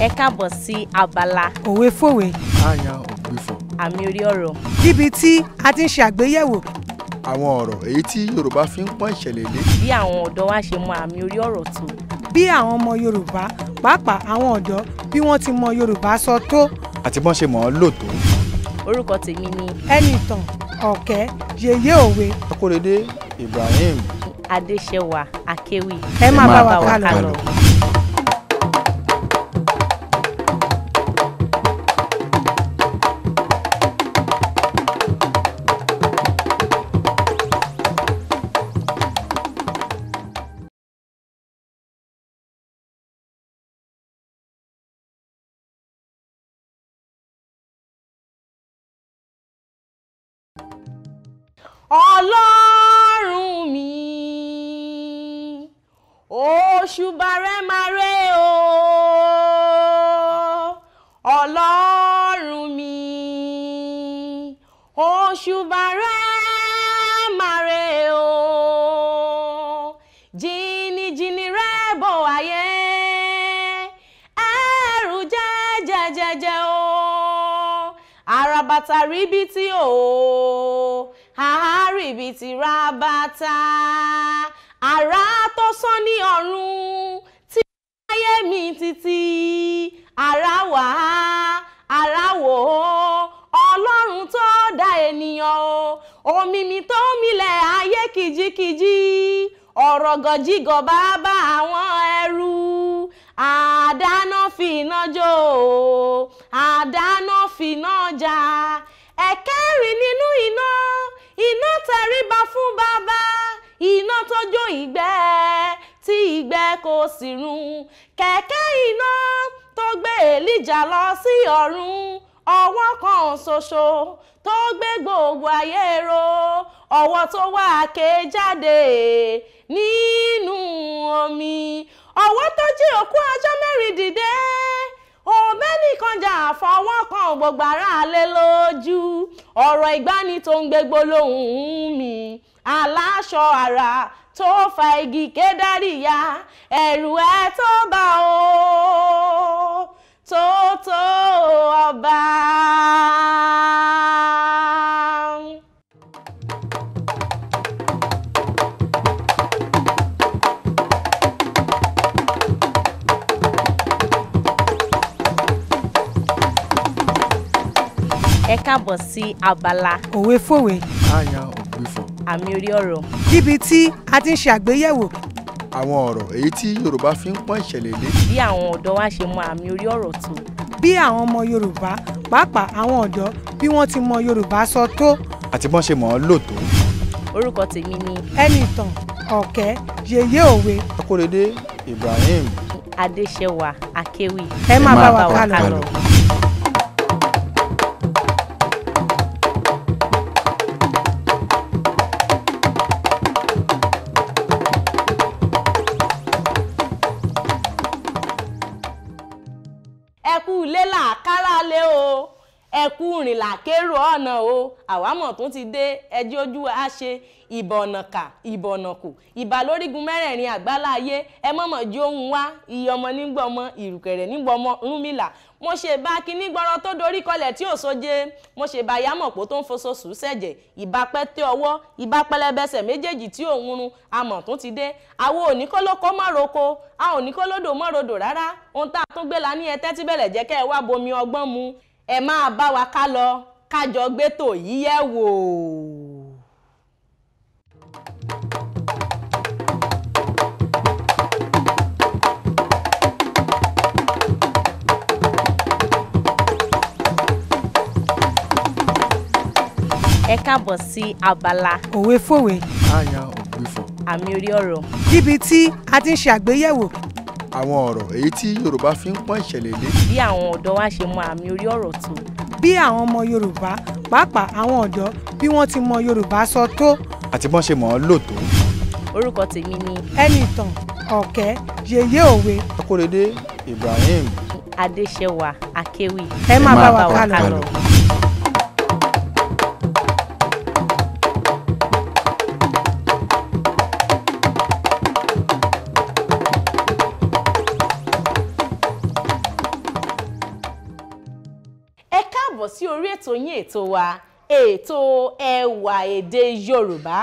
ẹ káàbọ̀ sí abala. òwe fòwe. àyà òwe fò. àmì orí ọ̀rọ̀. níbi tí a ti ń ṣe àgbéyẹ̀wò. àwọn ọ̀rọ̀ èyí tí yorùbá fi ń pọ́n ìṣẹ̀lẹ̀ lé. bí àwọn ọ̀dọ́ wa ṣe mọ àmì orí ọ̀rọ̀ tó. bí àwọn ọmọ yorùbá pàápàá àwọn ọ̀dọ́ bí wọ́n ti mọ yorùbá sọ tó. àti bọ́n ṣe mọ̀ ọ́n lò tó. orúkọ tèmi ni. ẹnìtàn ọ̀kẹ́ yèyé òwe. akóredé ibrahim. adéṣẹwà akéwì. ẹ máa bá wa kálọ. ọlọ́run mi òṣùbà rẹ máa rẹ o ọlọ́run mi òṣùbà rẹ máa rẹ o jìnnìjìnnì rẹ bọ̀ wáyé ẹ̀rù jẹ́jẹ́jẹ́jẹ́ o oh àárìbí ti ra bàtà àrà tó sán ní ọ̀run tí ayé mi títí àrà wà àrà wò ó ọlọ́run tó dá ènìyàn o òmìmì tó milẹ̀ ayé kìjikìji ọ̀rọ̀ gọ̀jígọ̀ bàbá àwọn ẹrú àdáná fìná jó àdáná fìná jà ẹ̀kẹ́rin nínú iná iná tẹríba fún bàbá iná tójó ìgbẹ́ tí ìgbẹ́ kò sì run kẹ̀kẹ́ iná tó gbé èlíjà lọ sí ọ̀run ọwọ́ kan ṣoṣo tó gbé gbogbo ayé ró ọwọ́ tó wá ké jáde nínú omi ọwọ́ tó jí òkú ọjọ́ mẹ́rin dìde òmẹ́nì kan jà àfọwọ́ kan gbogbo aráalé lójú ọ̀rọ̀ ìgbani tó ń gbégbó lóhùn mi aláṣọ ara tó fa igi kédárìyá ẹ̀rù ẹ tó bá o tó tó ọba. ẹ káàbọ̀ sí abala. òwe fòwe. àyàn òwe fò. àmì orí ọ̀rọ̀. níbi tí a ti ń ṣe àgbéyẹ̀wò. àwọn ọ̀rọ̀ èyí tí yorùbá fi ń pọ́n ìṣẹ̀lẹ̀ lé. bí àwọn ọ̀dọ́ wa ṣe mọ àmì orí ọ̀rọ̀ tó. bí àwọn ọmọ yorùbá pàápàá àwọn ọ̀dọ́ bí wọ́n ti mọ yorùbá sọ tó. àti bọ́n ṣe mọ̀ ọ́n lò tó. orúkọ tèmi ni. ẹnìtàn ọ̀kẹ́ yèyé òwe. akóredé ibrahim. adéṣẹwà akéwì. ẹ má bá wa kálọ. ẹ kú ilé làkàrà lé o ẹkú rìnlà kérò ọ̀nà o àwámọ̀ tún ti dé ẹjẹ́ ojú wa ṣe ìbọ̀nàkà ìbọ̀nàkù ìbà lórígun mẹ́rẹ̀ẹ̀rin àgbáláyé ẹ mọ̀mọ̀ jó ń wá iye ọmọ nígbà ọmọ ìrùkẹ̀rẹ̀ nígbà ọmọ rúmìlà mo ṣe bá kíní gbọ́rọ̀ tó dorí kọlẹ̀ tí ò sóje mo ṣe bá yámọ̀pó tó ń foṣọ sùn sẹ̀jẹ̀ ìbá pẹ́tẹ́ ọwọ́ ìbá pẹlẹbẹsẹ̀ méjèèjì tí ò ń run amọ̀ tún ti dé àwọn oníkólókó mọ̀roko àwọn oníkólódò mọ̀rodò rárá ohun tá a tún gbé la ní ẹtẹ́ tí bẹ̀rẹ̀ jẹ́ kẹ́ ẹ wá bomi ọgbọ́n mu ẹ máa bá wa ká lọ kájọ gbétò yìí yẹ̀ wò. ẹ káàbọ̀ sí abala. òwe fòwe. àyà òwe fò. àmì orí ọ̀rọ̀. níbi tí a ti ń ṣe àgbéyẹ̀wò àwọn ọ̀rọ̀ èyí tí Yorùbá fi ń pọ́n ìṣẹ̀lẹ̀ lé. bí àwọn ọ̀dọ́ wa ṣe mọ àmì orí ọ̀rọ̀ tó. bí àwọn ọmọ Yorùbá pàápàá àwọn ọ̀dọ́ bí wọ́n ti mọ Yorùbá sọ tó. àti bọ́n ṣe mọ̀ ọ́ lò tó. orúkọ tèmi ni. Ẹnìtàn Ọ̀kẹ́ yèyé òwe. Akóredé Ibrahim. Adéṣẹwà Akéwì. ẹ má bá wa kálọ. orí ètò yín ètò wa ètò ẹwà èdè Yorùbá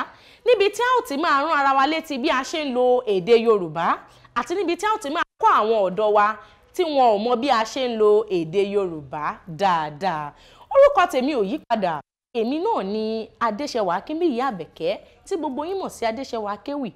níbi tí a ó ti máa rán ara wa létí bí a ṣe ń lo èdè Yorùbá àti níbi tí a ó ti máa kọ́ àwọn ọ̀dọ́ wa tí wọn ò mọ bí a ṣe ń lo èdè Yorùbá dáadáa orúkọ tèmi ò yípadà èmi náà ni adéṣẹwà akínbíyì àbẹ̀kẹ́ tí gbogbo yín mọ̀ sí adéṣẹwà akéwì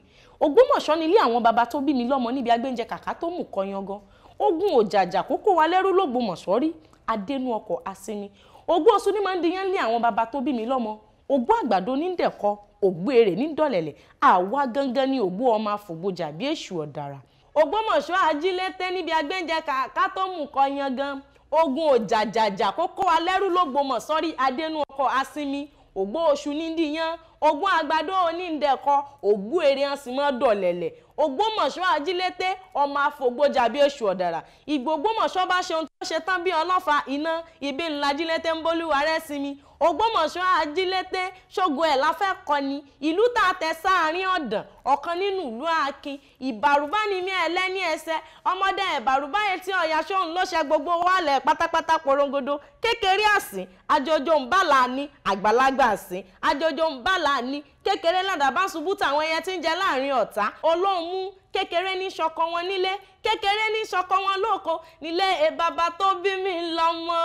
ògbómọ̀ṣọ́ nílé àwọn baba tó bí mi lọ́mọ níbi agbẹ́njẹ kàkà tó mú kọyangan ogun òjàjà kókó wa lẹ́rú lògbómọ̀ṣọ́ rí adénú ọkọ̀ asinmi ogún oṣù ni máa ń di yẹn lé àwọn baba tó bí mi lọ́mọ ogún àgbàdo ní dẹ̀kọ ògbó èrè ní dọ̀lẹ̀lẹ̀ àwa gangan ni ògbó ọmọ àfògbòjà bí èṣù ọ̀dàrà ògbómọ̀ṣọ́ ajílété níbi agbẹ́njẹ kàkà tó mú kọ yan gan ogun òjàjàjà kó kó wa lẹ́rú lógbòmọ̀ sọ́rí adẹ́nu ọkọ̀ asinmi ògbó oṣù ní dìyàn ogún àgbàdo onídẹ̀kọ ògbó èrè hàn sì mọ́ dọ̀lẹ̀lẹ̀ ògbómọ̀ṣọ́ ajílété ọmọ àfògbójà bí èṣù ọ̀dàrà ìgbògbómọ̀ṣọ́ bá ṣe ohun tó ṣe tán bí ọlọ́fà iná ìbí ńlá ajílété ń bólúwa rẹ́ sinmi Ògbómọ̀ṣọ́ ajílété ṣògo ẹ̀ láfẹ́ kọ ni ìlú tá a tẹ sáàrin ọ̀dàn ọ̀kan nínú ìlú akin ìbàrúbá ni mí ẹlẹ́ni ẹsẹ̀ ọmọdé ìbàrúbá etí ọ̀yà ṣóun ló ṣe gbogbo wàlẹ̀ pátápátá porongodo kékeré àsìn àjọjọ ń bàlà ní àgbàlagbà àsìn àjọjọ ń bàlà ní kékeré ládàbá ṣubú táwọn ẹyẹ tí ń jẹ láàrin ọ̀tá olóhùn mú kékeré ní ṣọkọ wọn nílé kékeré ní ṣọkọ wọn lóko nílé e bàbá tó bí mi lọ́mọ.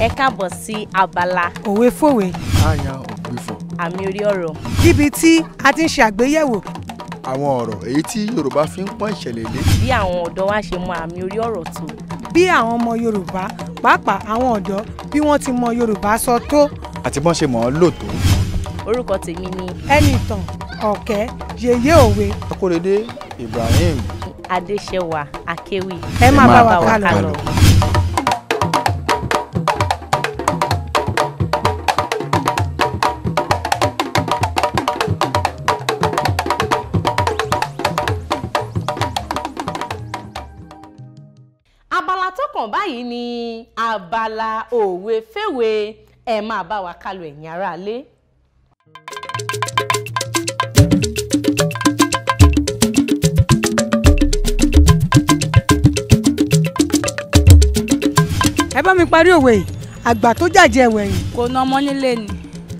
ẹ káàbọ̀ sí abala. òwe fòwe. àyà òwe fò. àmì orí ọ̀rọ̀. níbi tí a ti ń ṣe àgbéyẹ̀wò. àwọn ọ̀rọ̀ èyí tí yorùbá fi ń pọ́n ìṣẹ̀lẹ̀ lé. bí àwọn ọ̀dọ́ wa ṣe mọ àmì orí ọ̀rọ̀ tó. bí àwọn ọmọ yorùbá pàápàá àwọn ọ̀dọ́ bí wọ́n ti mọ yorùbá sọ tó. àti bọ́n ṣe mọ̀ ọ́n lò tó. orúkọ tèmi ni. ẹnìtàn ọ̀kẹ́ yèyé òwe. akórèdé ibrahim. adéṣẹwà akéwì. ẹ má bá wa kálọ. abala òwe fèwé ẹ máa bá wa kálu ẹ̀yin aráalé. ẹ bá mi parí òwe yìí àgbà tó jàjẹ ẹwẹ yìí. kò ní ọmọ nílé ni.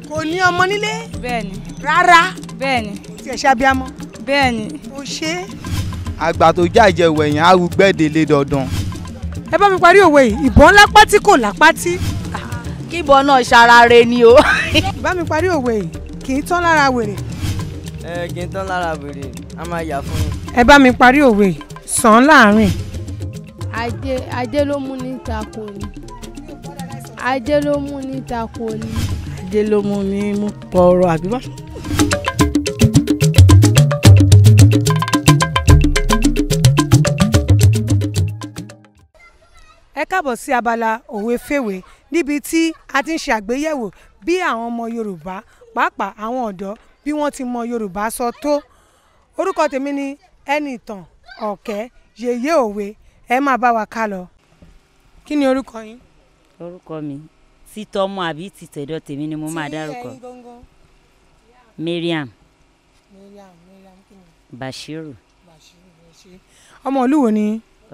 kò ní ọmọ nílé. bẹ́ẹ̀ni. rárá. bẹ́ẹ̀ni. tí ẹ ṣàbíamọ. bẹ́ẹ̀ni. o ṣe. àgbà tó jàjẹ ẹwẹ yìí arúgbẹ́dẹ lé dandan ẹ bá mi parí òwe yìí ìbọn lápá tí kò lápá tí. kíbọn náà ṣarare ni o. bá mi parí òwe yìí kì í tán lára wèrè. ẹ kì í tán lára wèrè a máa yà fún yín. ẹ bá mi parí òwe yìí sàn án láàrin. ajé ajé ló mú ní tako ni ajé ló mú ní tako ni. ajé ló mú ní mú pọ̀rọ̀ àbí wá. ẹ káàbọ̀ sí abala òwe fèwé níbi tí a ti ń ṣe àgbéyẹ̀wò bí àwọn ọmọ Yorùbá pàápàá àwọn ọ̀dọ́ bí wọ́n ti mọ Yorùbá sọ tó orúkọ tèmi ni Ẹnìtàn Ọ̀kẹ́ yèyé òwe ẹ máa bá wa ká lọ. kí ni orúkọ yín. orúkọ mi ti tọmọ àbí ti tẹ̀dọ̀ tèmi ni mo máa dárúkọ Mariam Bashiru ọmọ ìlú ni.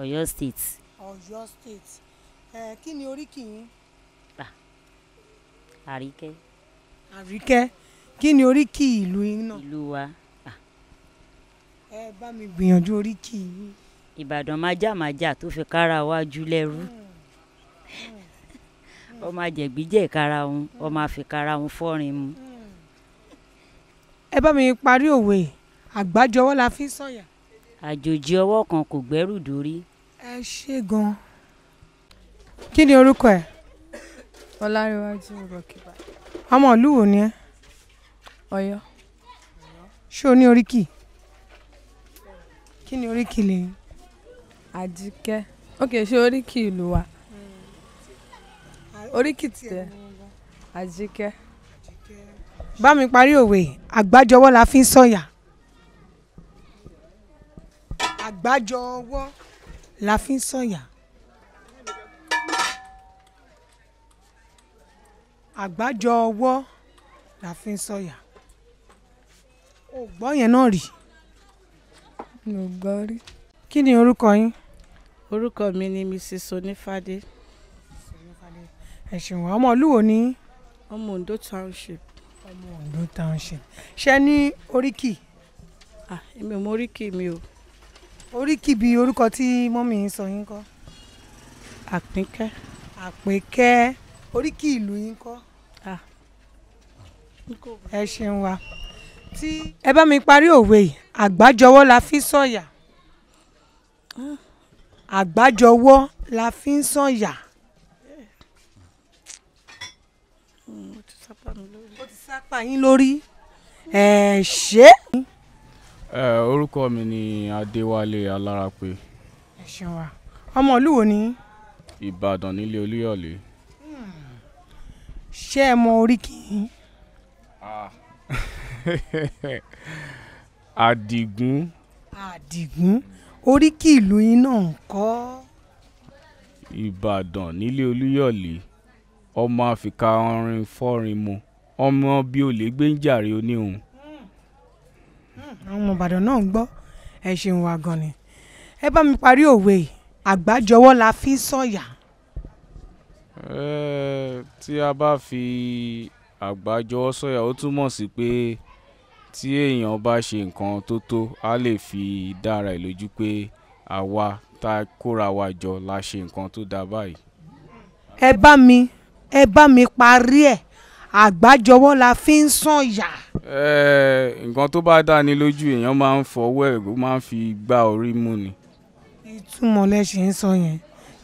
Oyo state. Ọ̀yọ́ state ẹ kí ni oríkì yín. Ah, àríkẹ́. àríkẹ́ kí ni oríkì ìlú yín náà. ìlú wa. Ah. ẹ bá mi gbìyànjú oríkì yín. ìbàdàn májàmájà tó fi kára wájú lẹ́rú ọmọ àjẹgbíjẹ kára òun ọmọ àfikára òun fọrin mu. ẹ bá mi parí òwe àgbájọ ọwọ́ la fi sọ̀yà. àjòjì ọwọ́ kan kò gbẹ́rù dórí ẹ ṣé gan-an kí ni orúkọ ẹ. ọlárẹwájú rọkìbà. ọmọ ìlú wo ni ẹ. Ọ̀yọ́. ṣé o ní oríkì kí ni oríkì lè. àjíkẹ́ ok ṣé oríkì ìlú wa hmm. oríkì tiẹ̀ àjíkẹ́. bá mi parí òwe àgbájọwọ́ la fi ń sọ̀yà àgbájọ la fi ń sọ̀yà. àgbájọ ọwọ́ la fi ń sọ̀yà. o gbọ́ yẹn náà rí. mo gbọ́ rí. kí ni orúkọ yín. orúkọ mi ni mrs onífádé. ẹ ṣeun ọmọ ni. ọmọ ondo township. ọmọ ondo township. ṣé ní oríkì. ah èmi ò mọ oríkì mi o oríkìbí orúkọ tí mọ́mì ń sọ yín kọ́. àpínkẹ́. àpínkẹ́ oríkì ìlú yín kọ́. ẹ ṣeun wa tí ẹ bá mi parí òwe yìí àgbájọwọ́ la fi sọ̀yà àgbájọwọ́ la fi ń sọ̀yà. ó ti sápà yín lórí ẹ̀ ṣe é orúkọ mi ni adéwálé alárápé. ẹ ṣeun wa ọmọ ìlú wo ni. ìbàdàn nílé olúyọ̀lé. ṣé ẹ mọ oríkì. àdìgún. àdìgún oríkì ìlú yín náà ń kọ́. ìbàdàn nílé olúyọ̀lé ọmọ àfikà ọrin fọ́rin mu ọmọ bíi olè gbé ń jàre oníhun àwọn ọmọ ìbàdàn náà ń gbọ́ ẹ ṣeun wa gan ni ẹ bá mi parí òwe yìí àgbájọwọ́ la fi sọ̀yà. tí a bá fi àgbájọwọ́ sọ̀yà ó túmọ̀ sí pé tí èèyàn bá ṣe nǹkan tó tó a lè fi dára ẹ̀ lójú pé àwa tá a kóra wa jọ la ṣe nǹkan tó dáa báyìí. ẹ bá mi ẹ bá mi parí ẹ àgbájọwọ́ la fi ń sọ̀yà. So Eh, nǹkan tó bá dá ni lójú èèyàn máa ń fọwọ́ ẹ̀ ó máa ń fi gbá orí mú ni. ìtumọ̀ lẹ ṣe ń sọ yẹn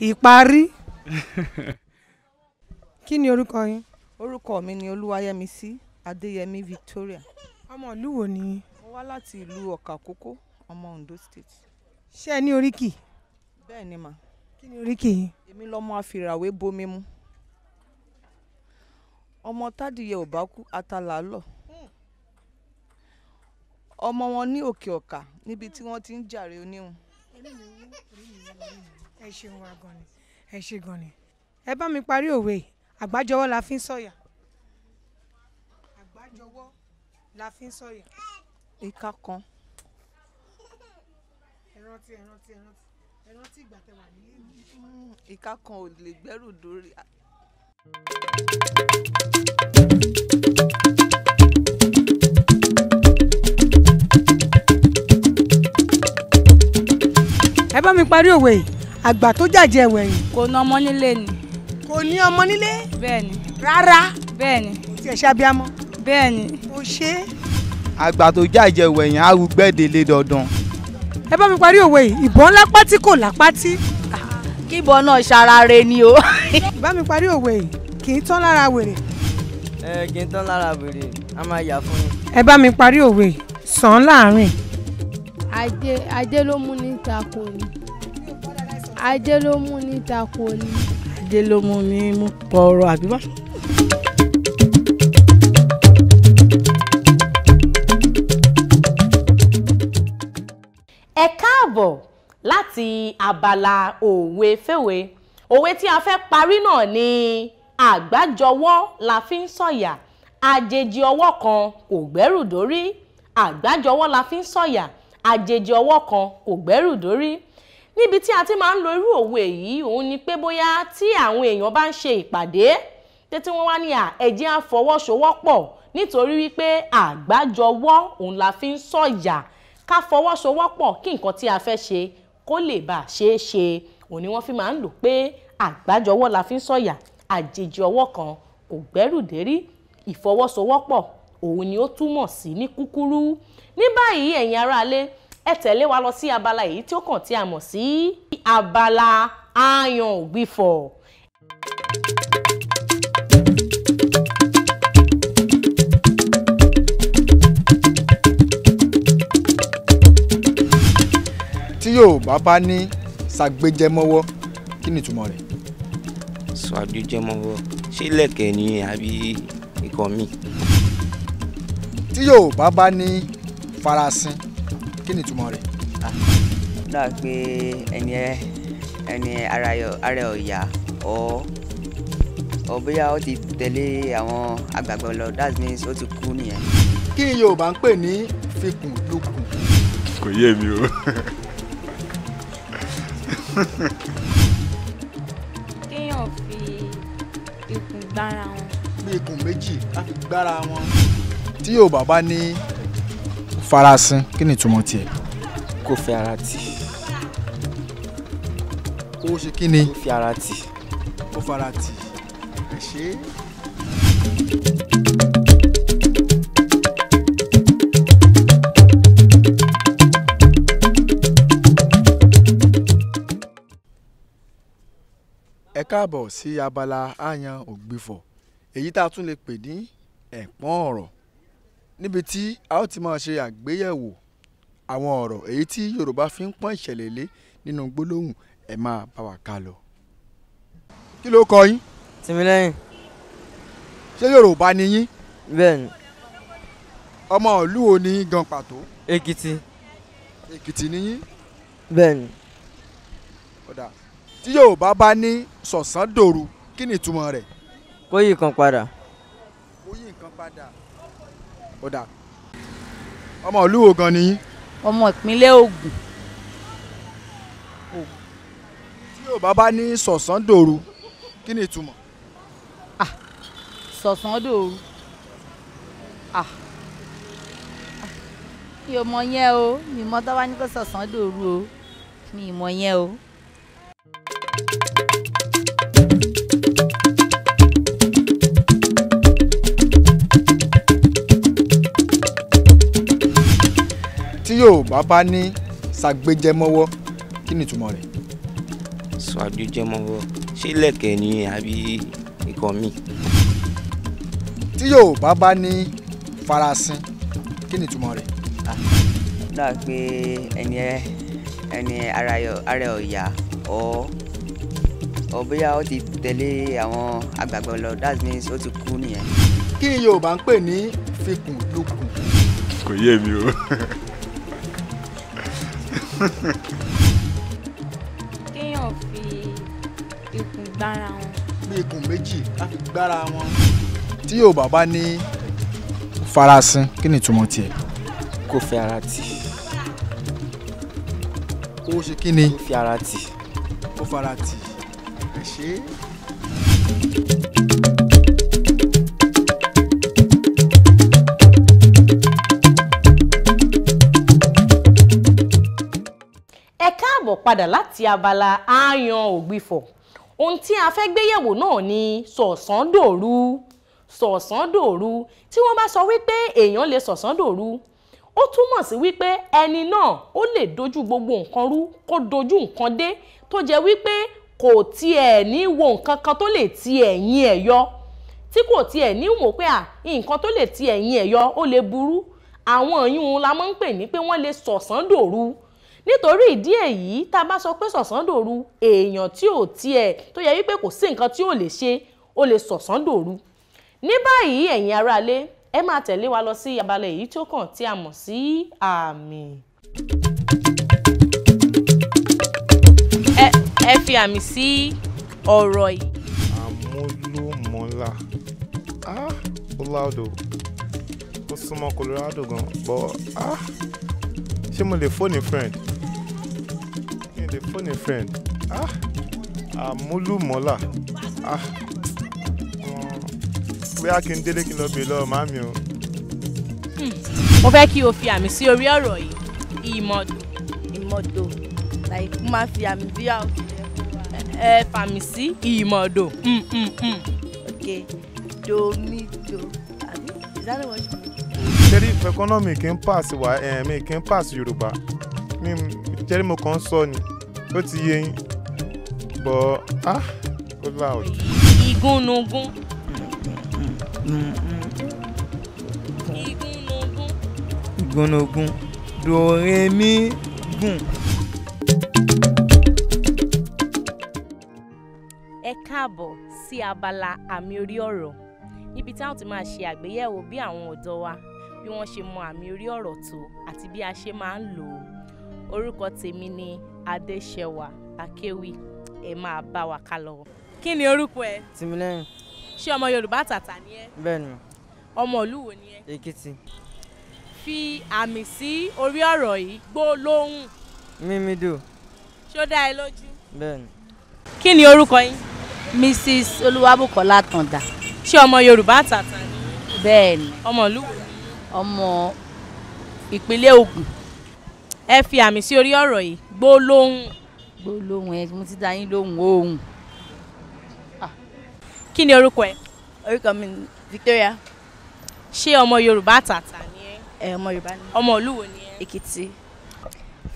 ìparí. kí ni orúkọ yín. orúkọ mi ni olúwayẹmísí adéyẹmí victoria. ọmọ ìlú wo ni. mo wá láti ìlú ọ̀kàkókó ọmọ ondo state. ṣé ẹ ní oríkì. bẹ́ẹ̀ ni mà. kí ni oríkì yín. èmi lọmọ àfìràwé bomi mu ọmọ tádìyẹ ò bá kú atalà lọ ọmọ wọn ní òkè ọ̀kà níbi tí wọ́n ti ń jàre oníhun. ẹ ṣeun wa gan ni ẹ ṣe gan ni ẹ bá mi parí òwe àgbájọwọ́ la fi ń sọ̀yà àgbájọwọ́ la fi ń sọ̀yà. ìka kan. ẹ rántí ẹ rántí ẹ rántí ẹ rántí ìgbà tẹ wà nílé mi. Hmm, ìka kan ò lè gbẹ́rù dórí. thank you ẹ bá mi parí òwe yìí àgbà tó jàjẹ wẹ̀yìn. kò ní ọmọ nílé ni. kò ní ọmọ nílé. bẹ́ẹ̀ni. rárá. bẹ́ẹ̀ni. kò tiẹ̀ ṣàbíamọ. bẹ́ẹ̀ni. kò ṣe. àgbà tó jàjẹ wẹ̀yìn arúgbẹ́dẹ́lé dandan. ẹ bá mi parí òwe yìí ìbọn lápátí kò lápátí. kíbọn náà ṣarare ni o. bá mi parí òwe yìí kì í tán lára wèrè. ẹ kì í tán lára wèrè a máa yà fún yín. ẹ bá mi parí òwe sàn láàrin ajé ajé ló mú ní takò ni ajé ló mú ní takò ni. ajé ló mú ní mú pọ̀rọ̀ àbí ẹ káàbọ̀ láti abala òwe fèwe òwe tí a fẹ́ parí náà ni àgbájọwọ́ la fi ń sọ̀yà àjèjì ọwọ́ kan kò àgbájọwọ́ la fi ń sọ̀yà. So àjèjì ọwọ́ kan kò gbẹ́rù dórí níbi tí a ti máa ń lo irú òwe yìí òun ni pé bóyá tí àwọn èèyàn bá ń ṣe ìpàdé tètè wọn wá ní à ẹ jẹ́ á fọwọ́sowọ́pọ̀ nítorí wípé àgbájọwọ́ òun la fi ń sọ̀yà ká fọwọ́sowọ́pọ̀ kí nǹkan tí a fẹ́ ṣe kó lè bá a ṣeé ṣe òun ni wọ́n fi máa ń lò pé àgbájọwọ́ la fi ń sọ̀yà àjèjì ọwọ́ kan kò gbẹ́rù dérí ìfọwọ́sowọ́pọ̀ òun ni ó túmọ̀ sí ní kúkúrú ní báyìí ẹ̀yin aráalé ẹ tẹ̀lé wa lọ sí abala èyí tí ó kàn tí a mọ̀ sí abala ayan ògbìfọ̀. tí Yorùbá bá ní ṣàgbéjẹmọ́wọ́ kí ni ìtumọ̀ rẹ̀. ṣàgbéjẹmọ́wọ́ ṣé lẹ̀kẹ̀ ni àbí ikọ̀ mi. tí Yorùbá bá ní farasin kí ni ìtumọ̀ rẹ̀. Ah, náà pé ẹni ẹni ara ẹ ọ̀yà ọ ọ bóyá ó ti tẹ̀lé àwọn àgbààgbà lọ that means ó ti kú nìyẹn. kí ni Yorùbá ń pè ní fikùn lukùn. kò yé mi o. kéèyàn fi ikùn gbára wọn. bí ikùn méjì láti gbára wọn. tí Yorùbá bá ní farasin kí ni ìtumọ̀ tiẹ̀. kò fi ara tì. ó ṣe kí ni. kò fi ara tì. kò fara tì. ẹ ṣe é. ẹ káàbọ̀ sí abala àyàn ògbìfọ̀ èyí tá a tún lè pè ní ẹ̀pọ́n ọ̀rọ̀ níbi tí a ó ti máa ṣe àgbéyẹ̀wò àwọn ọ̀rọ̀ èyí tí Yorùbá fi ń pọ́n ìṣẹ̀lẹ̀ lé nínú gbólóhùn ẹ̀ máa bá wa ká lọ. kí ló kọ yín. Tìmílẹ́yìn. ṣé Yorùbá ni yín. bẹ́ẹ̀ni. ọmọ ìlú wo ni yín gan pàtó. Èkìtì. Èkìtì ni yín. bẹ́ẹ̀ni. ọ̀dà tí Yorùbá bá ní sọ̀sán dòru kí ni ìtumọ̀ rẹ̀. kó yí padà. kó yí padà ó dáa ọmọ ìlú wo gan ni yín. ọmọ ìpínlẹ̀ Ògùn. tí Yorùbá bá ní sọ̀sán dòru kí ni ìtumọ̀. sọ̀sán dòru mi ò mọ yẹn o mi mọ tó bá ní kó sọ̀sán dòru o mi mọ yẹn o. thank you tí Yorùbá bá ní ṣàgbéjẹmọ́wọ́ kí ni ìtumọ̀ rẹ̀. ṣàgbéjẹmọ́wọ́ ṣé lẹ̀kẹ̀ ni àbí nǹkan míì. tí Yorùbá bá ní farasin kí ni ìtumọ̀ rẹ̀. Ah, dáa pé ẹni ẹni ara ẹ ò yá ọ ọ ó ti tẹ̀lé àwọn àgbààgbà lọ that means ó ti kú nìyẹn. kí Yorùbá ń pè ní fikùn lukùn. kò yé mi o. kéèyàn fi ikùn gbára wọn. bí ikùn méjì á fi gbára wọn. tí yóò bàbá ní farasin kí ni ìtumọ̀ tiẹ̀. kò fi ara tì. kó ṣe kí ni. kó fi ara tì. kó fara tì. ẹ ṣe é. káàbọ̀ padà láti abala aáyan ògbìfọ̀ ohun tí a fẹ́ gbéyẹ̀wò náà ni sọ̀sán dòru sọ̀sán dòru tí wọ́n bá sọ wípé èèyàn lè sọ̀sán dòru ó túmọ̀ sí wípé ẹni náà ó lè dojú gbogbo nǹkan rú kó dojú nǹkan dé tó jẹ́ wípé kò tiẹ̀ ní wo nǹkan kan tó lè ti ẹ̀yìn ẹ̀ yọ tí kò tiẹ̀ ní wò pé à nǹkan tó lè ti ẹ̀yìn ẹ̀ yọ ó lè burú àwọn ìyún la máa ń pè ní pé wọ́n lè sọ̀sán dòru nítorí ìdí èyí tá a bá sọ pé sọ̀sándòru èèyàn tí ò tiẹ̀ tó yẹ wípé kò sí nǹkan tí ò lè ṣe ó lè sọ̀sándòru ní báyìí ẹ̀yin aráalé ẹ máa tẹ̀lé wa lọ sí abala èyí tó kàn tí a mọ̀ sí àmì. ẹ fi àmì sí ọ̀rọ̀ yìí. àmúlòmọ́lá ah, ó láòdò ó súnmọ́ Colorado gan bọ́ ah ṣé mo lè fóònù friend dey phone a friend ah àmúlùmọ́là ah bóyá kí n délé kí n lọ bèè lọ́wọ́ màmí o. Hmm. mo fẹ́ kí o fi àmì sí orí ọ̀rọ̀ yìí ìmọ̀dò. ìmọ̀dò like mo máa fi àmì bí àwọn. ẹ fàmì sí ìmọ̀dò. Hmm, hmm, ok do. àbí is that what you mean. ṣé rí ìfẹ́ kọ́nà kì í pass wa eh, mi kì í pass yorùbá mi jẹ́rìí mo kàn ń sọ ni ó ti yé yín bọ́ ah ó loud. ìgúnnugún. ìgúnnugún. ìgúnnugún dòrèmí gùn. ẹ káàbọ̀ sí abala àmì orí ọ̀rọ̀ níbi táwọn ti máa ṣe àgbéyẹ̀wò bí àwọn ọ̀dọ́ wa bí wọ́n ṣe mọ àmì orí ọ̀rọ̀ tó àti bí a ṣe máa ń lò ó orúkọ tèmi ni adéṣẹwà akéwì ẹ máa bá wa ká lọ. kí ni orúkọ ẹ. tìmílẹ́yìn. ṣé ọmọ yorùbá tàtà ni ẹ. bẹ́ẹ̀ni. ọmọ ìlú wo ni ẹ. èkìtì. fi àmì sí orí ọ̀rọ̀ yìí gbó lóhùn. mímídò. ṣó dá ẹ lójú. bẹ́ẹ̀ni. kí ni orúkọ yín. mrs olúwabùkọ́lá tàǹdà. ṣé ọmọ yorùbá tàtà ni. bẹ́ẹ̀ni. ọmọ ìlú wo ni. ọmọ ìpínlẹ̀ ògùn. ẹ fi àmì sí orí ọ̀rọ̀ yìí gbólóhùn gbólóhùn ẹ mo ti dá yín lóhùn ohùn. Ah. kí ni orúkọ ẹ. orúkọ mi Victoria. ṣé ọmọ Yorùbá àtàtà ni ẹ. ẹ ọmọ Yorùbá ni. ọmọ ìlú wo ni ẹ. Èkìtì.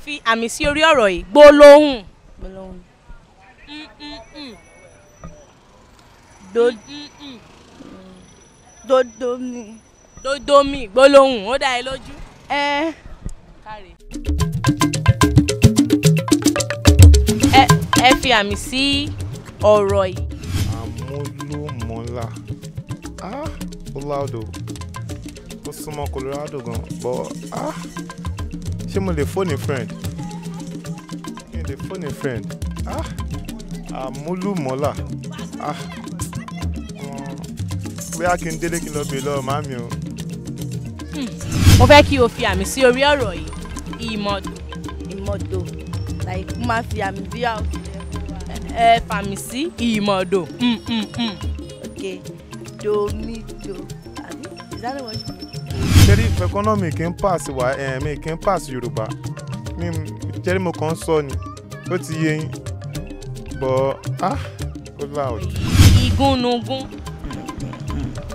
fi àmì sí orí ọ̀rọ̀ yìí gbólóhùn. gbólóhùn. dodomi. dodomi gbólóhùn ó dá ẹ lójú. ẹ. Eh. ẹ fi àmì sí ọ̀rọ̀ yìí. àmúlòmọ́lá ah ó láòdò ó súnmọ́ Colorado gan bọ́ ah ṣé mo lè fóònù friend mi lè fóònù friend ah àmúlùmọ́là ah bóyá kí n délé kí n lọ bèè lọ màmí o. Hmm. mo fẹ́ kí o fi àmì sí orí ọ̀rọ̀ yìí ìmọ̀dò. ìmọ̀dò like mo máa fi àmì bí àwọn ẹ fàmì sí ìmọ̀dò. Mm, mm, mm. okay do. àbí is that what you mean. ṣeré ìfẹ́kọ́nà mi kì í pass wa eh, mi kì í pass yorùbá mi ṣeré mo kàn ń sọ ni ó ti yé yín bọ́ ah ó loud. ìgúnnugún.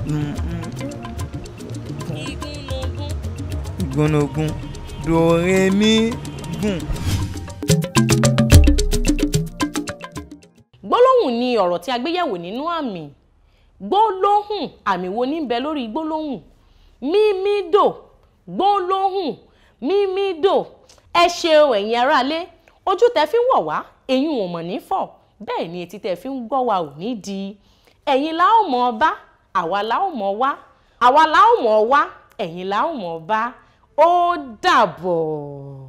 ìgúnnugún. ìgúnnugún dòrèmí gùn. ni ọ̀rọ̀ tí a gbéyẹ̀wò nínú àmì gbólóhùn àmì wo ní bẹ lórí gbólóhùn mímídò gbólóhùn mímídò ẹ ṣe o ẹ̀yin aráalé ojú tẹ fi ń wọ̀ wá eyín ò mọ̀ ní fọ̀ bẹ́ẹ̀ ni etí tẹ fi ń gbọ́ wa ò ní di ẹ̀yin la ó mọ̀ bá àwa la ó mọ̀ wá àwa la ó wá ẹ̀yin la ó mọ̀ ó dàbọ̀.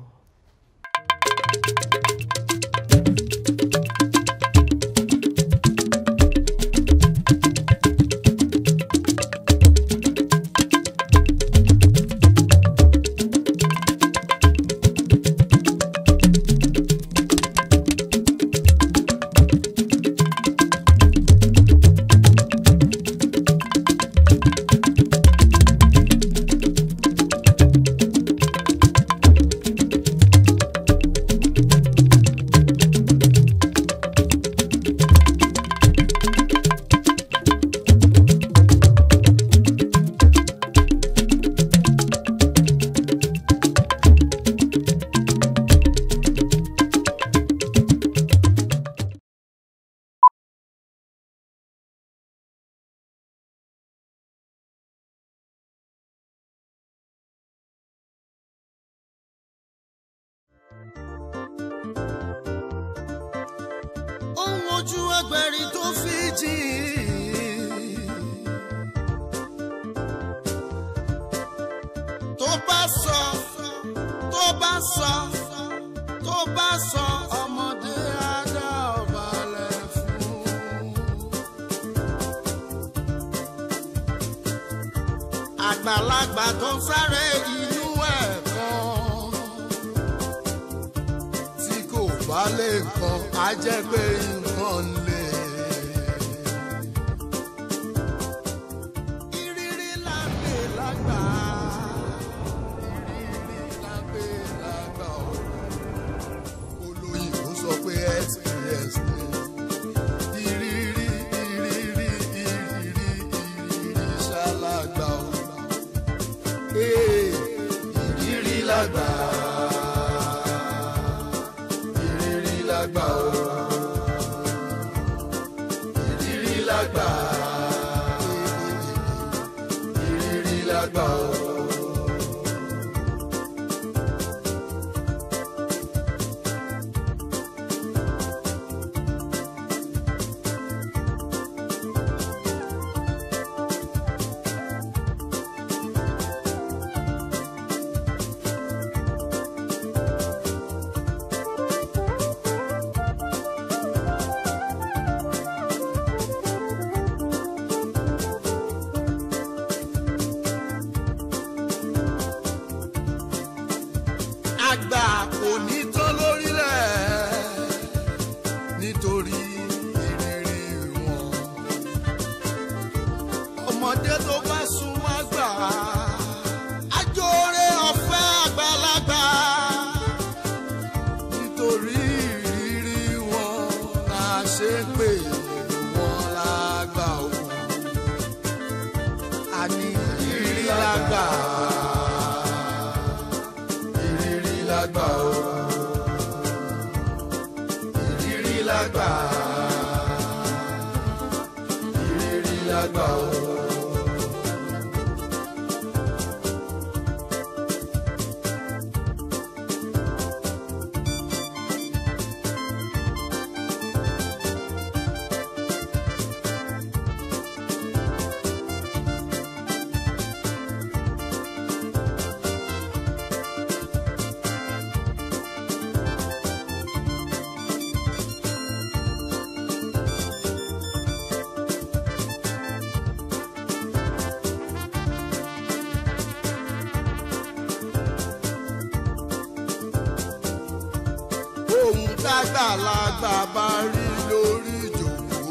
tágbàlagbà bá rí lórí ìjòkó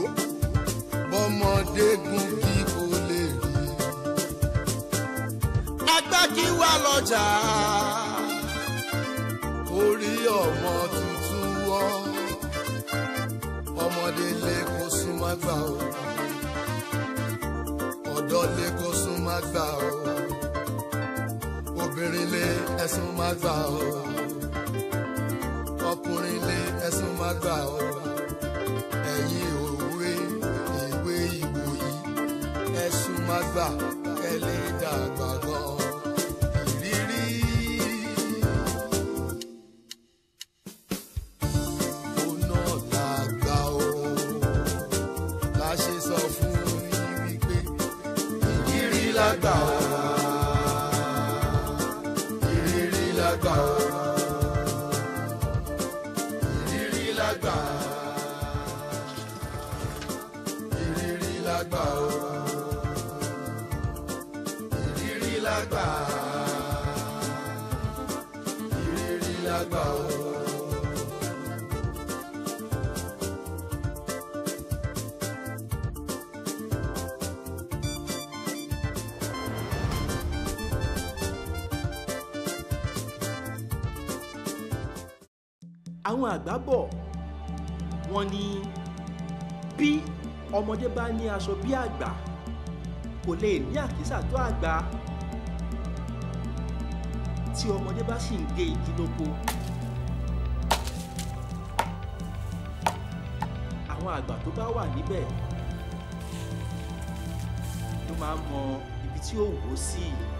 bọ́mọdé gun kí kò lè rí. agbá kí wà lọ́jà orí ọmọ tuntun wọ́ ọmọdé lè kó súnmọ́ gbà ó ọ̀dọ́ lè kó súnmọ́ gbà ó obìnrin lè ẹ̀sùn má gbà ó. gbà ọ́ ẹ̀yin òwe ìwé ìwòyí ẹ̀sùn má gbà kẹ́lẹ́ dàgbà gan-an. bá ní aṣọ bí àgbà kò lè ní àkísà tó àgbà tí ọmọdé bá sì ń gé igi lóko àwọn àgbà tó bá wà níbẹ̀ ló máa ń mọ ibi tí ó wò ó sí yìí.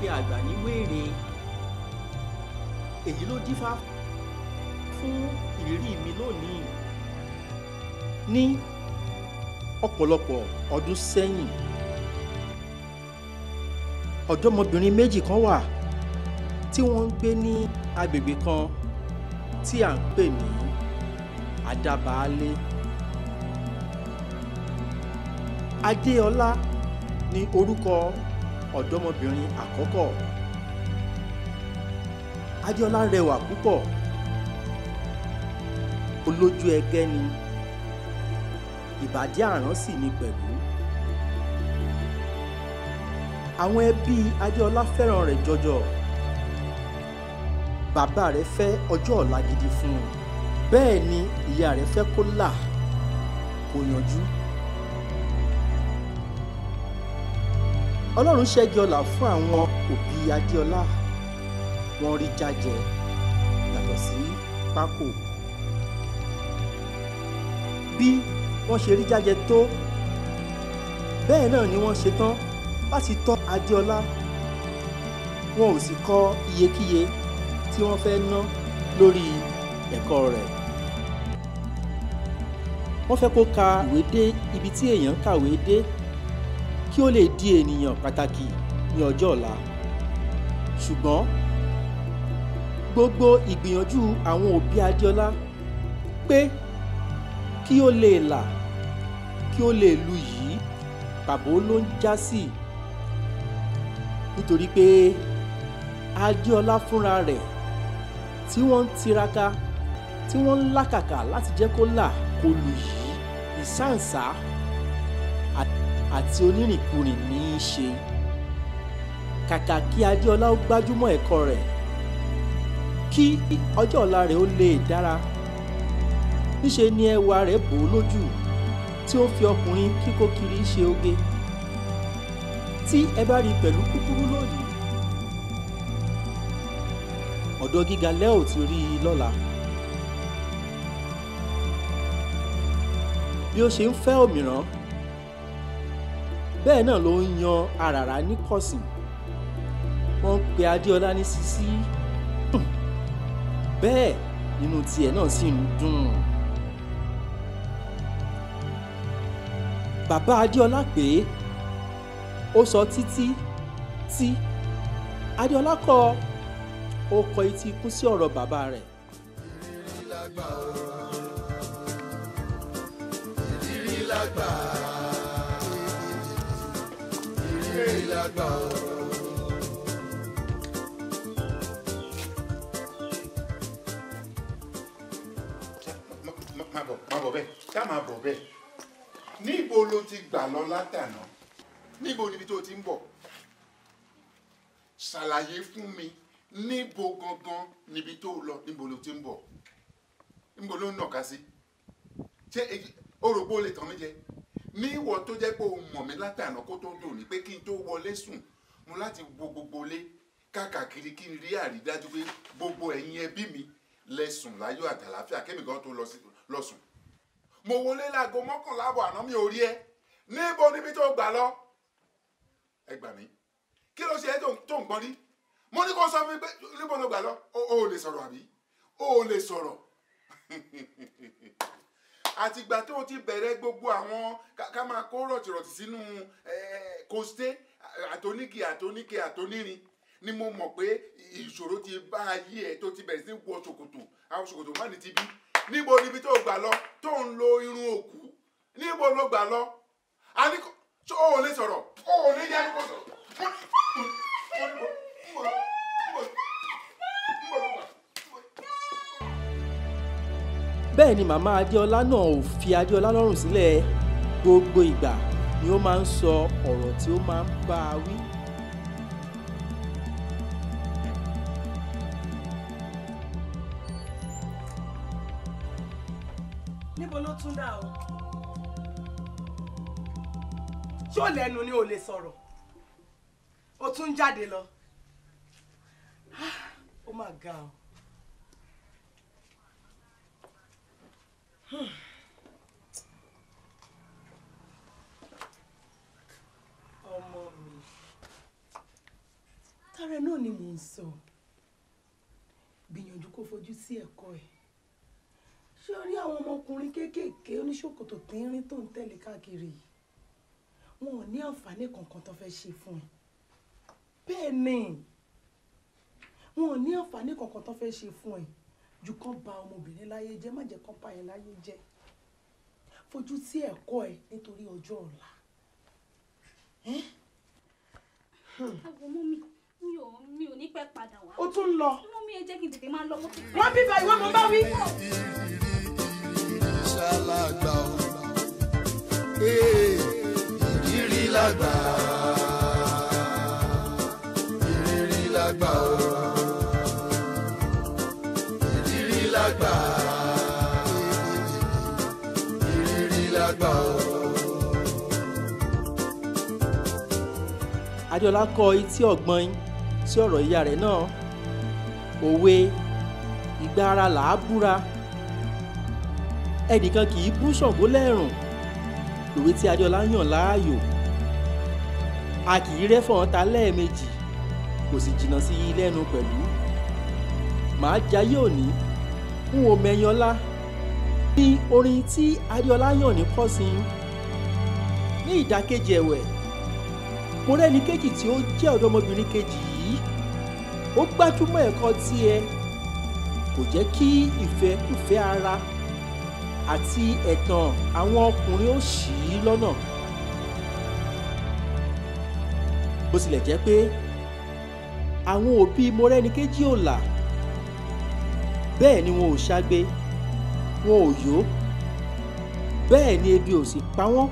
pe àgbà ní wéèrè èyí ló dífá fún ìrírí mi lónìí ní ọ̀pọ̀lọpọ̀ ọdún sẹ́yìn ọ̀dọ́mọbìnrin méjì kan wà tí wọ́n ń gbé ní agbègbè kan tí à ń pè ní Adábaálé Adéọlá ni orúkọ ọ̀dọ́mọbìnrin àkọ́kọ́ Adéọlá rẹwà púpọ̀ olójú ẹgẹ́ ni ìbàdí àrán sì ni pẹ̀lú àwọn ẹbí Adéọlá fẹ́ràn rẹ̀ jọjọ bàbá rẹ̀ fẹ́ ọjọ́ ọ̀la gidi fún un bẹ́ẹ̀ ni ìyá rẹ̀ fẹ́ kó là kó yanjú. ọlọ́run ṣẹ́gi ọlà fún àwọn òbí adéọlá wọ́n rí jájẹ yàtọ̀ sí pákó bí wọ́n ṣe rí jájẹ tó bẹ́ẹ̀ náà ni wọ́n ṣetán láti tọ́ adéọlá wọn ò sì kọ iyekíye tí wọ́n fẹ́ ná lórí ẹ̀kọ́ rẹ̀ wọ́n fẹ́ kó ka ìwé dé ibi tí èèyàn kàwé dé kí o lè di ènìyàn pàtàkì ní ọjọ́ ọ̀la ṣùgbọ́n gbogbo ìgbìyànjú àwọn òbí Adéọlá pé kí o lè là kí ó lè lu yìí pàbó ló ń já sí nítorí pé Adéọlá fúnra rẹ̀ tí wọ́n ń tiraka tí wọ́n ń làkàkà láti jẹ́ kó là kó lu yìí ìsáǹsá àti onírìnkurìn ní í ṣe kàkà kí adéọlá ó gbájúmọ́ ẹ̀kọ́ rẹ̀ kí ọjọ́ ọ̀la rẹ̀ ó lè dára níṣe ni ẹwà rẹ̀ bò ó lójú tí ó fi ọkùnrin kíkó kiri ṣe oge tí ẹ bá rí pẹ̀lú kúkúrú lónìí ọ̀dọ́ gíga lẹ́ ti rí i lọ́la. bí ó ṣe ń fẹ́ òmíràn bẹ́ẹ̀ náà ló ń yan àràrà níkọ̀sìn wọ́n ń pe adéọlá ní sisi hmm. bẹ́ẹ̀ inú tiẹ̀ náà sì ń dùn. bàbá adéọlá pé ó sọ títí tí adéọlá kọ ó kọ etí ikú sí ọ̀rọ̀ bàbá rẹ̀. ìrírí lágbà ó ìrírí ìlàgbà o. má bọ̀ má bọ̀ bẹ́ẹ̀ ká má bọ̀ bẹ́ẹ̀ níbo ló ti gbà lọ látànà níbo níbi tó ti ń bọ̀ ṣàlàyé fún mi níbo gangan níbi tó lọ níbo ló ti ń bọ̀ níbo ló ń nàka sí ṣé o lè tàn mí jẹ ní ìwọ tó jẹ́ pé o mọ̀ mí látàná kó tó ń dòní pé kí n tó wọlé sùn mo láti wo gbogbo ilé káàkiri kí n rí àrídájú pé gbogbo ẹ̀yin ẹbí mi lẹ sùn láyọ̀ àtàlàáfíà kémi gan tó lọ sùn. mo wọlé láago mọ́kànlá àbọ̀ àná mi ò rí ẹ níbo níbi tó gbà lọ. ẹ gbà mí kí ló ṣe é tó ń gbọ́n rí mo ní kó sọ fún mi pé níbo ló gbà lọ o ò lè sọ̀rọ̀ àbí o ò lè sọ̀rọ̀. àtìgbà tó o ti bẹ̀rẹ̀ gbogbo àwọn ká máa kó rọ̀tìrọ̀tì sínú kòsté àtóníkì àtóníkì àtónírin ni mo mọ̀ pé ìṣòro ti bá ayé ẹ̀ tó ti bẹ̀rẹ̀ sí wọ ṣòkòtò àwọn ṣòkòtò wà ní ti bí níbo níbi tó gbà lọ tó ń lo irun òkú níbo ló gbà lọ àníkò tó o lè sọ̀rọ̀ o ò lè yẹ kó sọ̀rọ̀. bẹ́ẹ̀ ni màmá adéọlá náà ò fi adéọlá lọ́rùn sílẹ̀ gbogbo ìgbà ni ó máa ń sọ ọ̀rọ̀ tí ó máa ń bá a wí. níbo ló tún dà o ṣó lẹ́nu ni ò lè sọ̀rọ̀ ó tún jáde lọ ah, ó mà ga o. ọmọ mi tààrẹ náà ni mò ń sọ gbìyànjú kó fojú sí ẹ̀kọ́ ẹ̀ ṣé o rí àwọn ọmọkùnrin kéékèèké oníṣòkòtò tínrín tó ń tẹ̀lé káàkiri yìí wọn ò ní àǹfààní kankan tó fẹ́ ṣe fún ẹ bẹ́ẹ̀ ni wọn ò ní àǹfààní kankan tó fẹ́ ṣe fún ẹ ju kán ba ọmọbìnrin láyé jẹ́ má jẹ́ kán ba ẹ̀ láyé jẹ́ fojú sí ẹ̀kọ́ ẹ̀ nítorí ọjọ́ ọ̀la. Hmm. àwọn ọmọ mi mi ò mi ò ní pẹ́ padà wá. o tún lọ. ọmọ mi ẹ jẹ́ kí n tètè máa lọ wọ́n bí báyìí wọ́n mọ bá wí. ìrírí lágbàá. Adéọlá kọ etí ọ̀gbọ́n sí ọ̀rọ̀ ìyá rẹ̀ náà òwe ìgbà ara làá búra ẹnìkan kì í bú Ṣàngó lẹ́rùn lòwe tí Adéọlá yàn láàyò a kì í rẹ́fọ̀n ta lẹ́ẹ̀mejì kò sì jìnnà sí i lẹ́nu pẹ̀lú màá jayé òní n ò mẹyin ọlá ní orin tí Adéọlá yàn ní kọ́sìn ní ìdákejì ẹ̀wẹ̀ mo rẹ́ni kejì tí ó jẹ́ ọ̀dọ́mọbìnrin kejì yìí ó gbájúmọ́ ẹ̀kọ́ tiẹ̀ kò jẹ́ kí ìfẹ́kùfẹ́ ara àti ẹ̀tàn àwọn ọkùnrin ó ṣì í lọ́nà bó tilẹ̀ jẹ́ pé àwọn òbí Mọ́rẹ́nikéjì ò là bẹ́ẹ̀ ni wọn ò ṣagbe wọn ò yó bẹ́ẹ̀ ni ebi ò sì pa wọ́n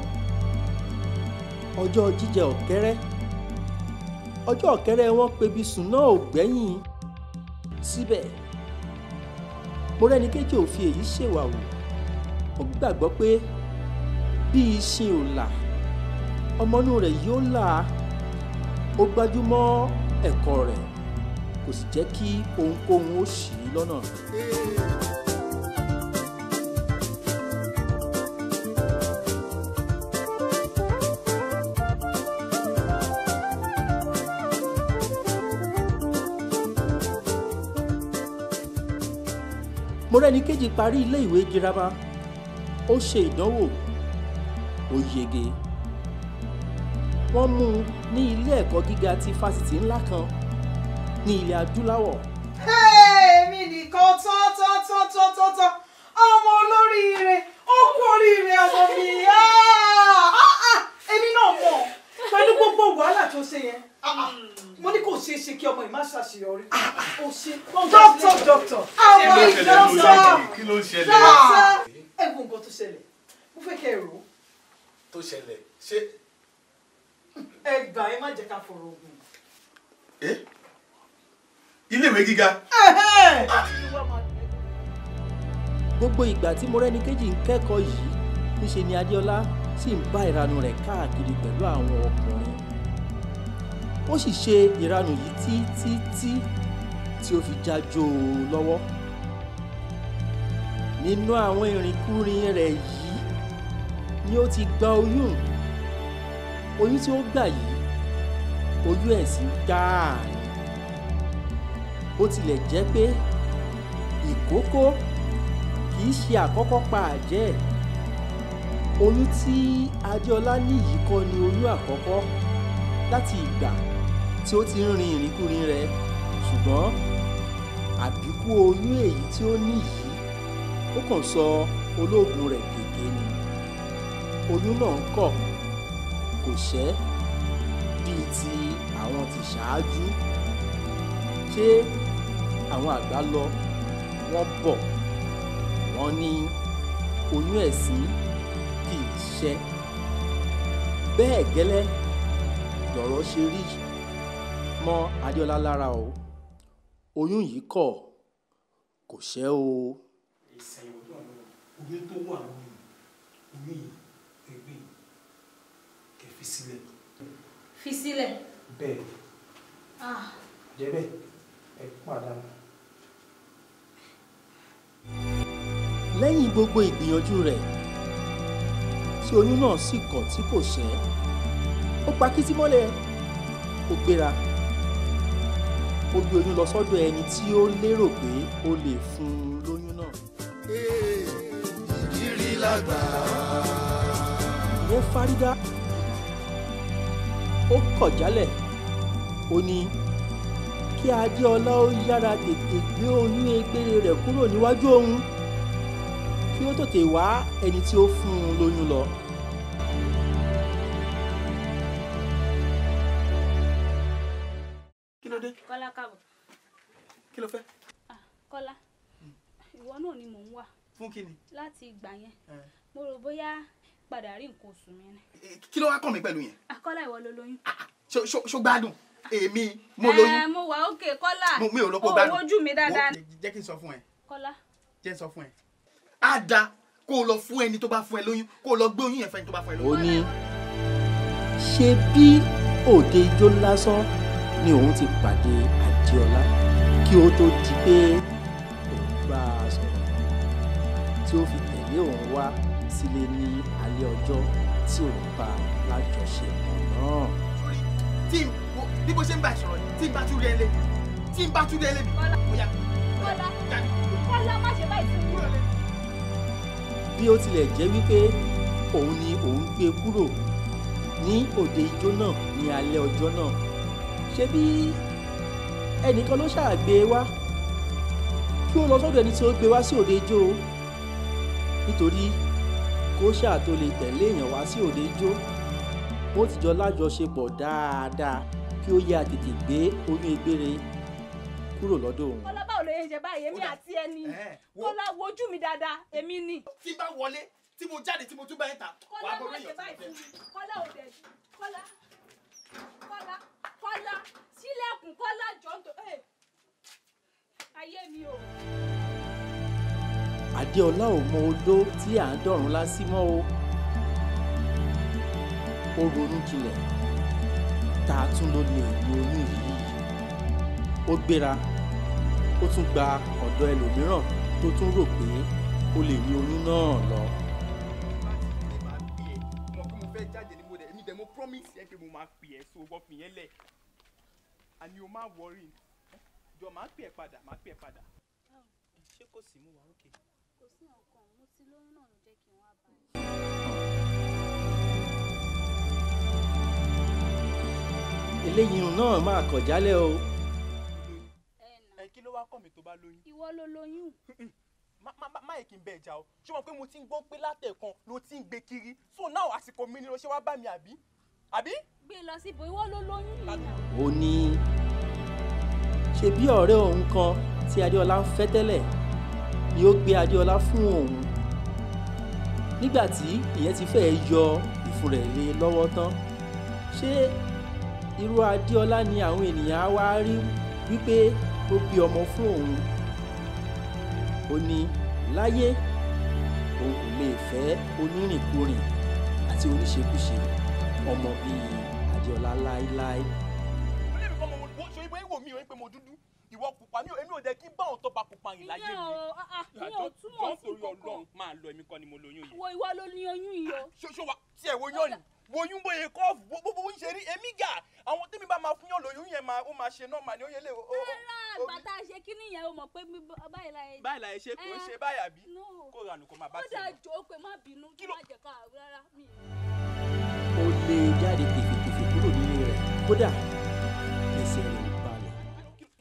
ọjọ́ jíjẹ ọ̀kẹ́rẹ́ ọjọ́ ọ̀kẹ́rẹ́ wọn pebi sùn náà ò gbẹ́yìn síbẹ̀ mọ́rẹ́nikẹ́jì ò fi èyí ṣèwàwò ó gbàgbọ́ pé bí ìṣin ò là ọmọnú rẹ̀ yóò là ó gbájúmọ́ ẹ̀kọ́ rẹ̀ kò sì jẹ́ kí ohunkóhun ó ṣì í lọ́nà. Hey. mọ́rẹ́nikejì parí ilé ìwé girama ó ṣe ìdánwò ó yege wọ́n mú un ní ilé ẹ̀kọ́ gíga ti fásitì ńlá kan ní ilẹ̀ adúláwọ̀. èmi nìkan tán tán tán tán tán tán ọmọ olóríire ó kú ọmọ mi ah, ah, ah. èmi náà mọ̀ pẹ̀lú gbogbo wàhálà tó ṣe yẹn mo ní kò ṣeé ṣe kí ọmọ yìí má ṣe ń ṣẹlẹ̀. Ah. ẹ wo nǹkan tó ṣẹlẹ̀ mo fẹ́ kẹ́ ẹ rò ó. tó ṣẹlẹ̀ ṣé. ẹ gbà ẹ má jẹ́ ká fọ̀rọ̀ ogun. ẹ eh? iléèwé gíga. gbogbo ìgbà tí Mọ́rẹ́nikẹ́jì ń kẹ́kọ̀ọ́ yìí níṣe ni Adéọlá sì ń bá ìranu rẹ̀ káàkiri pẹ̀lú àwọn ọkùnrin ó sì ṣe ìranù yìí títí tí ó fi já o lọ́wọ́ nínú àwọn ìrìnkúrin rẹ̀ yìí ni ó ti gba oyún oyún tí ó gbà yìí oyún ẹ̀sìn gbáà ni bó tilẹ̀ jẹ́ pé ìkókó kì í ṣe àkọ́kọ́ pa àjẹ́ oyún tí Adéọlá ní yìí kọ́ ni oyún àkọ́kọ́ láti ìgbà tí ó ti ń rin ìrìnkúrin rẹ̀ ṣùgbọ́n àbíkú oyún èyí tí ó ní yìí ó kàn sọ olóògùn rẹ̀ gègé ni oyún náà ń kọ̀ kò ṣẹ́ bíi ti àwọn ti ṣáájú ṣé àwọn àgbà lọ wọ́n bọ̀ wọ́n ní oyún ẹ̀sìn kì í ṣẹ́ bẹ́ẹ̀ gẹ́lẹ́ lọ̀rọ̀ ṣe rí mọ́ Adéọlá lára o oyún yìí kọ̀ kò ṣẹ́ o ìṣàyẹ̀wò tó wà lọ́wọ́ oyún tó wà lóyún oyún yìí ẹgbẹ́ yìí kẹ́ fi sílẹ̀. fi sílẹ̀. bẹ́ẹ̀ ah. jẹ́ bẹ́ẹ̀ ẹ pàdánù. lẹ́yìn gbogbo ìgbìyànjú rẹ̀ tí oyún náà sì kàn tí kò ṣẹ́ ó pa kítí mọ́lẹ̀ ó gbéra ó gbé oyún lọ sọ́dọ̀ ẹni tí ó lérò pé ó lè fún un ìrírí làgbà. ìyẹn fárígá ó kọ̀ jálẹ̀ ó ní kí adéọlá ó yára tètè gbé oyún egbére rẹ̀ kúrò níwájú òun kí ó tètè wá ẹni tí ó fún un lóyún lọ. kí ló dé. kọ́lá káàbọ̀. kí ló fẹ́. Ah, kọ́lá náà ni mò ń wà. fún kí ni. láti ìgbà yẹn mo rò bóyá padà rí nǹkan oṣù mi ni. kí ló wá kàn mí pẹ̀lú yẹn. àkọ́lá ìwọ ló lóyún. Ah, ṣó gbádùn èmi mo lóyún. ẹ mo wà òkè kọ́lá mi ò mi dáadáa. jẹ́ kí n sọ fún ẹ. kọ́lá. jẹ́ sọ fún ẹ. á da kó o lọ fún ẹni tó bá fún ẹ lóyún kó o lọ gbé oyún yẹn fẹ́ni tó bá fún ẹ lóyún. ó ní ṣe bí òde ijó lásán ni òun ti pàdé àdéọlá kí ó tó di pé tí ó fi tẹ̀lé òun wá sílé ní alẹ́ ọjọ́ tí òun bá lájọṣepọ̀ náà. tí bí mo ṣe ń bá ìṣòro tí n bá tún rí ẹ lé tí n bá tún rí ẹ lé mi. bọ́lá bọ́lá bọ́lá má ṣe báyìí sí mi. bí ó tilẹ̀ jẹ́ wípé òun ni òun gbé kúrò ní òde ijó náà ní alẹ́ ọjọ́ náà ṣé bí ẹnìkan ló ṣáà gbé e wá kí ó lọ sọ́dọ̀ ẹni tí ó gbé wá sí òde ijó o nítorí kó ṣáà tó lè tẹ̀lé èèyàn wá sí òde jó ó ti jọ lájọṣepọ̀ dáadáa kí ó yá tètè gbé oyún egbére kúrò lọ́dọ̀ òun. ọlọ́ba ò lè ṣe báyìí èmi àti ẹni tó wojú mi dáadáa èmi ni. tí bá wọlé tí mo jáde tí mo tún bá ẹ ta wàá bọ lóyún ọ̀sẹ̀ kọ́lá ò dẹ̀ kọ́lá kọ́lá kọ́lá sílẹ̀kùn kọ́lá jọ̀ǹtò ayé mi o adéọlá ò mọ odó tí à ń dọ̀rùn lásì mọ́ o ó ronú jinlẹ̀ tá a tún ló lè ní oyún yìí ó gbéra ó tún gba ọ̀dọ̀ ẹlòmíràn tó tún rò pé ó lè ní oyún náà lọ. promise ẹ pé mo máa pè ẹ so wọ́n fi yẹn lẹ̀ àní o máa wọrí jọ máa pè ẹ padà máa pè ẹ padà ṣé kò sí mú wa. eléyìí náà máa kọ̀ jálẹ̀ o. ẹ kí ló wá kọ́ mi tó bá lóyún. ìwọ ló lóyún. máyì kì í bẹ ìjà o ṣé wọn pé mo ti ń gbọ́ pé látẹ̀kan ló ti ń gbé kiri so now àsìkò mi ni ló ṣe wá bá mi àbí àbí. gbé e lọ síbo ìwọ ló lóyún ó ní ṣe ọ̀rẹ́ òun kan tí adéọlá ń fẹ́ tẹ́lẹ̀ ni ó gbé adéọlá fún òun nígbà tí ìyẹn ti fẹ́ yọ ìfun rẹ̀ lé lọ́wọ́ tán ṣé irú Adéọlá ni àwọn ènìyàn á wá rí wípé ó bí ọmọ fún òun ó ní láyé òun kò lè fẹ́ onírìnkúrìn àti oníṣekúṣe ọmọ bíi Adéọlá láéláé. olórí kan mo wò ṣe ìwé ìwò mi ò ń pe mo dúdú ìwọ pupa mi ò èmi ò dẹ kí n bá òun tó bá pupa yìí láyé mi. ìyẹn o ah, ah, túmọ̀ sí kókó. jọ́ torí ọlọ́run máa lọ èmi kọ́ ni mo lóyún yìí. wo ìwọ ló ní oyún yìí o. ṣoṣo wa tiẹ̀ wo yán ni wo yún bóyá kọ́ bó ń ṣe rí èmi gà àwọn tèmi bá máa fún yàn lóyún yẹn máa ó máa ṣe náà mà ní oyè lè. rárá bàtà ṣe kíní yẹn o mọ̀ pé báyìí la yẹ. báyìí la yẹ ṣe kò ń eh, ṣe báyà bí kó ranù kó máa bá tiẹ̀. ó dà jọ pé má bínú kí má jẹ ká rárá mi. ó lè jáde tèfètèfè kúrò nínú rẹ̀ kódà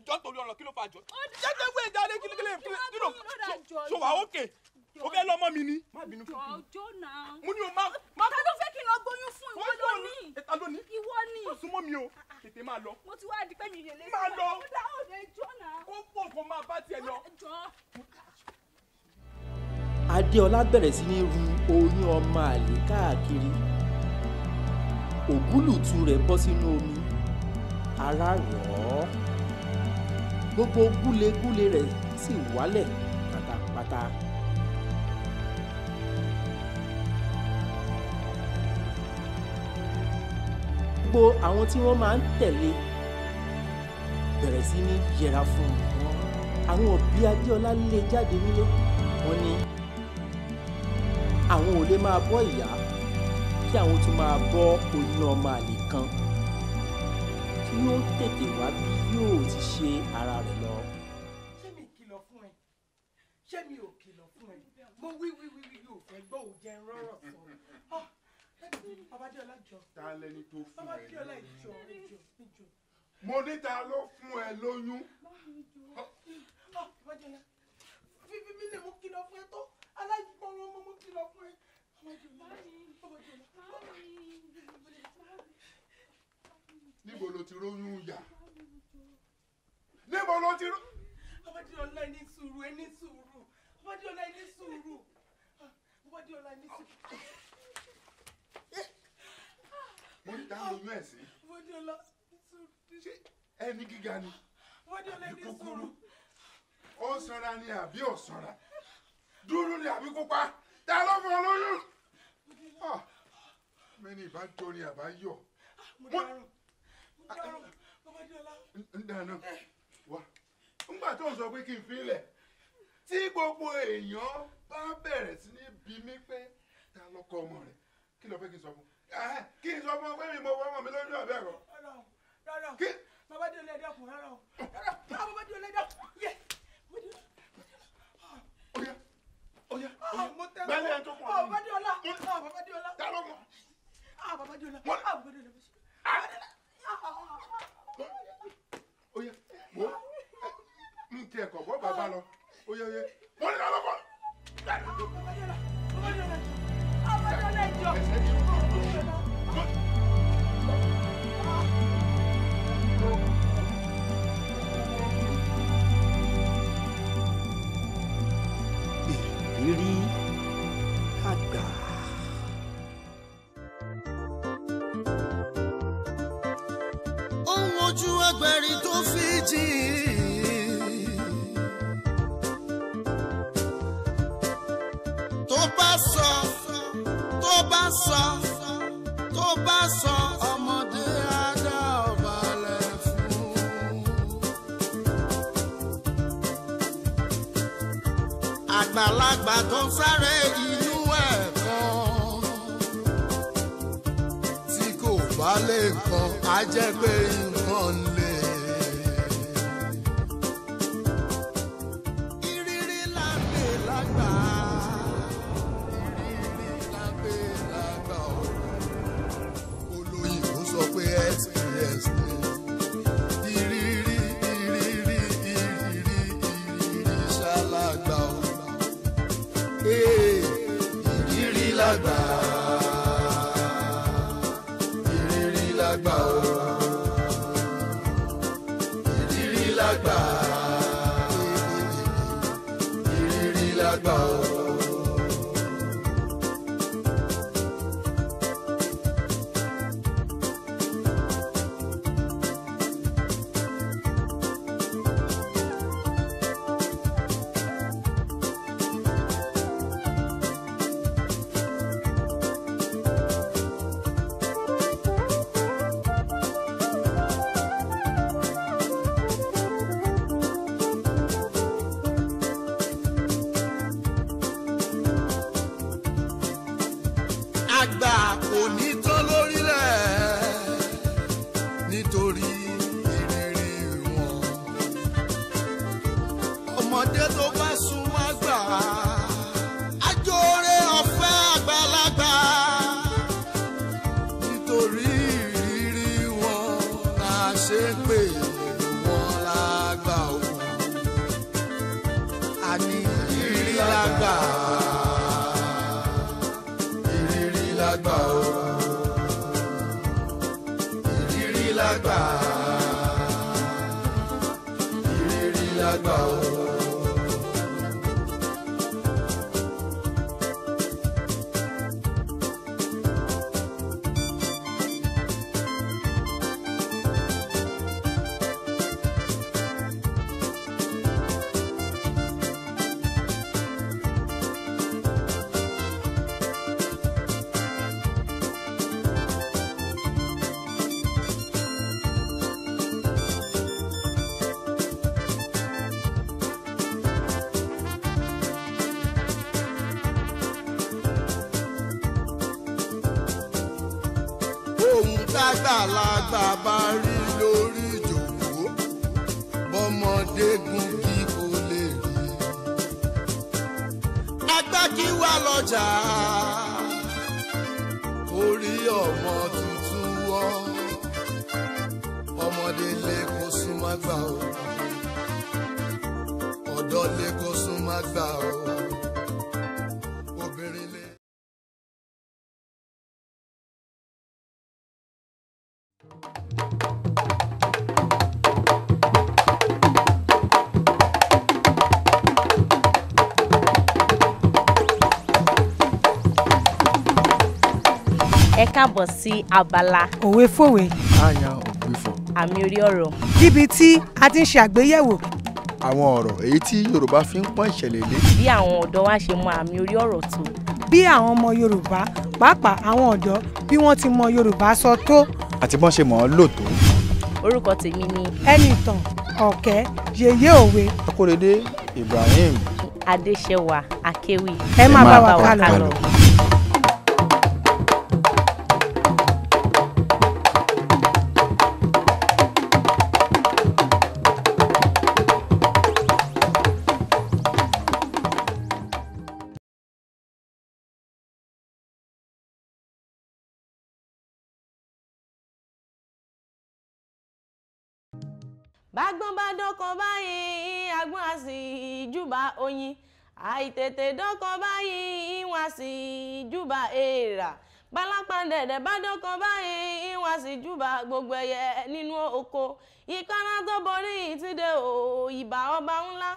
jọ́ nítorí ọ̀rọ̀ kí ló fa jọ. jẹ́ kí wé jáde kí ló kí ló so wà ókè o fẹ́ lọ́mọ mi ni. má bínú fún mi. jọ náà. mo ní o ma ta ló fẹ́ kí n lọ gbóyún fún ìwọ lónìí. ìta lónìí. ìwọ ni. ó súnmọ́ mi o tètè máa lọ. mo ti wá di pé mi lè máa lọ. ó pọ̀ kó máa bá tiẹ̀ lọ. Adéọlá bẹ̀rẹ̀ sí ní ru oyún ọmọ àlè káàkiri ògúlùtù rẹ̀ bọ́ sínú omi ara rọ̀ ọ́ gbogbo gúlegúle rẹ̀ sì wálẹ̀ pátápátá. gbogbo àwọn tí wọ́n máa ń tẹ̀lé bẹ̀rẹ̀ sí ní yẹra fún un àwọn òbí Adéọlá lé jáde nílé wọ́n ní àwọn ò lè máa bọ́ ìyá kí àwọn tún máa bọ́ oyún ọmọ àlè kan kí ó tètè wá bí yóò ti ṣe ara rẹ̀ lọ. ṣé mi kìlọ̀ fún ẹ ṣé mi ò kìlọ̀ fún ẹ mo wí wí wí wí yóò fẹ́ gbọ́ òjẹ́ rọ́rọ̀ sọ ah, babadeola jọ talẹni tó fún ẹ babadeola ìjọ ìjọ ìjọ. mo ní ta ló fún ẹ lóyún. Ah, babadeola fífi mi lè mú kìlọ̀ fún ẹ tó aláìgbọràn ọmọ mú kìlọ̀ fún ẹ. níbo ló ti róyún yà níbo ló ti rú. Ọbádéọlá ẹni sùúrù ẹni sùúrù Ọbádéọlá ẹni sùúrù Ọbádéọlá ẹni sùúrù. mo ní dáhùn oyún ẹ̀ sí. Ọbádéọlá ẹni sùúrù. ṣé ẹni gíga ni. Ọbádéọlá ẹni sùúrù. ó sanra ni àbí ò sanra dúró ni àbí kópa ta ló fún ọ lóyún. Ah, mẹ́ni ìbá jó ni àbá yọ̀. Ah, mo dárò mo dárò Ọbádéọlá. ń dáná. Eh nígbà tó ń sọ pé kí n filẹ̀ tí gbogbo èèyàn bá bẹ̀rẹ̀ sí ní bí mi pé ta lọkọ ọmọ rẹ̀ kí ló fẹ́ kí n sọ fún kí n sọ fún pé mi mo wọ ọmọ mi lójú ọ̀bẹ rọ. rárá kí. bàbá di olè dẹkùn rárá o rárá bàbá di olè dẹkùn yẹ. oya oya oya bẹ́ẹ̀ni ẹ̀ tó kún ọ. bàbá di ọlá bàbá di ọlá. ta ló mọ̀. bàbá di ọlá bàbá di ọlá. oya mo tiẹ̀ kọ̀ bọ́ bàbá lọ. ó yẹ ó lọ́kọ̀. ajẹ́ pé. ẹ káàbọ̀ sí abala. òwe fòwe. àyà òwe fò. àmì orí ọ̀rọ̀. níbi tí a ti ń ṣe àgbéyẹ̀wò. àwọn ọ̀rọ̀ èyí tí yorùbá fi ń pọ́n ìṣẹ̀lẹ̀ lé. bí àwọn ọ̀dọ́ wa ṣe mọ àmì orí ọ̀rọ̀ tó. bí àwọn ọmọ yorùbá pàápàá àwọn ọ̀dọ́ bí wọ́n ti mọ yorùbá sọ tó. àti bọ́n ṣe mọ̀ ọ́n lò tó. orúkọ tèmi ni. ẹnìtàn ọ̀kẹ́ yèyé òwe. akórèdé ibrahim. adéṣẹwà akéwì. ẹ máa bá wa kálọ. bágbọ́n bá dọ́kọ̀ báyìí agbọ́n á sì júbà oyin àìtètè dọ́kọ̀ báyìí wọ́n á sì júbà èèrà balapa dẹ̀dẹ̀ bá dọ́kọ̀ báyìí wọ́n á sì júbà gbogbo ẹyẹ nínú oko ìkárá tó borí ìtìdé o ìbà ọba ńlá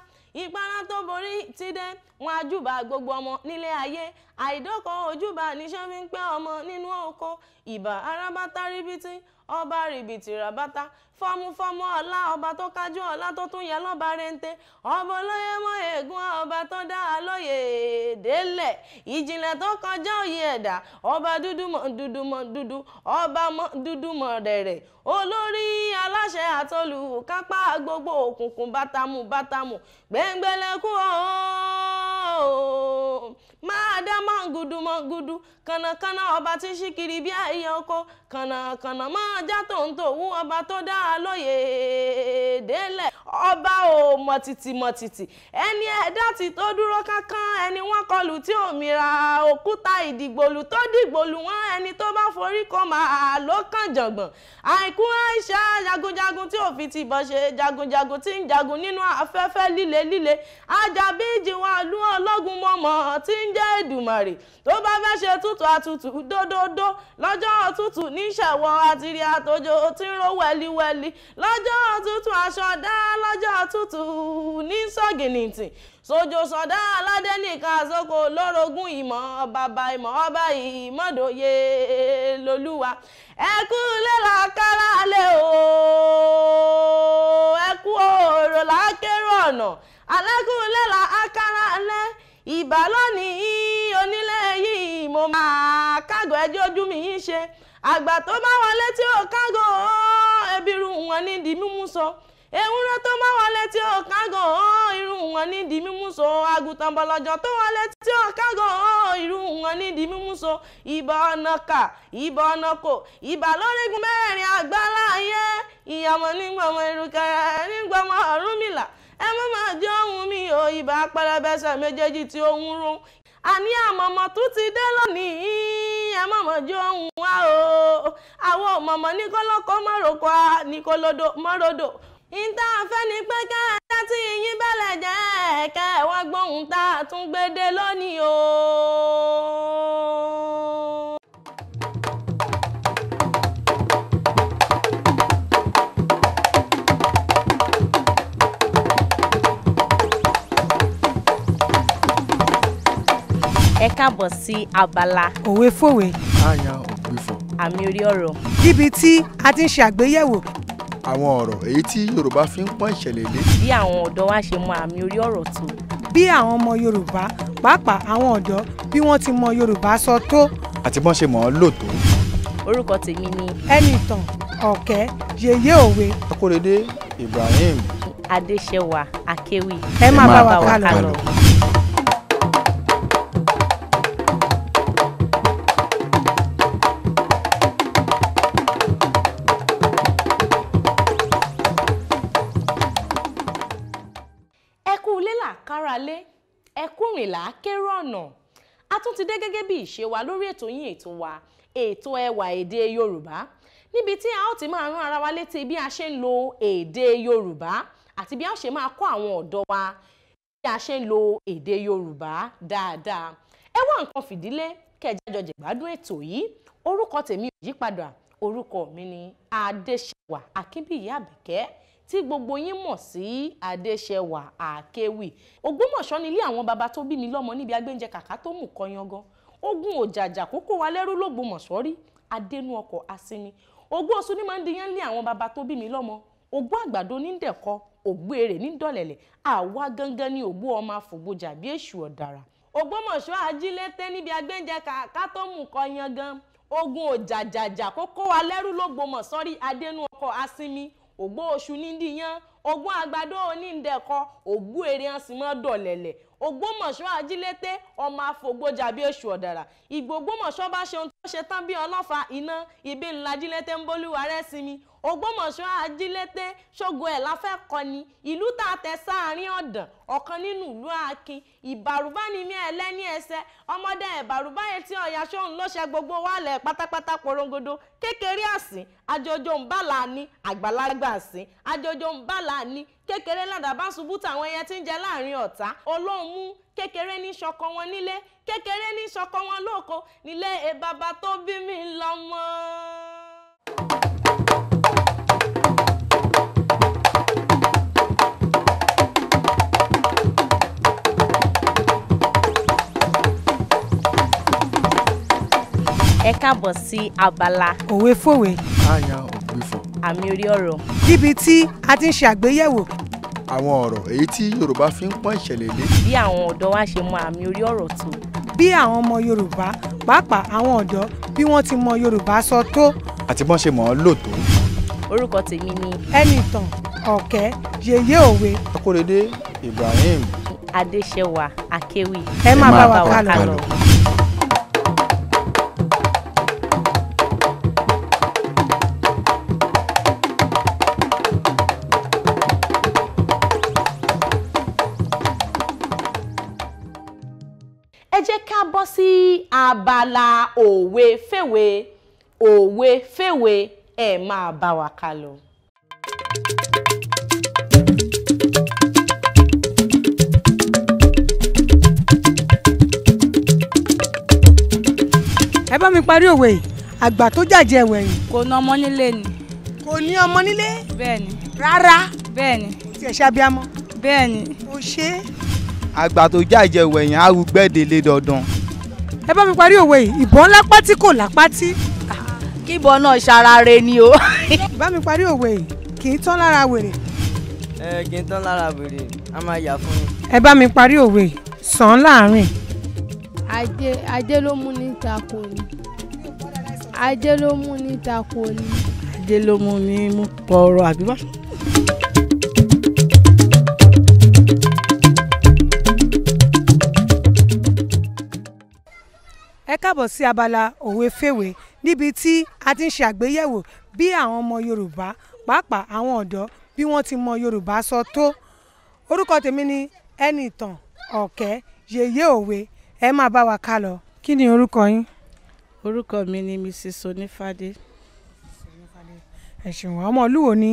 ìpara tó borí tìdé wọ́n á júbà gbogbo ọmọ nílé ayé àìdọ́kọ̀ ojúbà níṣẹ́ fi ń pẹ́ ọmọ nínú oko ìbà arábátá ríbítí ọba rìbìtì ràbátà fọmúfọmú ọlá ọba tó kájú ọlá tó tún yẹ lọ́ba rente ọba olóyè mọ ègún ọba tó dá a lóye délẹ̀ ìjìnlẹ̀ tó kọjá òye ẹ̀dá ọba dúdú mọ dúdú mọ dúdú ọba mọ dúdú mọ rẹ̀rẹ̀ olórí aláṣẹ àtolùkápá gbogbo òkùnkùn bátamù bátamù gbẹngbẹlẹkùn ọ̀hún máa dá mọ́ngudumọ́ngudu kànàkànà ọba tí ń ṣí kiri bí ẹyẹ oko kànàkànà máa já tòǹtò wú ọba tó dá a lóye délẹ̀ ọba ò mọ̀tìtì mọ̀tìtì ẹni ẹ̀dá ti tó dúró kánkán ẹni wọ́n kọlù tí òmìnira òkúta ìdìgbòlù tó dìgbòlù wọn ẹni tó bá forí kan máa ló kàn jọ̀gbọ̀n àìkú àìṣá jagunjagun tí òfin ti bọ̀ ṣe jagunjagun tí ń jagun nínú afẹ́fẹ́ líle líle ajá bíi ìjìwà ọlú ọlọ́gun mọ̀mọ́ tí ń jẹ́ Èdùmàrè tó bá fẹ́ ṣe tútù tútù àtútù dódódó lọ́jọ́ òtútù níṣẹ̀wọ̀ àtìrí àtòjò tí ń ró wẹ́líwẹ́lí lọ́jọ́ ọtụtụ aṣọ dá lọ́jọ́ ọtụtụ ní sọ̀gìnìtì sojo sọdá aládé nìkan àsoko lórogún ìmọ̀ bàbá ìmọ̀ ọba ìmọ̀dòye lolúwa lẹ́la lé o ọ̀nà ìbá lónìí onílé yìí mo máa kágò ẹjọ́ ojú mi yín ṣe àgbà tó bá wọlé tí ò kágò ebiru wọn ní di mímú sọ ewúrẹ́ tó bá wọlé tí ò kágò irú wọn ní di mímú sọ àgùntàn bọ̀lọ̀jọ̀ tó wọlé tí ò kágò irú wọn ní di mímú sọ ìbà ọ̀nà kà ìbà ọ̀nà kò ìbà lórígun mẹ́rẹ̀ẹ̀rin àgbáláyé ìyàmọ̀ nígbàmọ̀ ìrùkẹ̀rẹ̀ nígbàmọ̀ Ọ̀rúnmìlà ẹ má máa jẹ́ ohun mi ò ibà pẹlẹbẹsẹ̀ méjèèjì tí ó ń rún àní àmọ̀mọ̀ tún ti dé lónìí ẹ má máa jẹ́ ohun wa o àwọn ọ̀mọ̀mọ̀ ní kọ́lọ́kọ́ mọ́ròkọ ní kọ́lódò mọ́ròdò ìta àfẹ́ ni pé ká ẹ tí yín bẹ̀rẹ̀ jẹ́ kẹ́ ẹ gbóhùn tá a tún gbé dé lónìí o. ẹ káàbọ̀ sí abala. òwe fòwe. àyà òwe fò. àmì orí ọ̀rọ̀. níbi tí a ti ń ṣe àgbéyẹ̀wò. àwọn ọ̀rọ̀ èyí tí yorùbá fi ń pọ́n ìṣẹ̀lẹ̀ lé. bí àwọn ọ̀dọ́ wa ṣe mọ àmì orí ọ̀rọ̀ tó. bí àwọn ọmọ yorùbá pàápàá àwọn ọ̀dọ́ bí wọ́n ti mọ yorùbá sọ tó. àti bọ́n ṣe mọ̀ ọ́n lò tó. orúkọ tèmi ni. ẹnìtàn ọ̀kẹ́ yèyé òwe. akórèdé ibrahim. adéṣẹwà akéwì. ẹ máa bá wa kálọ. lákérọ̀nà a tún ti dé gẹ́gẹ́ bí ìṣe wa lórí ètò yín ètò wa ètò ẹwà èdè Yorùbá níbi tí a ó ti máa rán ara wa létí bí a ṣe ń lo èdè Yorùbá àti bí a ó ṣe máa kọ́ àwọn ọ̀dọ́ wa bí a ṣe ń lo èdè Yorùbá dáadáa ẹ wá nǹkan fìdílé kẹjájọ jẹgbádùn ètò yìí orúkọ tèmi ò yípadà orúkọ mi ni Adéṣẹwà Akínbíyì Àbẹ̀kẹ́ tí gbogbo yín mọ̀ sí Adéṣẹwà Àkéwì Ògbómọ̀ṣọ́ ni ilé àwọn baba tó bí mi lọ́mọ níbi agbẹ́njẹ kàkà tó mú kọyangan ogun òjàjà kókó wa lẹ́rú lògbómọ̀ṣọ́ rí adénú ọkọ̀ asinmi ogún ọ̀ṣun ní máa ń diyán lé àwọn baba tó bí mi lọ́mọ ogún àgbàdo ní dẹ̀kọ ògbó èrè ní dọ̀lẹ̀lẹ̀ àwa gangan ni ògbó ọmọ àfògbòjà bí èṣù ọ̀dàrà Ògbómọ̀ṣọ́ ajílété níbi agbẹ́njẹ kàkà tó mú kọyangan ogun òjàjàjà kókó wa lẹ́rú lògbómọ̀ṣọ́ rí adénú ọkọ̀ asinmi ògbó oṣù ní díyán ogún àgbàdo oníǹdẹ̀kọ ògbó èrè hàn sí mọ́ dọ̀lẹ̀lẹ̀ ògbómọ̀ṣọ́ ajílété ọmọ àfọ̀gbọ́jàbí èṣù ọ̀dàrà ìgbògbómọ̀ṣọ́ bá ṣe ohun tó ṣe tán bí ọlọ́fà iná ìbí ńlá ajílété ń bólúwa rẹ́ sinmi Ògbómọ̀ṣọ́ ajílété ṣògo ẹ̀ la fẹ́ kọ ni ìlú tá a tẹ sáàrin ọ̀dàn ọ̀kan nínú ìlú akin ìbàrúbá ni mí ẹlẹ́ni ẹsẹ̀ ọmọdé ìbàrúbá etí ọ̀yà ṣóhun ló ṣe gbogbo wàlẹ̀ pátápátá porongodo kékeré àsìn ajojo ń bàlà ní àgbàlagbà àsìn ajojo ń bàlà ní kékeré ládàá bá ṣubú tàwọn ẹyẹ tí ń jẹ láàrin ọ̀tá olóhùn kékeré ní ṣọkọ wọn nílé kékeré ní ṣọkọ wọn lóko nílé e bàbá tó bí mi lọ́mọ. ẹ káàbọ̀ sí abala. òwe fòwe. àyà ògbé fọ. àmì orí ọ̀rọ̀. níbi tí a ti ń ṣe àgbéyẹ̀wò. àwọn ọ̀rọ̀ èyí tí yorùbá fi ń pọ́n ìṣẹ̀lẹ̀ lé. bí àwọn ọ̀dọ́ wa ṣe mọ àmì orí ọ̀rọ̀ tó. bí àwọn ọmọ yorùbá pàápàá àwọn ọ̀dọ́ bí wọ́n ti mọ yorùbá sọ tó. àti bọ́n ṣe mọ̀ ọ́ lò tó. orúkọ tèmi ni. ẹnìtàn ọ̀kẹ́ yèyé òwe. akórèdé ibrahim. adéṣẹwà akéwì. ẹ má bá wa kálọ. jẹ́ ká bọ́ sí abala òwe fèwe òwe fèwe ẹ̀ máa bá wa ká lọ. ẹ bá mi parí òwe yìí àgbà tó jàjẹ wẹ̀yìn. kò ní ọmọ nílé ni. kò ní ọmọ nílé. bẹ́ẹ̀ni. rárá. bẹ́ẹ̀ni. kò tiẹ̀ ṣe abiyamọ. bẹ́ẹ̀ni. o ṣe é àgbà tó jàjẹ wẹ̀yìn arúgbẹ́dẹ́lé dandan. ẹ bá mi parí òwe yìí ìbọn lápá tí kò lápá tí. kí ìbọn náà ṣarare ni o. bá mi parí òwe yìí kì í tán lára wèrè. ẹ kì í tán lára wèrè a máa yà fún mi. ẹ bá mi parí òwe yìí sàn án láàrin. ajé ajé ló mú ní takò ni ajé ló mú ní takò ni. ajé ló mú ní mú pọ̀rọ̀ àbí wàá. ẹ káàbọ̀ sí abala òwe fèwé níbi tí a ti ń ṣe àgbéyẹ̀wò bí àwọn ọmọ Yorùbá pàápàá àwọn ọ̀dọ́ bí wọ́n ti mọ Yorùbá sọ tó orúkọ tèmi ni Ẹnìtàn Ọ̀kẹ́ yèyé òwe ẹ máa bá wa ká lọ kí ni orúkọ yín. orúkọ mi ni Mrs. Onífádé. ẹ ṣeun ọmọ olúwo ni.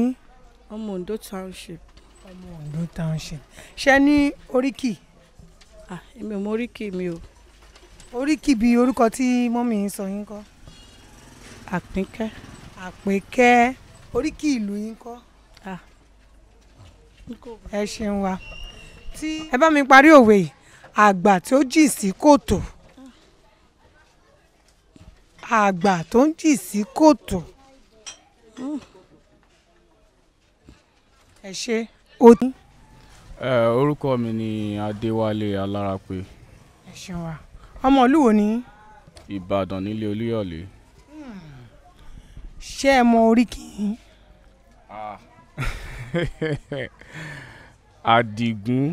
ọmọ Ondo Township. ọmọ Ondo Township ṣe ní oríkì. ah èmi ò mọ oríkì mi o oríkìbí orúkọ tí mọ́mì ń sọ yín kọ́. àpínkẹ́. àpínkẹ́ oríkì ìlú yín kọ́. ẹ ṣeun wa ẹ bá mi parí òwe yìí àgbà tó jì sí kòtò àgbà tó ń jì sí kòtò ẹ ṣe o ní. orúkọ mi ni adéwálé alárápé. ẹ ṣeun wa ọmọ ìlú wo ni. ìbàdàn nílé olúyọ̀lé. ṣé ẹ mọ oríkì yín. Ah. àdìgún.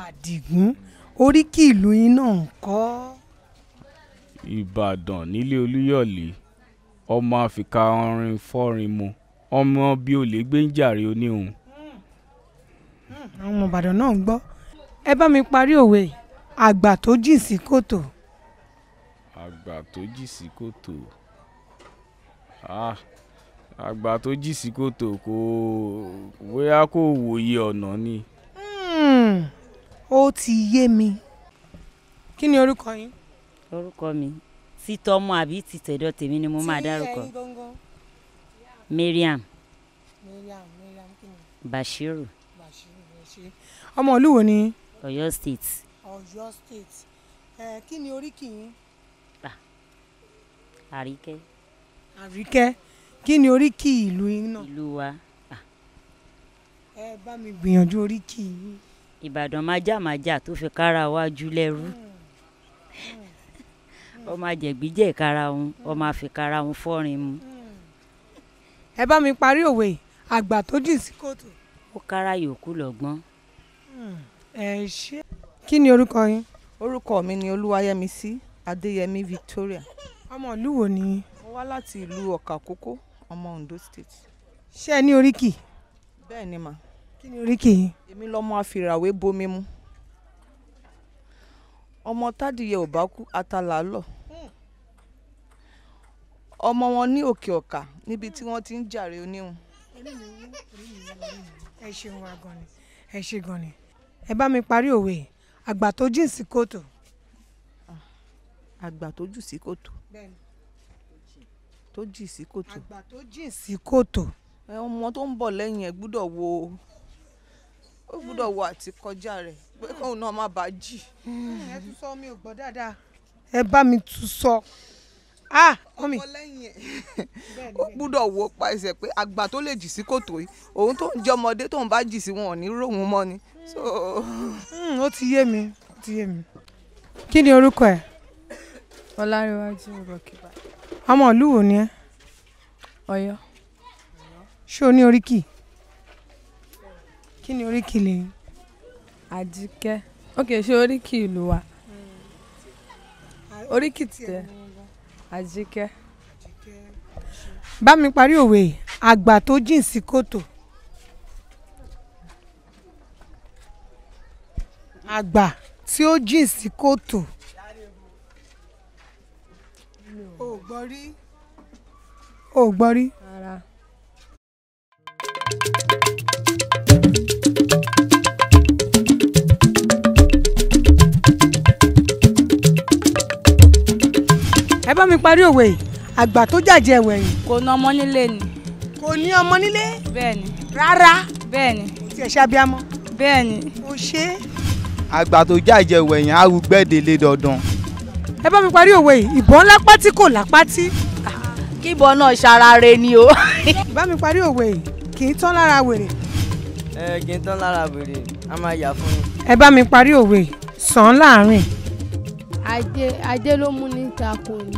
àdìgún oríkì ìlú yín náà ń kọ́. ìbàdàn nílé olúyọ̀lé ọmọ àfìkà ọrin fọ́rin mu ọmọ bíi olè gbẹ́ńjàre oníhun. Hmm, hmm, àwọn ọmọ ìbàdàn náà ń gbọ́ ẹ bá mi parí òwe àgbà tó jìn sí kòtò àgbà tó jì sí kòtò ah, àgbà tó jì sí kòtò kò bóyá kò wòye ọ̀nà ni. Hmm, ó ti yé mi. kí ni orúkọ yín. orúkọ mi ti tọmọ àbí ti tèmi ni mo máa dárúkọ Mariam Bashiru ọmọ ìlú wo ni. Ọ̀yọ́ state. Ọ̀yọ́ state ẹ kí ni oríkì yín àríkẹ́. àríkẹ́ kí ni oríkì ìlú náà. ìlú wa. ẹ bá mi gbìyànjú oríkì yín. ìbàdàn májàmájà tó fi kára wájú lẹ́rú ọmọ àjẹgbíjẹ kára òun ọmọ àfikára òun fọrin mu. ẹ bá mi parí òwe àgbà tó jìn sí kòtò. ó kára yòókù lọ́gbọ́n. Hmm, ẹ ṣé. kí ni orúkọ yín. orúkọ mi ni olúwayẹmísí adéyẹmí victoria ọmọ ìlú wo ni. mo wá láti ìlú ọ̀kàkókó ọmọ ondo state. ṣé ẹ ní oríkì. bẹ́ẹ̀ ni mà. kí ni oríkì yìí. èmi lọmọ àfìràwé bomi mu ọmọ tádìyẹ ò bá kú atalà lọ hmm. ọmọ wọn ní òkè ọ̀kà níbi tí wọ́n ti ń jàre oníhun. ẹ ṣeun wa ni ẹ ṣe gan ni ẹ bá mi parí òwe àgbà tó jìn sí kòtò. Ah, àgbà tó jù sí kòtò tó jìn sí kòtò. àgbà tó jìn sí kòtò. ọmọ tó ń bọ̀ lẹ́yìn ẹ̀ gbúdọ̀ wo ó gbúdọ̀ wo àti kọjá rẹ̀ pé kóun náà má bàa jì. ẹ tún sọ mi ò gbọ́ dáadáa. ẹ bá mi tún sọ ah omi ó gbúdọ̀ wo pa ẹsẹ̀ pé àgbà tó lè jì sí kòtò yìí òun tó ń jẹ́ ọmọdé tóun bá jì sí wọn ò ní róhun mọ́ ni. Hmm, ó ti yé mi ó ti yé mi kí ni orúkọ ẹ ọlárẹwájú rọkìbà. ọmọ ìlú wo ni ẹ. Ọ̀yọ́. ṣé o ní oríkì kí ni oríkì lè. àjíkẹ́ ok ṣé oríkì ìlú wa hmm. oríkì tiẹ̀ àjíkẹ́. bá mi parí òwe àgbà tó jìn sí kòtò. àgbà tí ó jìn sí kòtò. ò gbọ́ rí. ò gbọ́ rí. rárá. ẹ bá mi parí òwe yìí àgbà tó jàjẹ ẹwẹ yìí. kò ní ọmọ nílé ni. kò ní ọmọ nílé. bẹ́ẹ̀ni. rárá. bẹ́ẹ̀ni. kò tiẹ̀ ṣàbíamọ. bẹ́ẹ̀ni. o ṣe. àgbà tó jàjẹ ẹwẹ yìí arúgbẹ́dẹ lé dandan ẹ bá mi parí òwe yìí ìbọn lápá tí kò lápá tí. kíbọn náà ṣarare ni o. bá mi parí òwe yìí kì í tán lára wèrè. ẹ kì í tán lára wèrè a máa yà fún yín. ẹ bá mi parí òwe yìí sàn án láàrin. ajé ajé ló mú ní takò ni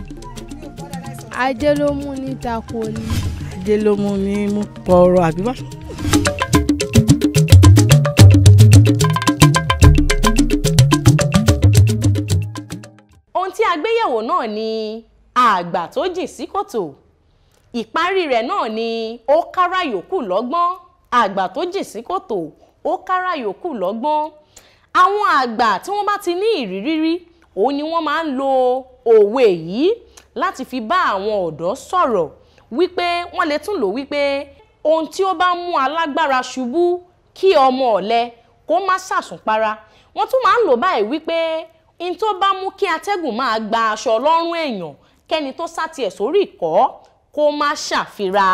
ajé ló mú ní takò ni. ajé ló mú ní mú pọ̀rọ̀ àbí wá. a gbéyẹ̀wò náà ni àgbà tó jìn sí kòtò ìparí rẹ̀ náà ni ó kára yòókù lọ́gbọ́n àgbà tó jìn sí kòtò ó kára yòókù lọ́gbọ́n àwọn àgbà tí wọ́n bá ti ní ìrírí rí òun ni wọ́n máa ń lo òwe yìí láti fi bá àwọn ọ̀dọ́ sọ̀rọ̀ wípé wọ́n lè tún lò wípé ohun tí ó bá mú alágbára ṣubú kí ọmọ ọ̀lẹ kó má ṣàsùnpara wọ́n tún máa ń lò báyìí wípé in tó bá mú kí atẹ́gùn máa gba aṣọ ọlọ́run èèyàn kẹ́ni tó sátì ẹ̀ sórí ìkọ́ kó má ṣàfira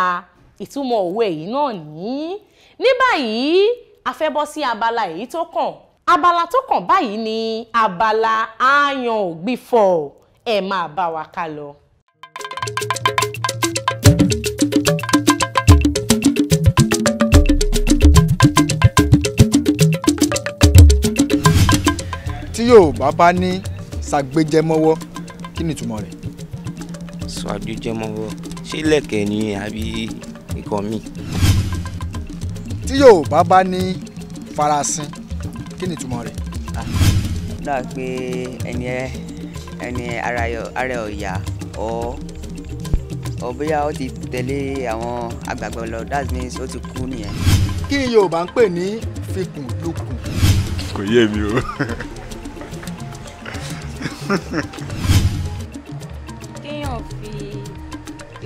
ìtumọ̀ òwe yìí náà ní. ní báyìí a fẹ́ bọ́ sí abala èyí tó kàn abala tó kàn báyìí ni abala aáyan ògbìfọ̀ ẹ̀ máa bá wa ká lọ. Yorùbá bá ní ṣàgbéjẹmọ́wọ́ kí ni ìtumọ̀ rẹ̀. ṣàgbéjẹmọ́wọ́ ṣé lẹ̀kẹ̀ ni àbí nǹkan míì. tí Yorùbá bá ní farasin kí ni ìtumọ̀ rẹ̀. Ah, dáa pé ẹni ẹni ara ẹ ò yá ọ ọ ó ti tẹ̀lé àwọn àgbààgbà lọ that means ó ti kú nìyẹn. kí Yorùbá ń pè ní fikùn lukùn. kò yé mi o. kéèyàn fi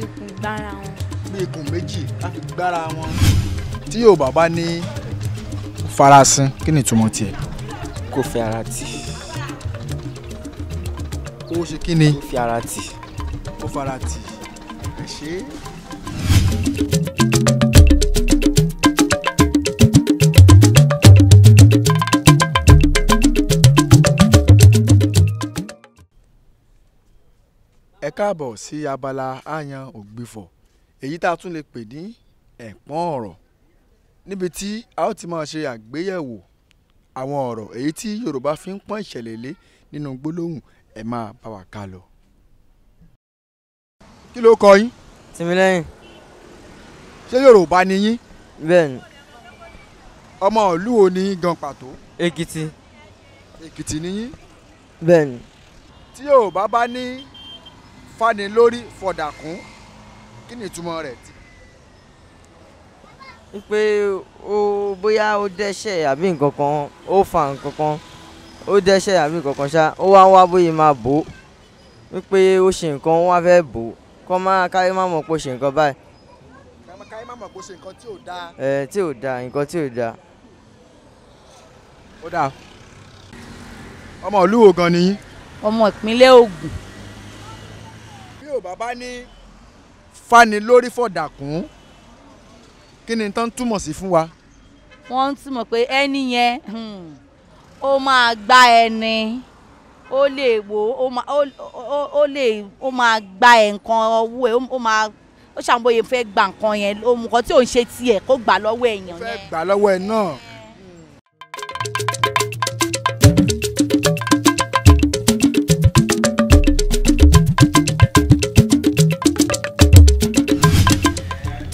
ikùn gbára wọn. bí ikùn méjì á fi gbára wọn. tí yóò bàbá ní farasin kí ni ìtumọ̀ tiẹ̀. kò fi ara tì. kó o ṣe kí ni. kó fi ara tì. kó fara tì. ẹ ṣe é. káàbọ̀ sí abala àyàn ògbìfọ̀ èyí tá a tún lè pè ní ẹ̀pọ́n ọ̀rọ̀ níbi tí a ó ti máa ṣe àgbéyẹ̀wò àwọn ọ̀rọ̀ èyí tí Yorùbá fi ń pọ́n ìṣẹ̀lẹ̀ lé nínú gbólóhùn ẹ̀ máa bá wa ká lọ. kí ló kọ yín. Tìmílẹ́yìn. ṣé Yorùbá ni yín. bẹ́ẹ̀ni. ọmọ ìlú wo ni yín gan pàtó. Èkìtì. Èkìtì ni yín. bẹ́ẹ̀ni. tí Yorùbá bá ní fani lórí fọ̀dàkùn kí ni ìtumọ̀ rẹ̀ ti. pé ó bóyá ó dẹ́ṣẹ̀ àbí nǹkan kan ó fa nǹkan kan ó dẹ́ṣẹ̀ àbí nǹkan kan ṣá ó wá ń wá bóyá máa bò ó wípé ó ṣe nǹkan ó wá fẹ́ bò ó kọ́ máa káyé má mọ̀ pé ó ṣe nǹkan báyìí. káyé má mọ̀ pé ó ṣe nǹkan tí ò dáa. ẹ tí ò dáa nǹkan tí ò dáa. ó dáa ọmọ ìlú wo gan ni ọmọ ìpínlẹ̀ Ògùn yorùbá bá ní fani lórí fọ̀dàkùn kí ni tán túmọ̀ sí fún wa. wọ́n ń túmọ̀ pé ẹni yẹn hmm, ó máa gba ẹni ó lè wò ó lè ó máa gba ẹ̀ nǹkan ọwọ́ ẹ̀ ó máa ó ṣàmúbòye fẹ́ gba nǹkan yẹn ohun kan tí ò ṣe tiẹ̀ kó gbà lọ́wọ́ ẹ̀yàn yẹn. fẹ́ gbà lọ́wọ́ ẹ̀ náà. Hmm.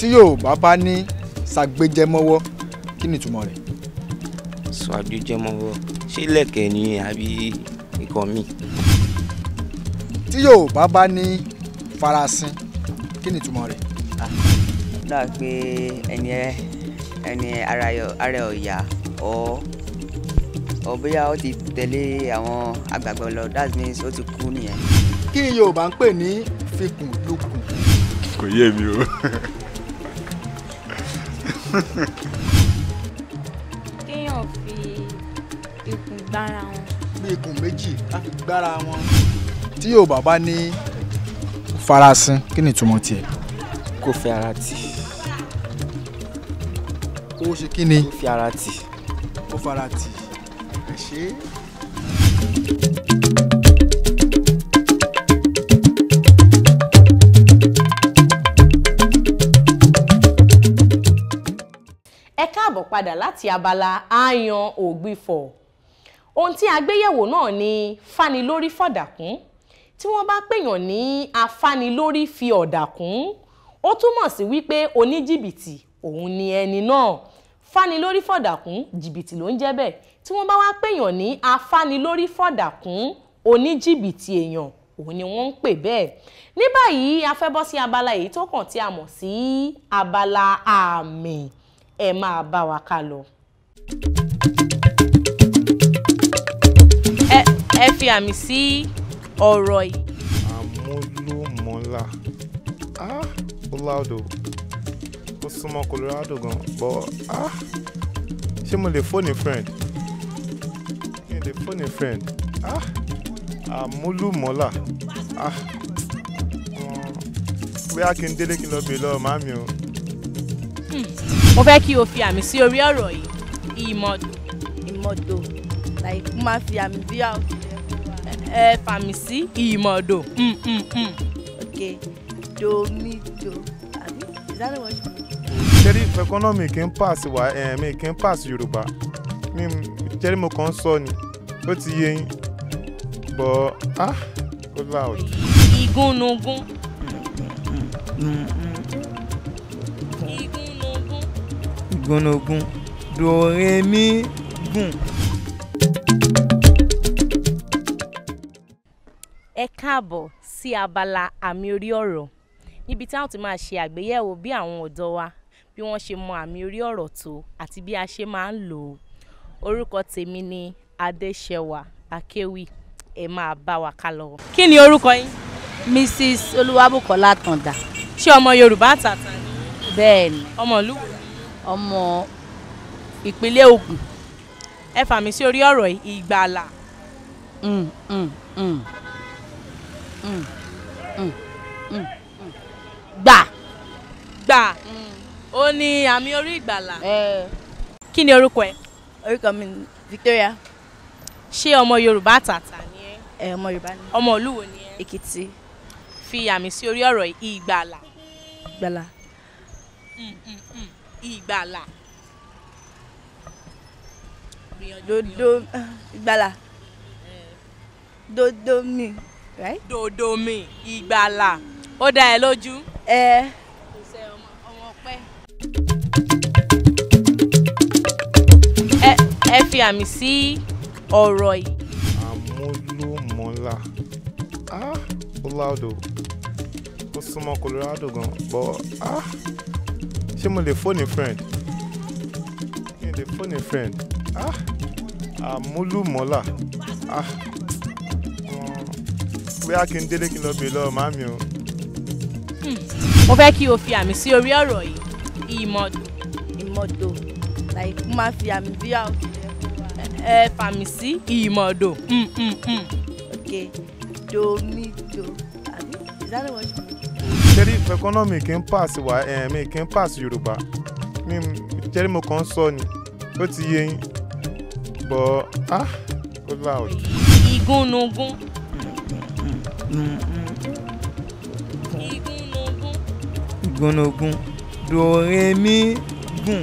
tí Yorùbá bá ní ṣàgbéjẹmọ́wọ́ kí ni ìtumọ̀ rẹ̀. ṣàgbéjẹmọ́wọ́ ṣé lẹ̀kẹ̀ ni àbí nǹkan mi. tí Yorùbá bá ní farasin kí ni ìtumọ̀ rẹ̀. náà ah, pé ẹni ẹni ara ẹ ọ̀yà ọ ọ bóyá ó ti tẹ̀lé àwọn àgbààgbà lọ that means ó ti kú nìyẹn. kí Yorùbá ń pè ní fikùnlukùn. kò yé mi o. kéèyàn fi ikùn gbára wọn. bí ikùn méjì á fi gbára wọn. tí yóò bàbá ní farasin kí ni ìtumọ̀ tiẹ̀. kò fi ara tì. ó ṣe kí ni. kò fi ara tì. kò fara tì. ẹ ṣe é. ẹ káàbọ̀ padà láti abala àyàn ògbìfọ̀ ohun tí a gbé yẹ̀wò náà ni fanilórí fọ̀dàkùn tí wọ́n bá pèèyàn ní afánilórí fi ọ̀dà kún ó túmọ̀ sí wípé oníjìbìtì òun ni ẹni náà fanilórí fọ̀dàkùn jìbìtì ló ń jẹ́ bẹ́ẹ̀ tí wọ́n bá wá pèèyàn ní afánilórí fọ̀dàkùn oníjìbìtì èèyàn òun ni wọ́n ń pè bẹ́ẹ̀ ní báyìí a abala èyí tó kàn tí a mọ̀ sí abala àmì. Ah, ẹ máa bá wa ká lọ. ẹ fi àmì sí ọ̀rọ̀ yìí. àmúlòmọ́lá ah ó láòdò ó súnmọ́ Colorado gan bọ́ ah ṣé mo lè fóònù friend kí n lè fóònù friend ah àmúlùmọ́là ah bóyá kí n délé kí n lọ bèè lọ́wọ́ màmí o. Hmm. mo fẹ́ kí o fi àmì sí orí ọ̀rọ̀ yìí ìmọ̀dò. ìmọ̀dò like mo máa fi àmì bí ẹ fàmì sí ìmọ̀dò. Hmm, hmm, ok do mi do àbí ìdáná wọn. ṣẹ́rí ẹ̀kọ́nọ́mì kì í pass wá mi kì í pass yorùbá mi ṣẹ́rí mo kàn ń sọ ni ó ti yé yín bọ́ ah ó láòdì. ìgúnnugún. Mm, mm, mm, gúnugún dòrèmí gùn. ẹ káàbọ̀ sí abala àmì orí ọ̀rọ̀ níbi tí a ó ti máa ṣe àgbéyẹ̀wò bí àwọn ọ̀dọ́ wa bí wọ́n ṣe mọ àmì orí ọ̀rọ̀ tó àti bí a ṣe máa ń lò ó orúkọ tèmi ni Adéṣẹwà Akéwì ẹ máa bá wa ká lọ. kí ni orúkọ yín. Mrs Olúwabùkọ́lá Tàndá. ṣé ọmọ Yorùbá àtàtà ni. bẹ́ẹ̀ ni ọmọ ìpínlẹ̀ Ògùn. ẹ fà mí sí orí ọ̀rọ̀ ìgbàlà. Mm, mm, mm. gbà. gbà ó ní àmì orí ìgbàlà. kí ni orúkọ ẹ. orúkọ mi Victoria. ṣé ọmọ Yorùbá tàtà ni ẹ. ọmọ Yorùbá ni. ọmọ ìlú wo ni ẹ. Èkìtì. fi àmì sí orí ọ̀rọ̀ ìgbàlà. ìgbàlà. Mm, mm, mm ìgbàlà. dodo ah, ìgbàlà eh. dodomi right. dodomi ìgbàlà ó dá ẹ lójú. ẹ. kò sẹ ọmọ ọmọ pẹ. ẹ fi àmì sí ọ̀rọ̀ yìí. àmúlòmọ́lá ah ó láòdò ó súnmọ́ Colorado gan-an ah ṣé mo lè phone a friend kí n lè phone a friend ah àmúlùmọ́là ah bóyá kí n délé kí n lọ bèè lọ́wọ́ màmí o. Hmm. mo fẹ́ kí o fi àmì sí orí ọ̀rọ̀ yìí ìmọ̀dò. ìmọ̀dò láì máa fi àmì bí a ẹ fàmì sí ìmọ̀dò. Hmm, hmm, ok do mi do àbí is that what you ṣẹ́rí ẹ̀kọ́nọ́mì kì í pass wá ẹ̀ẹ́mì eh, kì í pass yorùbá mi ṣẹ́rí mo kàn ń sọ ni ó ti yé yín bọ̀ ah ó loud. ìgúnnugún. ìgúnnugún. ìgúnnugún dòrèmí gùn.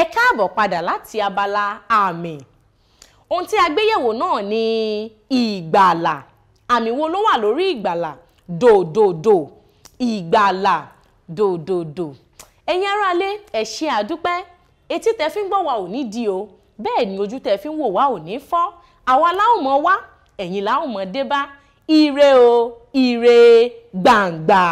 ẹ káàbọ̀ padà láti abala àmì ohun tí a gbéyẹ̀wò náà ni ìgbàlà àmì wo ló wà lórí ìgbàlà dòdòdò ìgbàlà dòdòdò ẹ̀yin aráalé ẹ ṣé àdúpẹ́ etí tẹ fi ń gbọ́ wa ò ní di o bẹ́ẹ̀ ni ojú tẹ fi ń wò wá ò ní fọ́ àwa láwọn wá ẹ̀yin láwọn dé bá ire o ire gbàǹgbà.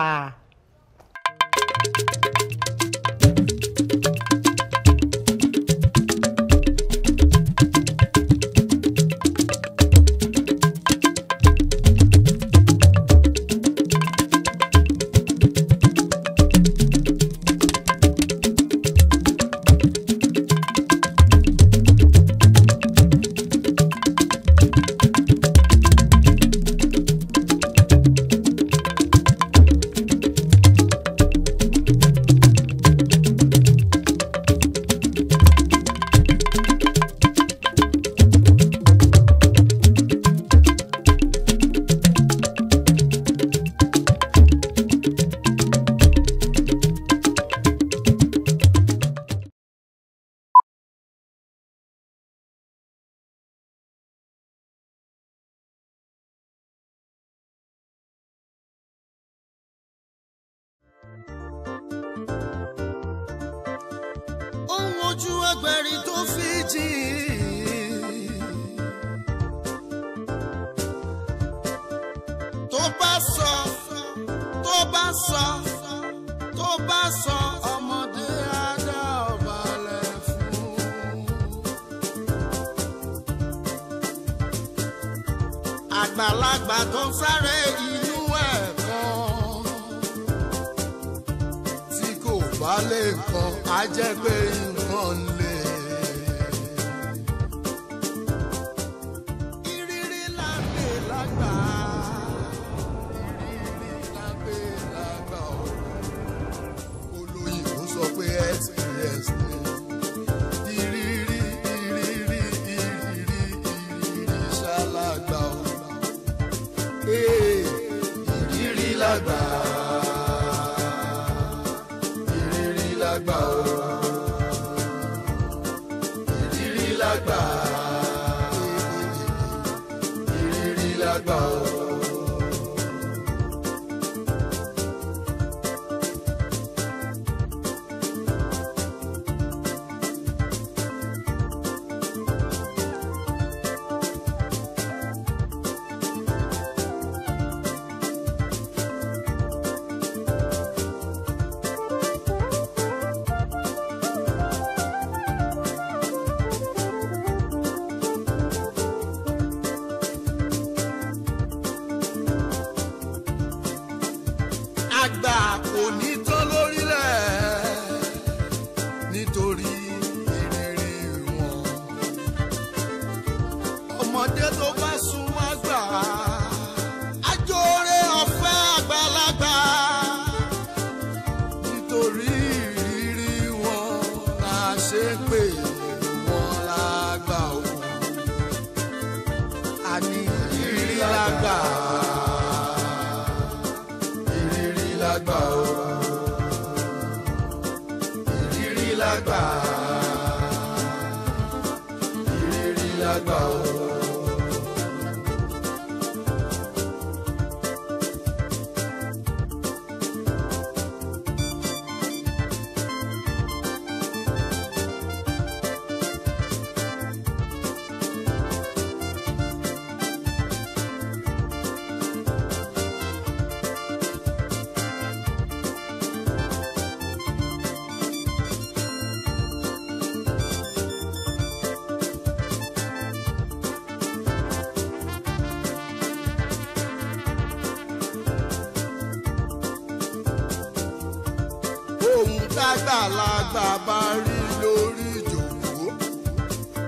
bá rí lórí ìjòkó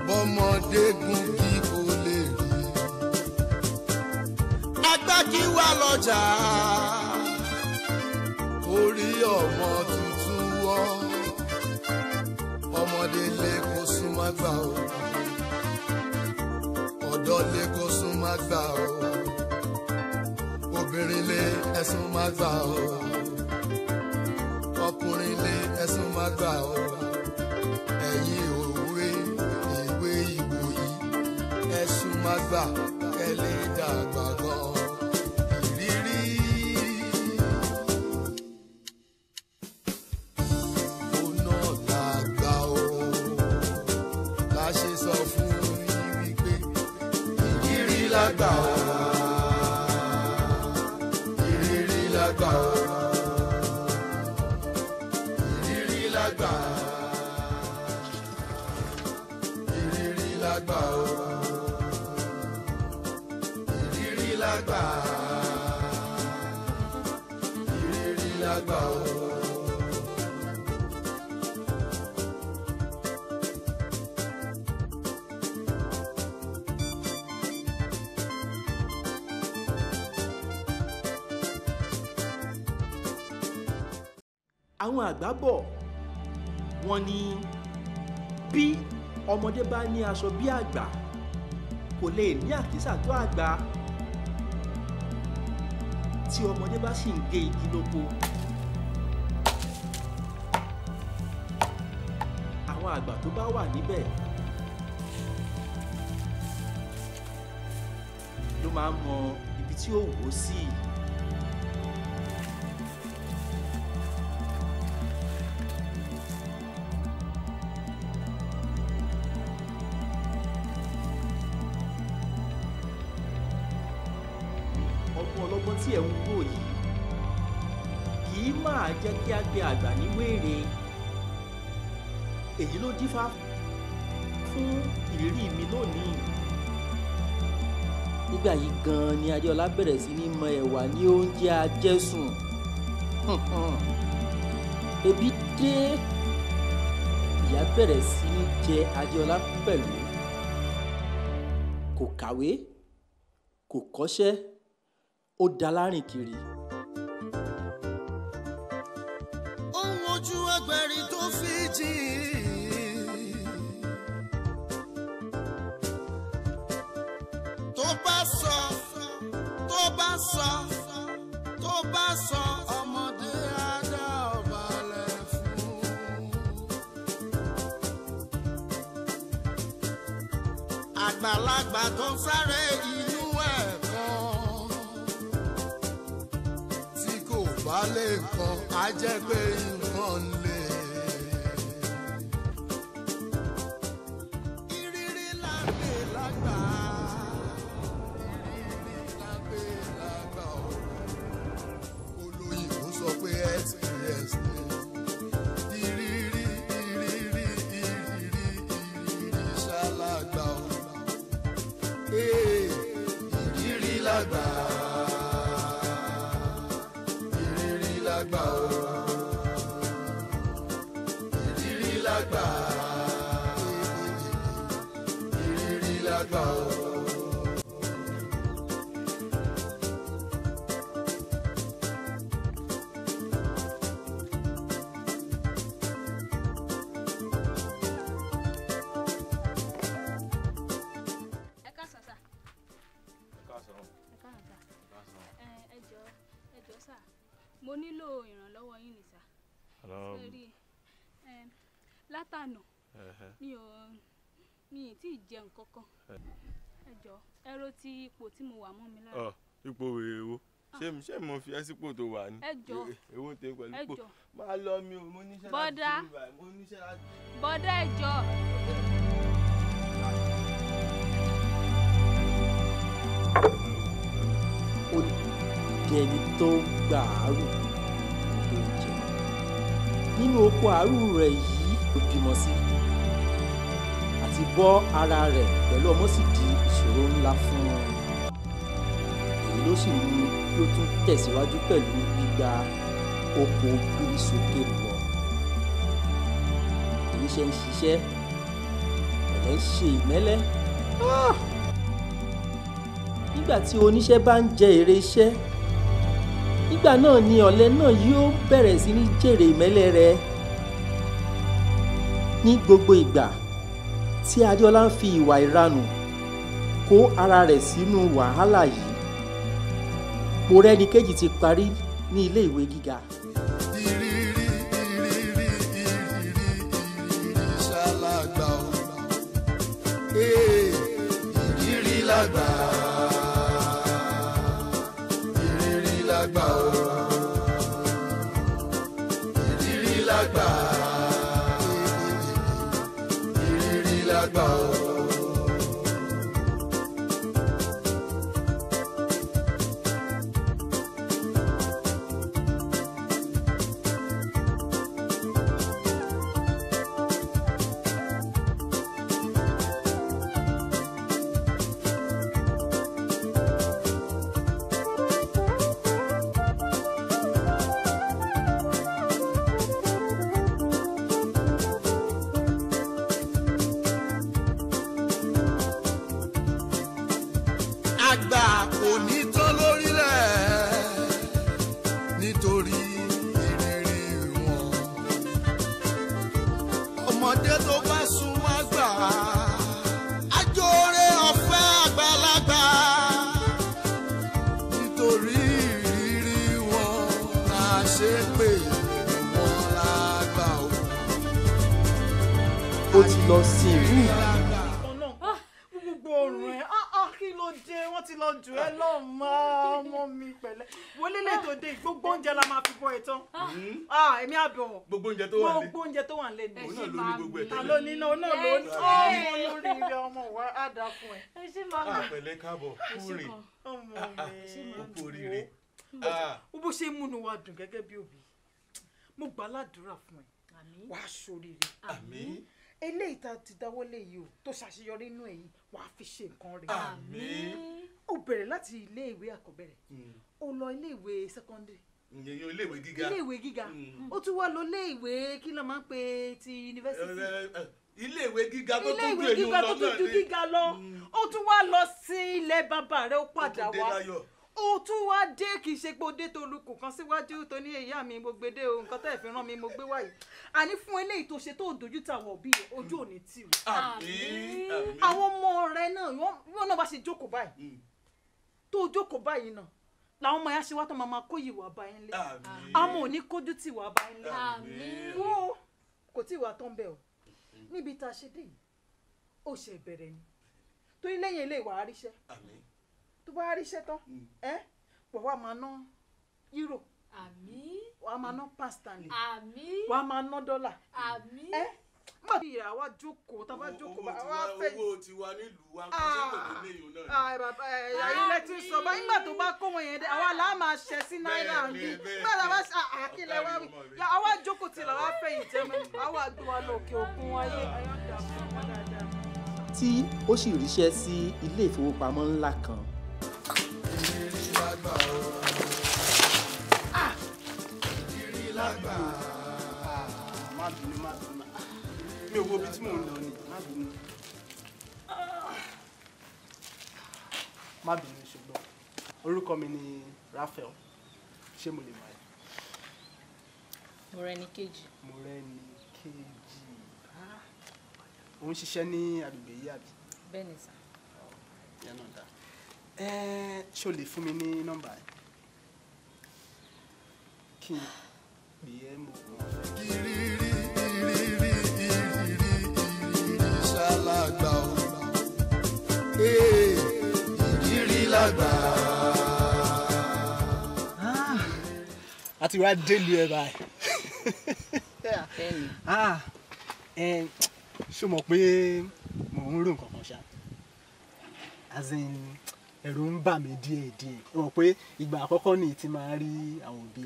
bọ́mọdé gun kí kò lè rí. agbá kí wà lọ́jà orí ọmọ tuntun wọ́ ọmọdé lè kó gbà ó ọ̀dọ́ lè kó gbà ó obìnrin lè ẹ̀sùn má gbà ó ọkùnrin ní ẹ̀sùn má gbà ó ẹ̀yin òwe ìwé ìwòyí ẹ̀sùn má gbà kẹ́lẹ́ dàgbà gan àwọn àgbà bọ̀ wọ́n ní bí ọmọdé bá ní aṣọ bí àgbà kò lè ní àkísà tó àgbà tí ọmọdé bá sì ń gé igi lóko àwọn àgbà tó bá wà níbẹ̀ ló máa ń mọ ibi tí ó wò ó sí i. èyí ló dífá fún ìrírí mi lónìí. nígbà yìí gan-an ni adéọlá bẹ̀rẹ̀ sí ní mọ ẹ̀wà ní oúnjẹ ajẹ́sùn ebi dé ìyá bẹ̀rẹ̀ sí ní jẹ adéọlá pẹ̀lú kò kàwé kò kọ́ṣẹ́ ó dalárìn kiri. àgbà tó ń sáré inú ẹ̀ kan tí kò bá lè kan á jẹ́ pé inú. lọ́wọ́ yín nìsà sórí látànà mi ò mi ì tí ì jẹun kankan ẹ jọ ẹ ro ti ipò tí mo wà mọ́ mi lára. ipò wèrè wo ah. ṣé ṣé mo fi ẹsípò tó wà ní. ẹjọ ewu tẹ pẹ̀lú pò máa lọ mi o mo níṣẹ́ láti bí báyìí mo níṣẹ́ láti. bọ́dà ẹjọ. ó di ẹni tó gbàárù nínú oko àárù rẹ̀ yìí ló bímọ sí àti bọ́ ara rẹ̀ pẹ̀lú ọmọ sì di ìṣòro ńlá fún un èyí ló sì mú kí ó tún tẹ̀síwájú pẹ̀lú gbígba oko gbírí sókè lọ oníṣẹ́ ń ṣiṣẹ́ ẹ̀lẹ́ ṣe ìmẹ́lẹ́ ah! nígbà tí oníṣẹ́ bá ń jẹ èrè iṣẹ́ nígbà náà ni ọ̀lẹ náà yóò bẹ̀rẹ̀ sí ní jèrè ìmẹ́lẹ̀ rẹ̀ ní gbogbo ìgbà tí Adéọlá ń fi ìwà ìranù kó ara rẹ̀ sínú wàhálà yìí Mọ́rẹ́nikẹ́jì ti parí ní ilé ìwé gíga. ìrírí lọ́dọ̀. gbogbo oúnjẹ tó wà nílé. gbogbo oúnjẹ tó wà nílé ni. òun náà ló ní gbogbo ẹ̀ tẹ́lẹ̀. àlọ́ nínú òun náà ló ní. ọmọ lórí ilé ọmọ wa á dà fún ẹ. ẹ máa ń. àpẹlẹ ah, káàbọ̀ kúrin ah, òkú ah, oríire. bó ṣe múnú wa dùn gẹ́gẹ́ bí òbí mo gbà ládùúrà fún ẹ wàá ṣoríire. àmín eléyìí tá a ti dáwọ́lé yìí o tó ṣàṣeyọrí inú ẹ̀yìn wàá fi ṣe nǹkan rẹ̀. ó bẹ̀rẹ̀ láti ilé ìwé àkọ́bẹ̀rẹ̀ hmm. ó lọ ilé ìwé sẹ́kọ́ndírì ìyẹn ilé ìwé gíga ilé ìwé gíga mm. ó tún wá lọ ilé ìwé kí ló máa ń pè ti yunifásitì eh, eh, eh, ilé ìwé gíga tó tún ju èyí lọ náà ni gíga lọ mm. ó tún wá lọ sí ilé bàbá rẹ̀ ó padà wá ó tún wá dé kì í ṣe pé ó dé tó lukùn kan síwájú tó ní ìyá mi mo gbé dé o nǹkan tẹ́ ẹ̀ fi rán mi mo gbé wáyé àní fún eléyìí tó ṣe tó dojú tàwọn òbí ojú òní tì wọ́n àwọn ọmọ rẹ̀ náà wọ́n náà bá ṣe jókòó báyìí mm. tó jókòó báyìí náà làwọn ọmọ yẹn ṣe wá tó máa máa kó ìwà bá yín lé àmọ́ ò ní kójú tí ìwà bá yín lé wo kò tí ìwà tó ń bẹ o níbi tá a ṣe dé yìí ó ṣe bẹ̀rẹ̀ ni torí lẹ́yìn ilé ìwà àríṣẹ́ tó bá àríṣẹ́ tán mm. ẹ pọ̀ wá máa ná euro wàá máa ná pastale wàá máa ná dọ́là ẹ nígbà tí ìyá wa jókòó tá a bá jókòó bá wa fẹ́. owó tiwa nílùú wa kò sí pẹ̀lú ní ah, ìyó náà. bàbá ẹ̀yà sọ bá nígbà tó bá kó wọn yẹn dé àwa là á máa ṣẹ sí náírà bí bẹ́ẹ̀ la bá ṣe àkílẹ̀ wa wí àwa jókòó tí làwa fẹ́ yìí jẹ́ àwa gbé wa lọ òkè òkun wáyé. Ah. tí ó sì ríṣẹ́ sí ilé ìfowópamọ́ ńlá kan mi ò wo ibi tí mò ń lọ ni má bínú. má bínú ṣùgbọ́n orúkọ mi ni Raphael ṣé mo lè mọ̀ ẹ́. Mọ́rẹ́níkejì. Mọ́rẹ́níkejì ò ń ṣiṣẹ́ ní agbègbè yìí àbí. bẹ́ẹ̀ni sà. ìyá dá ṣé o lè fún mi ní nọ́mbà ẹ kí n pè é mo. kiri ìjírí lágbà. Ah, a ti wá délùú ẹ báyìí ah, ṣó mọ̀ pé mò ń rò nǹkan kan ṣá as ẹ̀rù ń bà mí díẹ̀ díẹ̀ mọ̀ pé ìgbà àkọ́kọ́ ni ti máa rí àwọn òbí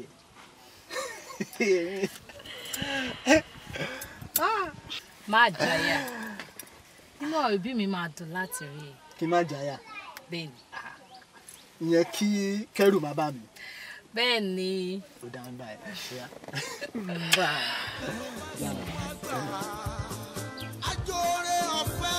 ẹ̀. má jàyà inú àwọn òbí mi máa dùn láti rí i kí n má jáyà bẹ́ẹ̀ni ìyẹn kí kẹ́rù má bà mí. bẹ́ẹ̀ni. ó dáhùn báyìí ẹ ṣe á. àjòrè ọ̀fẹ́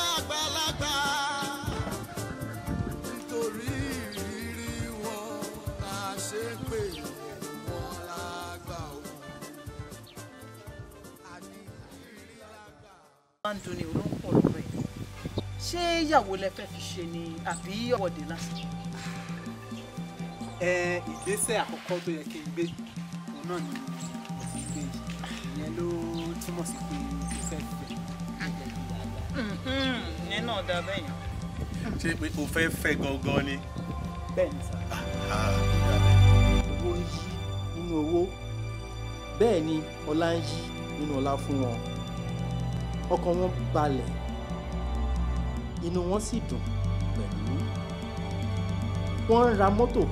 ṣé ìyàwó lẹ fẹ́ fi ṣe ni àbí ọ̀wọ́de lásán. ẹ ìgbésẹ̀ àkọ́kọ́ tó yẹ kí n gbé òun náà ni mo ti gbé ìyẹn ló túmọ̀ sí pé mo fẹ́ fẹ́ mm-hmm. ìyẹn náà da bẹ́yìn. ṣé pé o fẹ́ fẹ́ gangan ni. bẹ́ẹ̀ni sá. owó ń yí nínú owó bẹ́ẹ̀ ni ọlá ń yí nínú ọlá fún wọn ọkàn wọn balẹ̀ inú wọn sì dùn pẹ̀lú wọ́n ń ra mọ́tò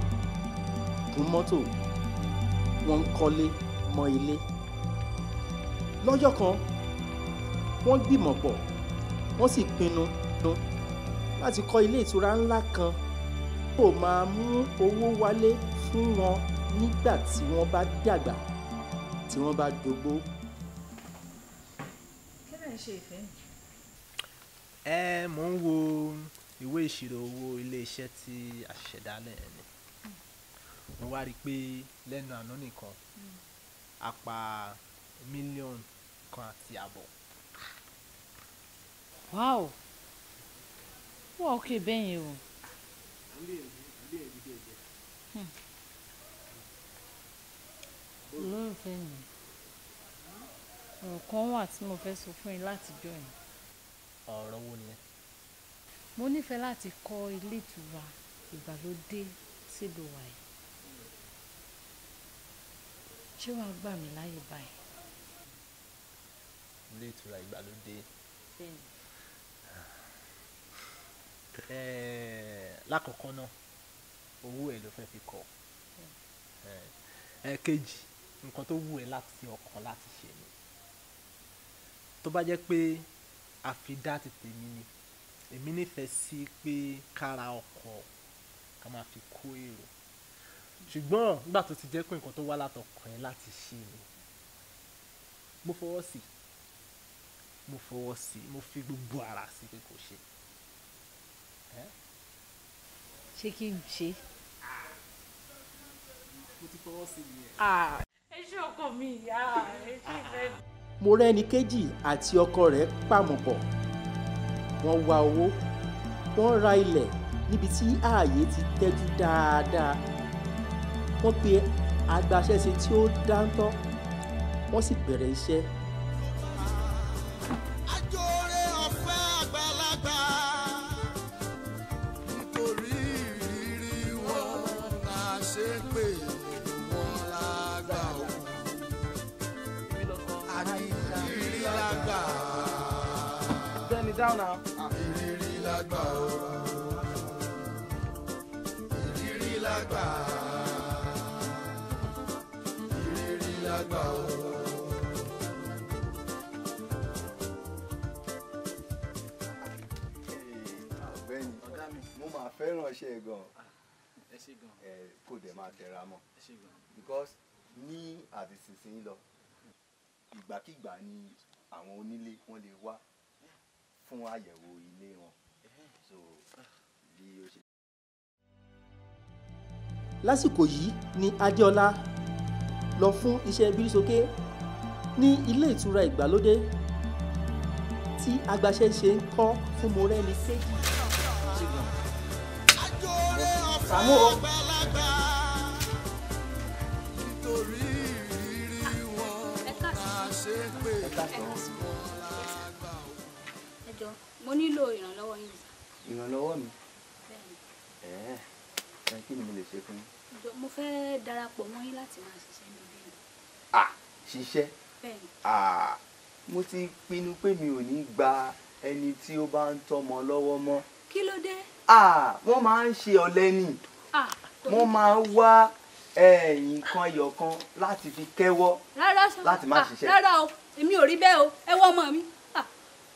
kún mọ́tò wọ́n ń kọ́lé mọ́ ilé lọ́jọ́ kan wọ́n gbìmọ̀ pọ̀ wọ́n sì pinnu láti kọ́ ilé ìtura ńlá kan kó máa mú owó wálé fún wọn nígbà tí wọ́n bá dàgbà tí wọ́n bá dógbó. kí ló ń ṣe ìfẹ́ yìí. Ẹ mò ń wo ìwé ìṣirò owó ilé tí a ṣẹ̀ṣẹ̀ dálẹ̀ Mo wá rí pé lẹ́nu àná nìkan, a pa mílíọ̀nù kan àti àbọ̀. Wow! Ó wà okay bẹ́yẹn o. Hm. Olólùfẹ́ mi, ọ̀rọ̀ kan wà tí mo fẹ́ sọ fún ẹ látijọ́ yìí. Mo nífẹ̀ẹ́ láti kọ́ ilé ìtura ìgbàlódé sílùú wa yìí. Ṣé wàá gbà mí láyè báyìí? Ilé ìtura ìgbàlódé. Bẹ́ẹ̀ni. Lákọ̀ọ́kọ́ náà, owó ẹ̀ ló fẹ́ fi kọ́. Ẹ̀ẹ̀kejì, nǹkan tó wù ẹ́ láti ọkàn láti ṣe ni. Tó bá jẹ́ pé àfidá ti tèmi ni èmi nífẹ̀ẹ́ sí pé kára ọkọ̀ ká máa fi kó èrò ṣùgbọ́n nígbà tó ti jẹ́ pé nǹkan tó wá látọkàn ẹ láti ṣe ni mo fọwọ́ sí mo fọwọ́ sí mo fi gbogbo ara sí pé kò ṣe. ṣé kí n ṣe. mo ti fọwọ́ sí mi ẹ. ṣe ọkọ mi ìyá ẹ ṣe ìfẹ́. mo rẹ́ni kejì àti ọkọ rẹ̀ pàmò pọ̀ wọ́n wá owó wọ́n ra ilẹ̀ níbi tí ààyè ti tẹ́jú dáadáa wọ́n pe agbaṣẹ́ṣe tí ó dáńtọ́ wọ́n sì bẹ̀rẹ̀ iṣẹ́. Turn it down now. ṣe ah, é gan ẹ kò dẹ̀ máa tẹra mọ́ because ní àdìsínsìn lọ ìgbàkígbà ni àwọn onílé wọn lè wá fún àyẹ̀wò ilé wọn so bí ó ṣe. lásìkò yìí ni adéọlá lọ fún iṣẹ́ bírísókè ní ilé ìtura ìgbàlódé tí agbaṣẹ́ṣe ń kọ́ fún morẹ́ni kejì. Sàámú o. ẹjọ mo nílò ìrànlọ́wọ́ yín. ìrànlọ́wọ́ mi. ẹ̀ẹ́ ẹ kí ni mo lè ṣe fún yín. mo fẹ́ darapọ̀ mọ́ yín láti máa ṣiṣẹ́ ní ilé mi. à ṣiṣẹ́. bẹ́ẹ̀ni. mo ti pinnu pé mi ò ní gba ẹni tí ó bá ń tọ́mọ lọ́wọ́ mọ́. kí ló dé wọ́n máa ń ṣe ọ̀lẹ ni wọ́n máa ń wá nǹkan ẹyọ kan láti fi kẹ́wọ́ láti má ṣiṣẹ́. rárá o èmi ò rí bẹ́ẹ̀ o ẹ wọ́n mọ̀ mi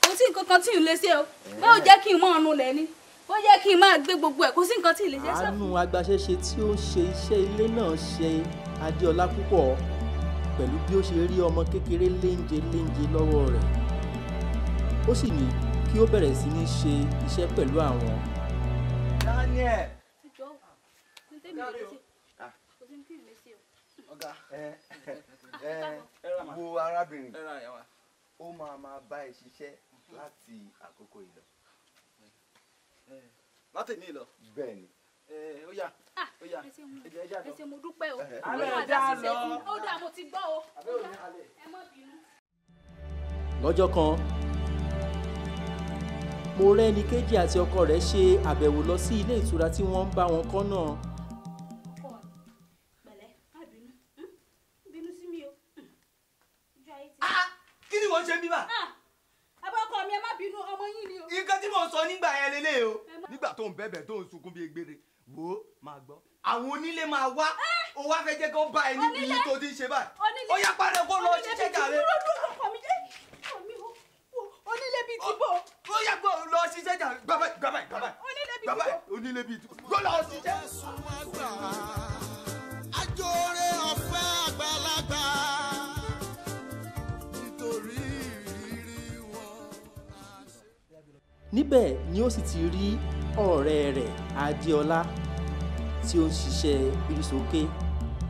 kò sí nǹkan kan tí n lè ṣe o bẹ́ẹ̀ ò jẹ́ kí n mọ̀ ọ́nù lẹ̀ ni ó yẹ kí n máa gbé gbogbo ẹ̀ kò sí nǹkan tí n lè ṣe. àánú agbaṣẹ́ṣe tí ó ṣe iṣẹ́ ilé náà ṣe adéọlá púpọ̀ pẹ̀lú bí ó ṣe rí ọmọ kékeré léńje léńje lọ́wọ́ rẹ̀ ó sì ní kí ó bẹ̀rẹ̀ sí ní ṣe iṣẹ́ pẹ̀lú àwọn Daniel. ọ̀gá ẹ ẹ wo arábìnrin ó máa máa bá ẹ ṣiṣẹ́ láti àkókò ìlọ. Eh, láti ní ìlọ. bẹ́ẹ̀ni. Eh, ó yá ah, ó yá ẹjẹ ẹjẹ àlọ. ẹsẹ̀ mo dúpẹ́ o. Eh, alẹ́ ẹjẹ lọ́jọ́ kan mo rẹ́ni kejì àti ọkọ rẹ̀ ṣe àbẹ̀wò lọ sí ilé ìtura tí wọ́n ń bá wọn kọ́ náà. Ah, kí ni wọ́n ṣe bíbà. Ah, àbá ọkọ mi ẹ má bínú ọmọ yín ni o. nǹkan tí mò ń sọ nígbà yẹn lélẹ̀ o. nígbà tó ń bẹ̀bẹ̀ tó ń sunkún bí egbére wò ó máa gbọ́. àwọn onílé máa wá ah! o wá fẹ́ jẹ́ kó bá ẹ níbi yìí tó ti ń ṣe báyìí. ó yá parẹ́ kó lọ ṣiṣẹ́ jàre. onílé mi ti dúró dúró ọkọ mi onílé bíi tìbò. ó yẹ kó lọ ṣiṣẹ́ jà gbàgbà gbàgbà gbàgbà gbàgbà onílé bíi tìbò kó lọ ṣiṣẹ́. àjòrè ọ̀fẹ́ àgbàlagbà nítorí ìrírí wọn. níbẹ̀ ni ó sì ti rí ọ̀rẹ́ rẹ̀ adéọlá tí ó ń ṣiṣẹ́ ìrísókè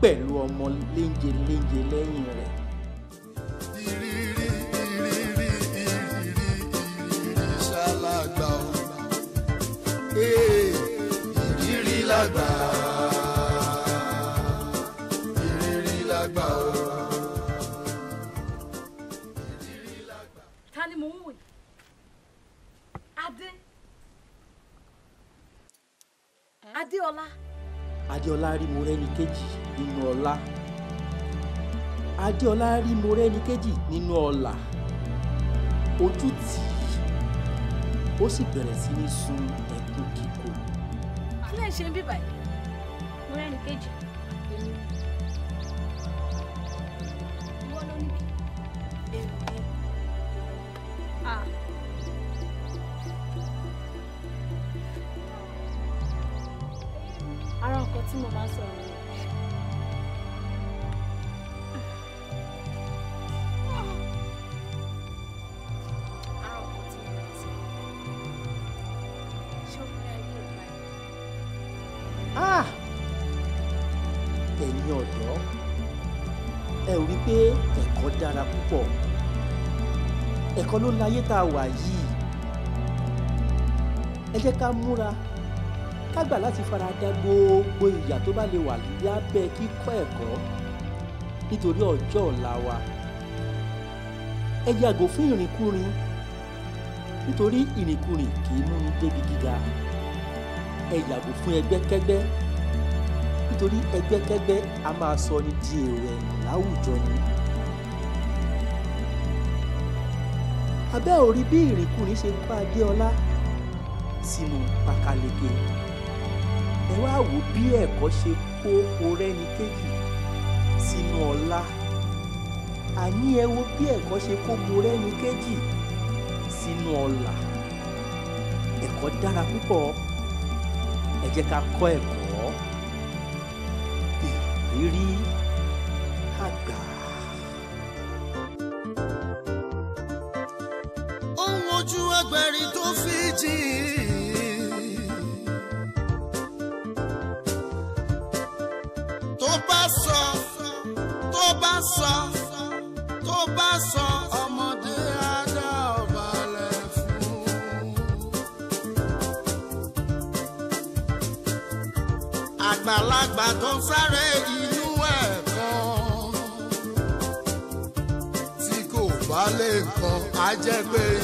pẹ̀lú ọmọ léńjeléńje lẹ́yìn rẹ̀. ìrírí lágbà ìrírí lágbà o. ta ni mò ń wò yìí adé adéọlá. adéọlá rí mo rẹ́ni kejì nínú ọlá adéọlá rí mo rẹ́ni kejì nínú ọlà ojú tì í ó sì bẹ̀rẹ̀ sí ní sun ń ṣe bí báyìí. mo rẹ́ ní kejì. ìwọ ló ní kí. ah. ara nǹkan tí mo máa ń sọ̀rọ̀. nìkan ló ń láyé tá a wà yìí ẹ jẹ́ ká múra ká gbà láti farada gbogbo ìyà tó bá lè wà lábẹ́ kíkọ́ ẹ̀kọ́ nítorí ọjọ́ ọ̀la wa ẹ yàgò fún ìrìnkúrin nítorí ìrìnkúrin kì í múni débi gíga ẹ yàgò fún ẹgbẹ́kẹ́gbẹ́ nítorí ẹgbẹ́kẹ́gbẹ́ a máa sọ ni di èrò ẹ̀yìn láwùjọ ni. abẹ́ ò rí bí ìrìnkùnrin ṣe pa Adéọlá sínú pákáleke ẹ wá wò bí ẹ̀kọ́ ṣe kó orẹ́ni kejì sínú ọlá àní ẹ wo bí ẹ̀kọ́ ṣe kó orẹ́ni kejì sínú ọlà ẹ̀kọ́ dára púpọ̀ ẹ jẹ́ ká kọ́ ẹ̀kọ́ ìrírí. E just wait.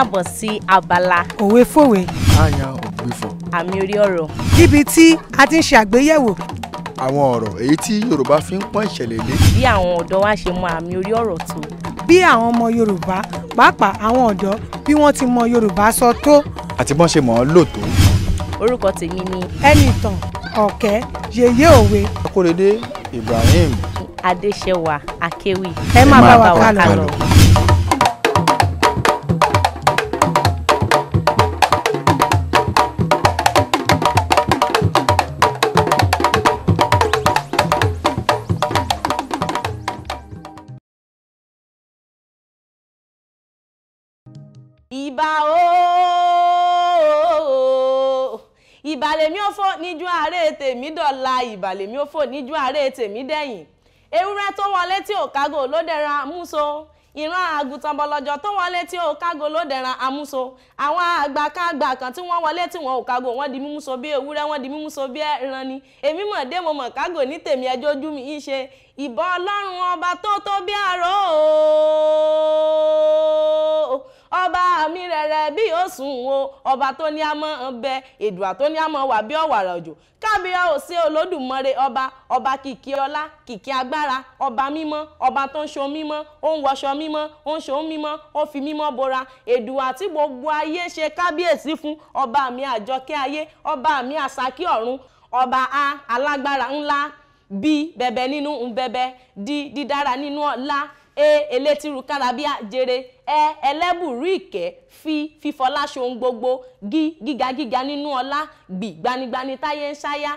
káàbọ̀ sí abala. òwe fòwe. àyà òwe fọ. àmì orí ọ̀rọ̀. níbi tí a ti ń ṣe àgbéyẹ̀wò. àwọn ọ̀rọ̀ èyí tí yorùbá fi ń pọ́n ìṣẹ̀lẹ̀ lé. bí àwọn ọ̀dọ́ wa ṣe mọ àmì orí ọ̀rọ̀ tó. bí àwọn ọmọ yorùbá pàápàá àwọn ọ̀dọ́ bí wọ́n ti mọ yorùbá sọ tó. àti bọ́n ṣe mọ̀ ọ́n lò tó. orúkọ tèmi ni. ẹnìtàn ọ̀kẹ́ yèyé òwe. akórèdé ibrahim. adéṣẹwà akéwì. ẹ má bá wa kálọ. ìbà o ìbàlẹ̀ mi ò fò níjú ààrẹ tèmi dọ̀la ìbàlẹ̀ mi ò fò níjú ààrẹ tèmi dẹ̀yìn ewúrẹ́ tó wọlé tí ò kágò ló dẹ̀ra múso ìran àgùntàn bọ̀lọ̀jọ̀ tó wọlé tí ò kágò ló dẹ̀ra amúso àwọn àgbàkágbà kan tí wọ́n wọlé tí wọn ò kágò wọ́n di mímú so bí ewúrẹ́ wọ́n di mímú so bí ẹran ni èmi mọ̀ dé mo mọ̀ kágò ní tèmi ẹjọ́ ojú mi ń ṣe ìbọn ọlọ́run ọba tó tó bí àárọ̀ ooo ọba mi rẹ̀rẹ̀ bí yóò sùn o ọba tó ní àmọ́ ọbẹ̀ èdùà tó ní àmọ́ wà bí ọ̀wàrà òjò kábíyà ò sí olódùmarè ọba ọba kìkì ọlá kìkì agbára ọba mímọ́ ọba tó ń ṣo mímọ́ ó ń wọṣọ mímọ́ ó ń ṣo mímọ́ ó fi mímọ́ bora èdùà tí gbogbo ayé ṣe kábíyèsí fún ọba mi àjọkẹ́ ayé ọba mi àsákí ọ̀run ọba a alágbára ńlá b bẹ̀bẹ̀ nínú ń bẹ̀bẹ̀ d dídára nínú ọlá e elétírú kárábíà jèrè ẹ ẹlẹ́bùrú ìkẹ́ fi fífọlá ṣohun gbogbo gí gíga gíga nínú ọlá gbì gbanigbani táyé ń ṣáyá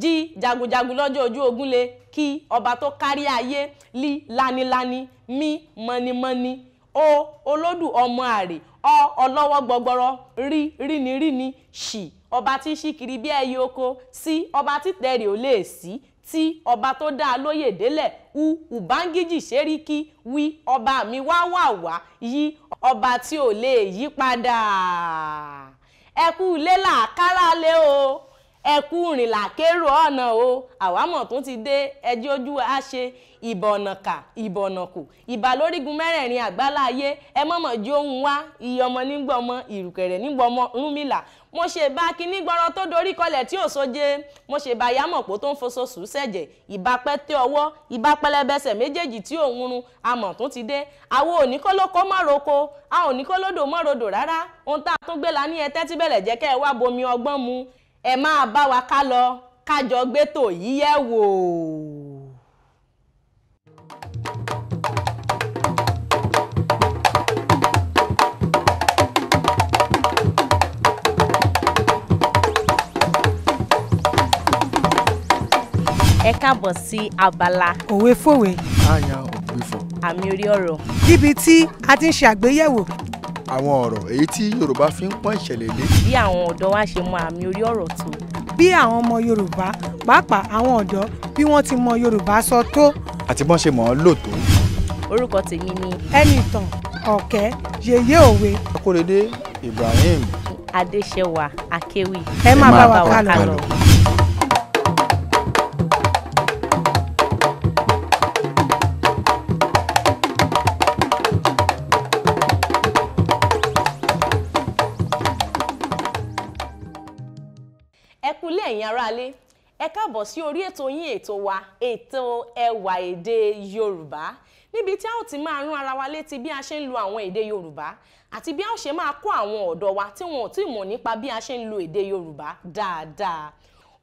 jí jagunjagun lọ́jọ́ ojú ogun le kí ọba tó kárí ayé lí lanilani mí mọnimọni o olódù ọmọ àrè ọ ọlọ́wọ́ gbọgbọrọ rí ríniríni ṣì ọba tí ń ṣí kiri bí ẹyẹ oko sí ọba tí ò lè sí tí ọba tó dá a lóyè délẹ̀ u ubangiji ṣeríkí wí ọba mi wá wà wá yí ọba tí ò lè yí padà ẹ kú ilé làákàrà lé o ẹkú rìnlà kérò ọ̀nà o àwámọ̀ tún ti dé ẹjẹ́ ojú wa ṣe ìbọ̀nàkà ìbọ̀nàkù ìbà lórígun mẹ́rẹ̀ẹ̀rin àgbáláyé ẹ mọ̀mọ̀ jí ohun wá iye ọmọ nígbọmọ ìrùkẹ̀rẹ̀ nígbọmọ rúmìlà mo ṣe bá kíní gbọ́rọ̀ tó dorí kọlẹ̀ tí ò sóje mo ṣe bá yámọ̀pọ̀ tó ń fosoṣù sẹ̀jẹ̀ ìbápẹ́ tẹ ọwọ́ ìbápẹ́lẹ́bẹsẹ̀ méjèèjì tí ò ń run amọ̀ tún ti dé àwọn oníkólókó mọ́roko a oníkólódò mọ́rodò rárá ohun tá a tún gbé la ní ẹtẹ́ tí bẹ̀lẹ̀ jẹ́ kẹ́ ẹ wá bomi ọgbọ́n mu ẹ máa bá wa ká lọ kájọ gbétò yìí yẹ̀ wò. ẹ káàbọ̀ sí abala. òwe fòwe. àyà òwe fò. àmì orí ọ̀rọ̀. níbi tí a ti ń ṣe àgbéyẹ̀wò àwọn ọ̀rọ̀ èyí tí Yorùbá fi ń pọ́n ìṣẹ̀lẹ̀ lé. bí àwọn ọ̀dọ́ wa ṣe mọ àmì orí ọ̀rọ̀ tó. bí àwọn ọmọ Yorùbá pàápàá àwọn ọ̀dọ́ bí wọ́n ti mọ Yorùbá sọ tó. àti bọ́n ṣe mọ̀ ọ́n lò tó. orúkọ tèmi ni. Ẹnìtàn Ọ̀kẹ́ yèyé òwe. Akóredé Ibrahim. Adéṣẹwà Akéwì. ẹ má bá wa kálọ. ẹ̀yin aráalé ẹ káàbọ̀ sí orí ètò yín ètò wa ètò ẹwà èdè Yorùbá níbi tí a ó ti máa rán ara wa létí bí a ṣe ń lo àwọn èdè Yorùbá àti bí a ó ṣe máa kọ́ àwọn ọ̀dọ́ wa tí wọn ò tí ì mọ̀ nípa bí a ṣe ń lo èdè Yorùbá dáadáa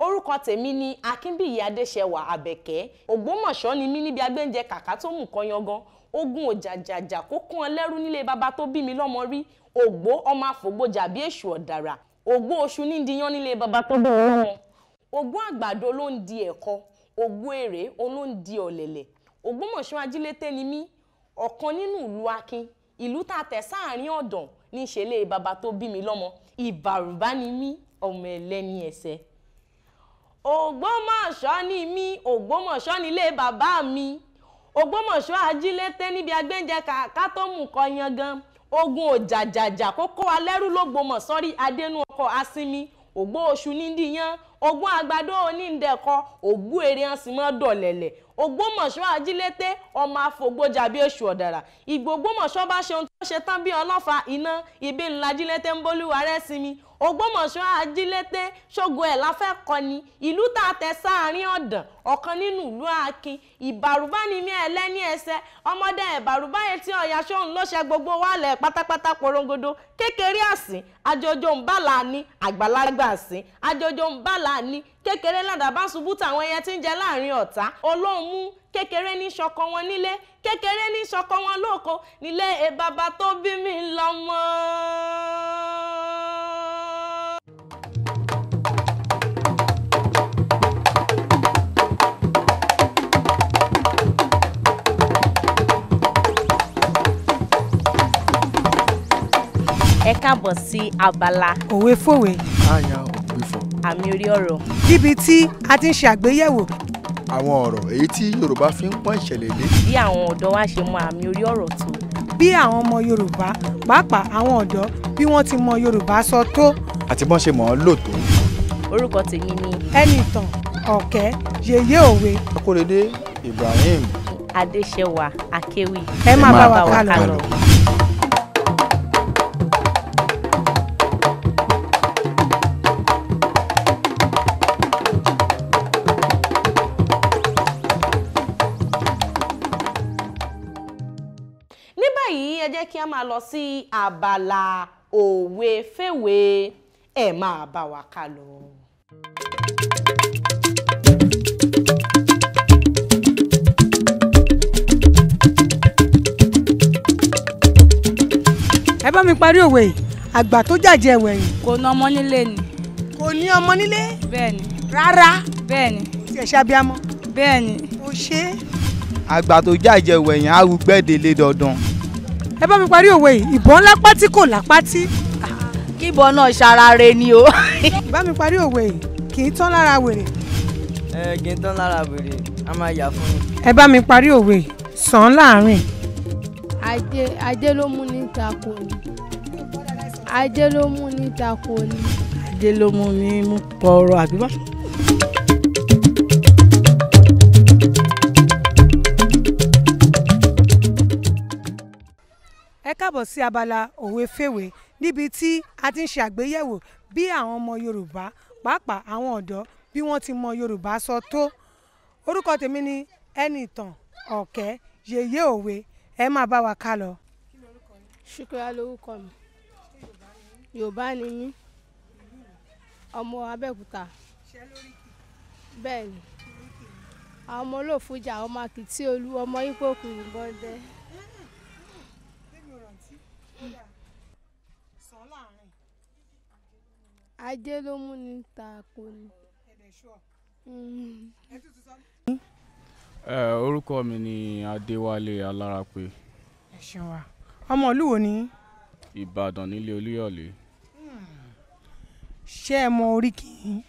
orúkọ tèmi ni akínbíyì adéṣẹwà àbẹ̀kẹ́ ògbómọ̀ṣọ́ ni mí níbi agbẹ́ǹjẹ kàkà tó mú kan yangan ogun òjàjàjà kó kún ọ lẹ́rú nílé baba tó bí mi lọ́mọ rí ògbó ọmọ àfògbójà bí èṣù ọ̀dàrà ògbó oṣù nídìyàn nílé baba tó bí mi lọ́mọ ogún àgbàdo ló ń di ẹ̀kọ ogún èrè ló ń di ọ̀lẹ̀lẹ̀ ògbómọ̀ṣọ́ ajílété ni mí ọ̀kan nínú ìlú akin ìlú tá a tẹ̀ sáàrin ọ̀dàn ní ìṣẹ̀lẹ̀ bàbá tó bí mi lọ́mọ ìbàrùbá ni mí ọmọ ẹlẹ́ni ẹsẹ̀ ògbómọ̀ṣọ́ ni mí ògbómọ̀ṣọ́ nílé bàbá mi ògbómọ̀ṣọ́ ajílété níbi agbẹ́njẹ kàkà tó mú kọ yangan ogun òjàjàjà kó kó wa lẹ́rú lógbòmọ̀ sọ́rí adẹnu ọkọ̀ asinmi ògbó oṣù nídìyàn ogún àgbàdo oníǹdẹ̀kọ ògbó èrè hàn sí mọ́ dọ̀lẹ̀lẹ̀ ògbómọ̀ṣọ́ ajílété ọmọ àfògbójà bí èṣù ọ̀dàrà ìgbògbómọ̀ṣọ́ bá ṣe ohun ó ṣe tán bí ọlọ́fà iná ibi ńlá jílẹ́tẹ̀ ń bólúwa rẹ̀ sinmi ògbómọ̀ṣọ́ ajílẹ́tẹ̀ ṣògo ẹ̀ láfẹ́kọ́ ni ìlú tá a tẹ sáàrin ọ̀dàn ọ̀kan nínú ìlú akin ìbàrúbá ni mí ẹlẹ́ni ẹsẹ̀ ọmọdé ìbàrúbá yẹn tí ọ̀yà ṣóhun ló ṣe gbogbo wàlẹ̀ pátápátá porongodo kékeré àsìn àjọjọ ń bàlà ní àgbàlagbà àsìn àjọjọ ń bàlà ní kékeré ládàbà ṣubú tàwọn ẹyẹ tí ń jẹ láàrin ọ̀tá olóhùn mú kékeré ní ṣọkọ wọn nílé kékeré ní sọkọ wọn lóko nílé e bàbá tó bí mi lọ́mọ. ẹ káàbọ̀ sí abala. òwe fòwe. àyà òwe fò. àmì orí ọ̀rọ̀. níbi tí a ti ń ṣe àwọn ọ̀rọ̀ èyí tí Yorùbá fi ń pọ́n ìṣẹ̀lẹ̀ lé. bí àwọn ọ̀dọ́ wa ṣe mọ àmì orí ọ̀rọ̀ tó. bí àwọn ọmọ Yorùbá pàápàá àwọn ọ̀dọ́ bí wọ́n ti mọ Yorùbá sọ tó. àti bọ́n ṣe mọ̀ ọ́n lò tó. orúkọ tèmi ni. Ẹnìtàn Ọ̀kẹ́ yèyé òwe. Akórèdé Ibrahim. Adéṣẹwà Akéwì. ẹ má bá wa kálọ. jẹ́ kí a máa lọ sí abala òwe fèwé ẹ̀ máa bá wa ká lọ. ẹ bá mi parí òwe yìí àgbà tó jàjẹ wẹ̀yìn. kò ní ọmọ nílé ni. kò ní ọmọ nílé. bẹ́ẹ̀ni. rárá. bẹ́ẹ̀ni. ti ẹ̀ ṣàbíamọ. bẹ́ẹ̀ni. o ṣe. àgbà tó jàjẹ wẹ̀yìn arúgbẹ́dẹ̀ lé dandan ẹ bá mi parí òwe yìí ìbọn lápátí kò lápátí. kíbọn náà ṣarare ni o. ẹ bá mi parí òwe yìí kì í tán lára wèrè. ẹ kì í tán lára wèrè a máa yà fún mi. ẹ bá mi parí òwe yìí sàn láàrin. ajé ajé ló mú ní tako ni ajé ló mú ní tako ni. ajé ló mú ní mú pọ̀ ọ̀rọ̀ àbí wá. ẹ káàbọ̀ sí abala òwe fèwé níbi tí a ti ń ṣe àgbéyẹ̀wò bí àwọn ọmọ Yorùbá pàápàá àwọn ọ̀dọ́ bí wọ́n ti mọ Yorùbá sọ tó orúkọ tèmi ni Ẹnìtàn Ọ̀kẹ́ yèyé òwe ẹ máa bá wa ká lọ. Ṣùkúrà lórúkọ mi Yorùbá ni mí ọmọ Abẹ́òkúta bẹ́ẹ̀ ni àwọn ọmọ olóòfújà ọmọ Akitiolu ọmọ Ipoku ìbọn dẹ́. ajé ló mú ni ta àpò ni. orúkọ mi ni adéwálé alárápé. ẹ ṣeun wa ọmọ ìlú wo ni. ìbàdàn nílé olúyọ̀lé. ṣé ẹ mọ oríkì yín.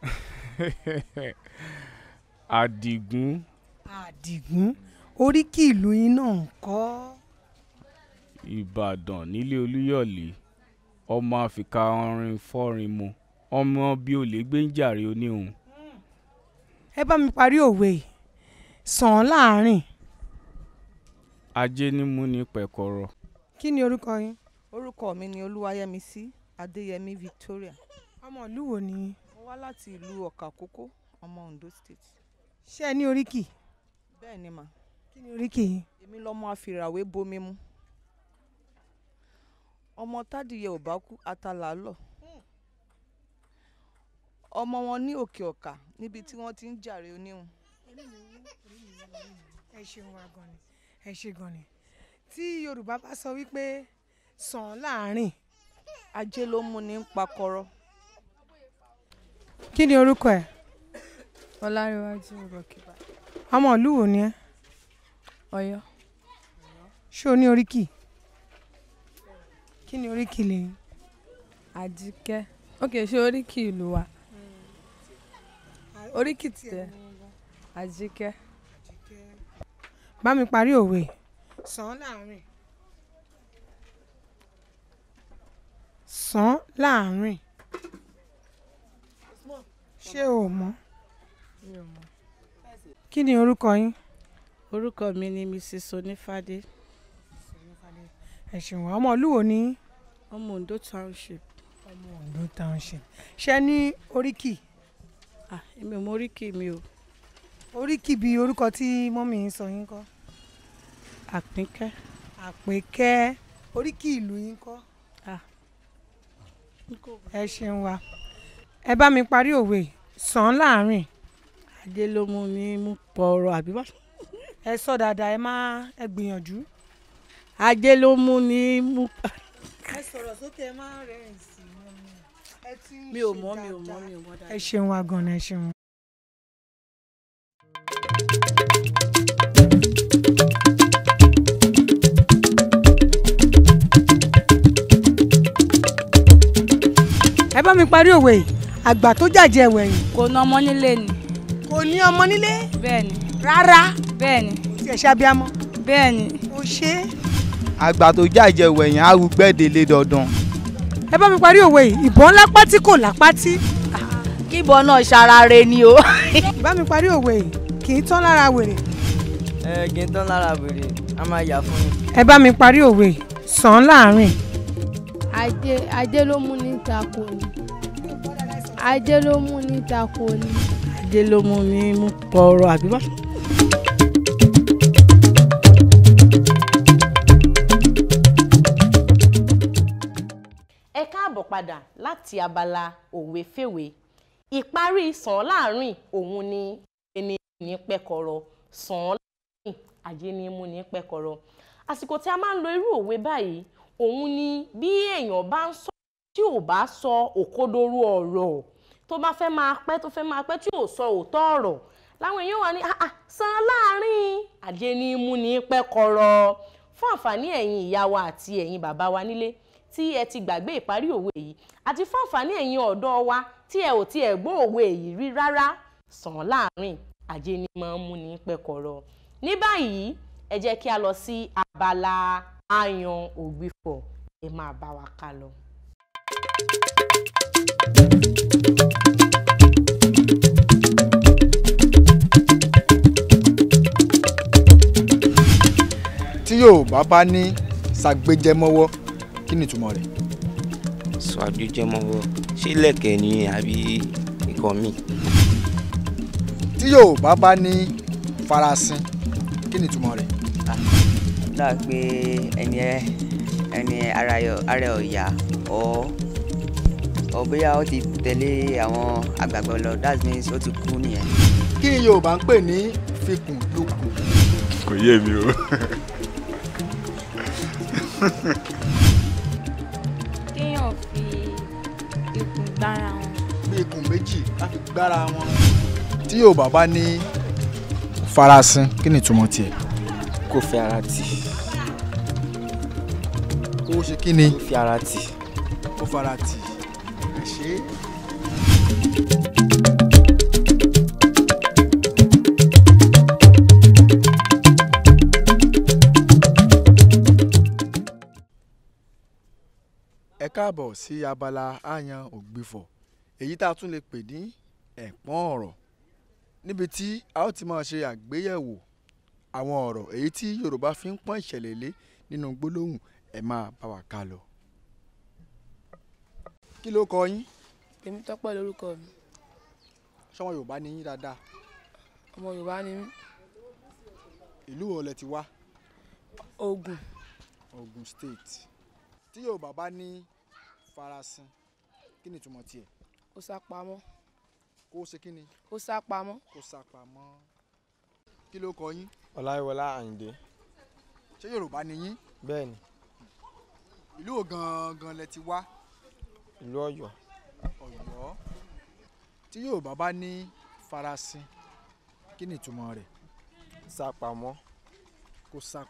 àdìgún. àdìgún oríkì ìlú yín náà ń kọ́. ìbàdàn nílé olúyọ̀lé ọmọ àfìkà ọrin fọrin mu ọmọ bíi olè gbé ń jàre oníhun. ẹ bá mi parí òwe sàn án láàrin. ajé ní mú ní pẹ̀kọ̀rọ̀. kí ni orúkọ yín. orúkọ mi ni olúwayẹmísí adéyẹmí victoria. ọmọ ìlú wo ni. mo wá láti ìlú ọ̀kàkókó ọmọ ondo state. ṣé ẹ ní oríkì. bẹ́ẹ̀ ni mà. kí ni oríkì èmi lọmọ àfìràwé bomi mu ọmọ tádìyẹ ò bá kú àtàlà lọ ọmọ wọn ní òkè ọ̀kà níbi tí wọ́n ti ń jàre oníhun. ẹ ṣeun wa ni ẹ ṣe gan ni tí yorùbá bá sọ wípé sàn láàrin. ajé ló mú ní pakọrọ. kí ni orúkọ ẹ. ọlárẹwájú rọkìbá. ọmọ ìlú wo ni ẹ. Ọ̀yọ́. ṣé o ní oríkì kí ni oríkì lè. àjíkẹ́ ok ṣe oríkì ìlú wa hmm. oríkì tẹ àjíkẹ́. bá mi parí òwe. sàn láàrin. sàn láàrin. ṣé o mọ̀. kí ni orúkọ yín. orúkọ mi ni mrs onífádé ẹ ṣeun ni. ọmọ Ondo township. ọmọ Ondo township ṣe ní oríkì. èmi ò mọ oríkì mi o. oríkì bíi orúkọ tí mọ́mì ń sọ yín kọ́. àpínkẹ́. àpínkẹ́ oríkì ìlú yín kọ́. ẹ ṣeun wa ẹ bá mi parí òwe sàn láàrin. ajé ló mú mi mú pọ̀ ọ̀rọ̀ àbí wá. ẹ sọ dáadáa ẹ má ẹ gbìyànjú ajé ló mú ní mú. ẹ sọ̀rọ̀ sókè ẹ máa rẹ̀rìn sí i mi ò mọ̀ mi ò mọ̀ mi ò mọ̀ dáadáa. ẹ ṣeun wa gan ẹ ṣeun. ẹ bá mi parí òwe àgbà tó jàjẹ ẹwẹ yìí. kò ní ọmọ nílé ni. kò ní ọmọ nílé. bẹ́ẹ̀ni. rárá. bẹ́ẹ̀ni. kò tiẹ̀ ṣe abiyamọ. bẹ́ẹ̀ni. o ṣe é àgbà tó jàjẹ wẹ̀yìn arúgbẹ́dẹ́lé dandan. ẹ bá mi parí òwe yìí ìbọn lápá tí kò lápá tí. kíbọn náà ṣarare ni o. ìbá mi parí òwe yìí kì í tán lára wèrè. ẹ kì í tán lára wèrè a máa yà fún yín. ẹ bá mi parí òwe yìí sàn án láàrin. ajé ajé ló mú ní tako ni ajé ló mú ní tako ni. ajé ló mú ní mú kọrọ àbí wá. káàbọ̀ padà láti abala òwe fèwe ìparí sàn láàrin òun ni ẹni ní pẹ́kọ̀rọ̀ sàn láàrin ajé ni mú ní pẹ́kọ̀rọ̀ àsìkò tí a máa ń lo irú òwe báyìí òun ni bí èèyàn bá ń sọ tí ò bá sọ òkodoro ọ̀rọ̀ tó bá fẹ́ máa pẹ́ tó fẹ́ máa pẹ́ tí ò sọ òótọ́ ọ̀rọ̀ láwọn èèyàn wà ní sàn láàrin ajé ni mú ní pẹ́kọ̀rọ̀ fún àǹfààní ẹ̀yin ìyá wa àti ẹ̀yin bàbá wa nílé tí ẹ ti gbàgbé ìparí òwe yìí àti fáǹfààní ẹ̀yin ọ̀dọ́ wa tí ẹ ò tiẹ̀ gbọ́ òwe yìí rí rárá sàn láàrin ajé ni máa ń mú ní pẹ́kọ̀rọ̀ ní báyìí ẹ jẹ́ kí a lọ sí abala ayan ògbìfọ̀ ẹ máa bá wa ká lọ. tí Yorùbá bá ní ṣàgbéjẹmọ́wọ́ kí ni ìtumọ̀ rẹ̀. sọ àjòjẹmọ́wọ́ ṣé lẹ́kẹ̀ẹ́ ni àbí nǹkan míì. tí Yorùbá bá ní farasin kí ni ìtumọ̀ rẹ̀. Ah, dáa pé ẹni ẹ ẹni ara ẹ ọ̀yà ọ̀ ọ̀ bóyá ó ti tẹ̀lé àwọn àgbààgbà lọ that means ó ti kú nìyẹn. kí ni Yorùbá ń pè ní fikùn lukùn. kò yé mi o. gbára wọn. bí ikùn méjì ká fi gbára wọn. tí yóò bàbá ní farasin kí ni ìtumọ̀ tiẹ̀. kò fi ara tì. kó o ṣe kí ni. kò fi ara tì. kó fara tì. ẹ ṣe é. káàbọ̀ sí abala àyàn ògbìfọ̀ èyí tá a tún lè pè ní ẹ̀pọ́n ọ̀rọ̀ níbi tí a ó ti máa ṣe àgbéyẹ̀wò àwọn ọ̀rọ̀ èyí tí Yorùbá fi ń pọ́n ìṣẹ̀lẹ̀ lé nínú gbólóhùn ẹ̀ máa bá wa ká lọ. kí ló kọ yín. èmi tọ́pẹ́ lórúkọ mi. sọmọ Yorùbá ni yín dáadáa. ọmọ Yorùbá ni mí. ìlú wo lẹ ti wá. Ògùn. Ògùn state tí Yorùbá bá ní farasin kí ni ìtumọ̀ tiẹ̀. kó sá pamọ́. kó ṣe kí ni. kó sá pamọ́. kó sá pamọ́. kí ló kọ yín. ọláyíwọlá àyìndé. ṣé yorùbá ni yín. bẹ́ẹ̀ni. ìlú wo gangan lẹ ti wá. ìlú ọ̀yọ́. ọ̀yọ́. tí yorùbá bá ní farasin kí ni ìtumọ̀ rẹ̀. sá pamọ́. kó sá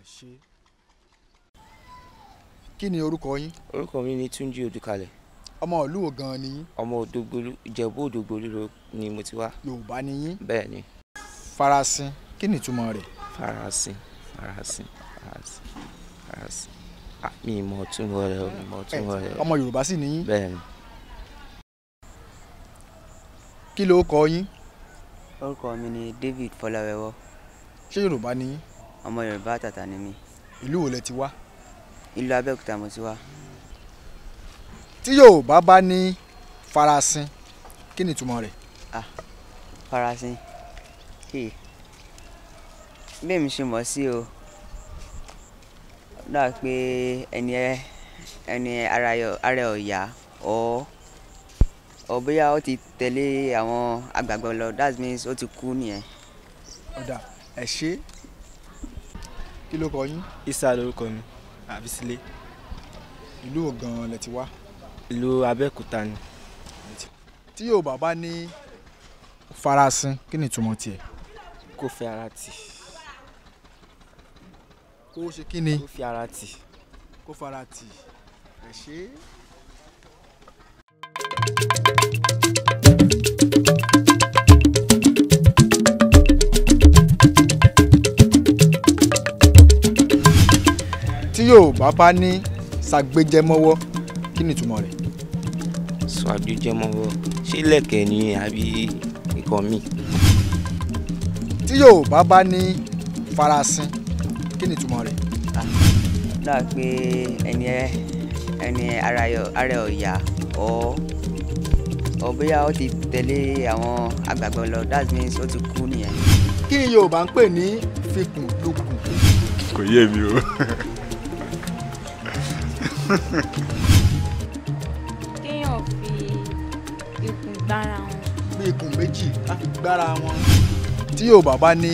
ẹ ṣé kí ni orúkọ yín. orúkọ mi ni túnjí odùkalẹ̀. ọmọ ìlú wo gan-an ni yín. ọmọ òdògbòlú ìjẹ̀bú òdògbòlú ni mo ti wá. yorùbá ni yín. bẹ́ẹ̀ ni. farasin kí ni ìtumọ̀ rẹ̀. farasin farasin farasin farasin mi ìmọ̀ túnbọ̀ rẹ̀ ìmọ̀ túnbọ̀ rẹ̀. ọmọ yorùbá sì ni yín. bẹ́ẹ̀ ni. kí ló kọ yín. orúkọ mi ni david fọláwẹwọ. ṣé yorùbá ni yín. ọmọ yorùbá tàtà ni mí. ìlú wo lẹ ti wá ìlú Abẹ́òkúta mo ti wá. tí Yorùbá bá ní farasin kí ni ìtumọ̀ rẹ̀. ah farasin hey. bẹ́ẹ̀ mi ṣe mọ̀ sí o dáa pé ẹni ẹ ẹni ara ẹ ọ̀yà ọ ọ bóyá ó ti tẹ̀lé àwọn àgbààgbà lọ that means ó ti kú nìyẹn. ọ̀dà ẹ̀ ṣe kí ló kọ yín. Isa lórúkọ mi àbí sílé. ìlú wo gan-an lẹ ti wá. ìlú Abẹ́òkúta ni. tí yóò bàbá ní farasin kí ni ìtumọ̀ tiẹ̀. kò fi ara tì. kó ṣe kí ni. kó fi ara tì. kó fara tì. ẹ ṣe é. thank you Yorùbá bá ní ṣàgbéjẹmọ́wọ́ kí ni ìtumọ̀ rẹ̀. ṣàgbéjẹmọ́wọ́ ṣé lẹ̀kẹ̀ ni àbí ikọ̀ mi. tí Yorùbá bá ní farasin kí ni ìtumọ̀ rẹ̀. náà pé ẹni ẹni ara ọ̀yà ọ ọ bóyá ó ti tẹ̀lé àwọn àgbàgbọ́ lọ that means ó ti kú nìyẹn. kí ni Yorùbá ń pè ní fikùn lukùn. kò yé mi o. kéèyàn fi ikùn gbára wọn. bí ikùn méjì á fi gbára wọn. tí yóò bàbá ní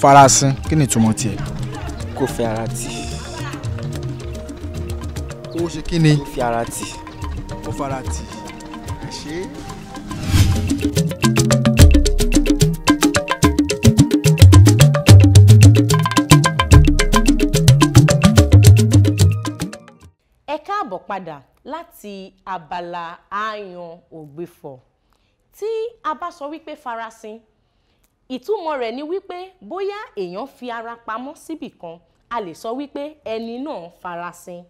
farasin kí ni ìtumọ̀ tiẹ̀. kò fi ara tì. ó ṣe kí ni. kò fi ara tì. kò fara tì. ẹ ṣe é. padà láti abala àáyan ògbéfọ̀ tí a bá sọ wípé farasin ìtumọ̀ rẹ̀ ni wípé bóyá èèyàn fi ara pamọ́ síbì kan a lè sọ wípé ẹni náà farasin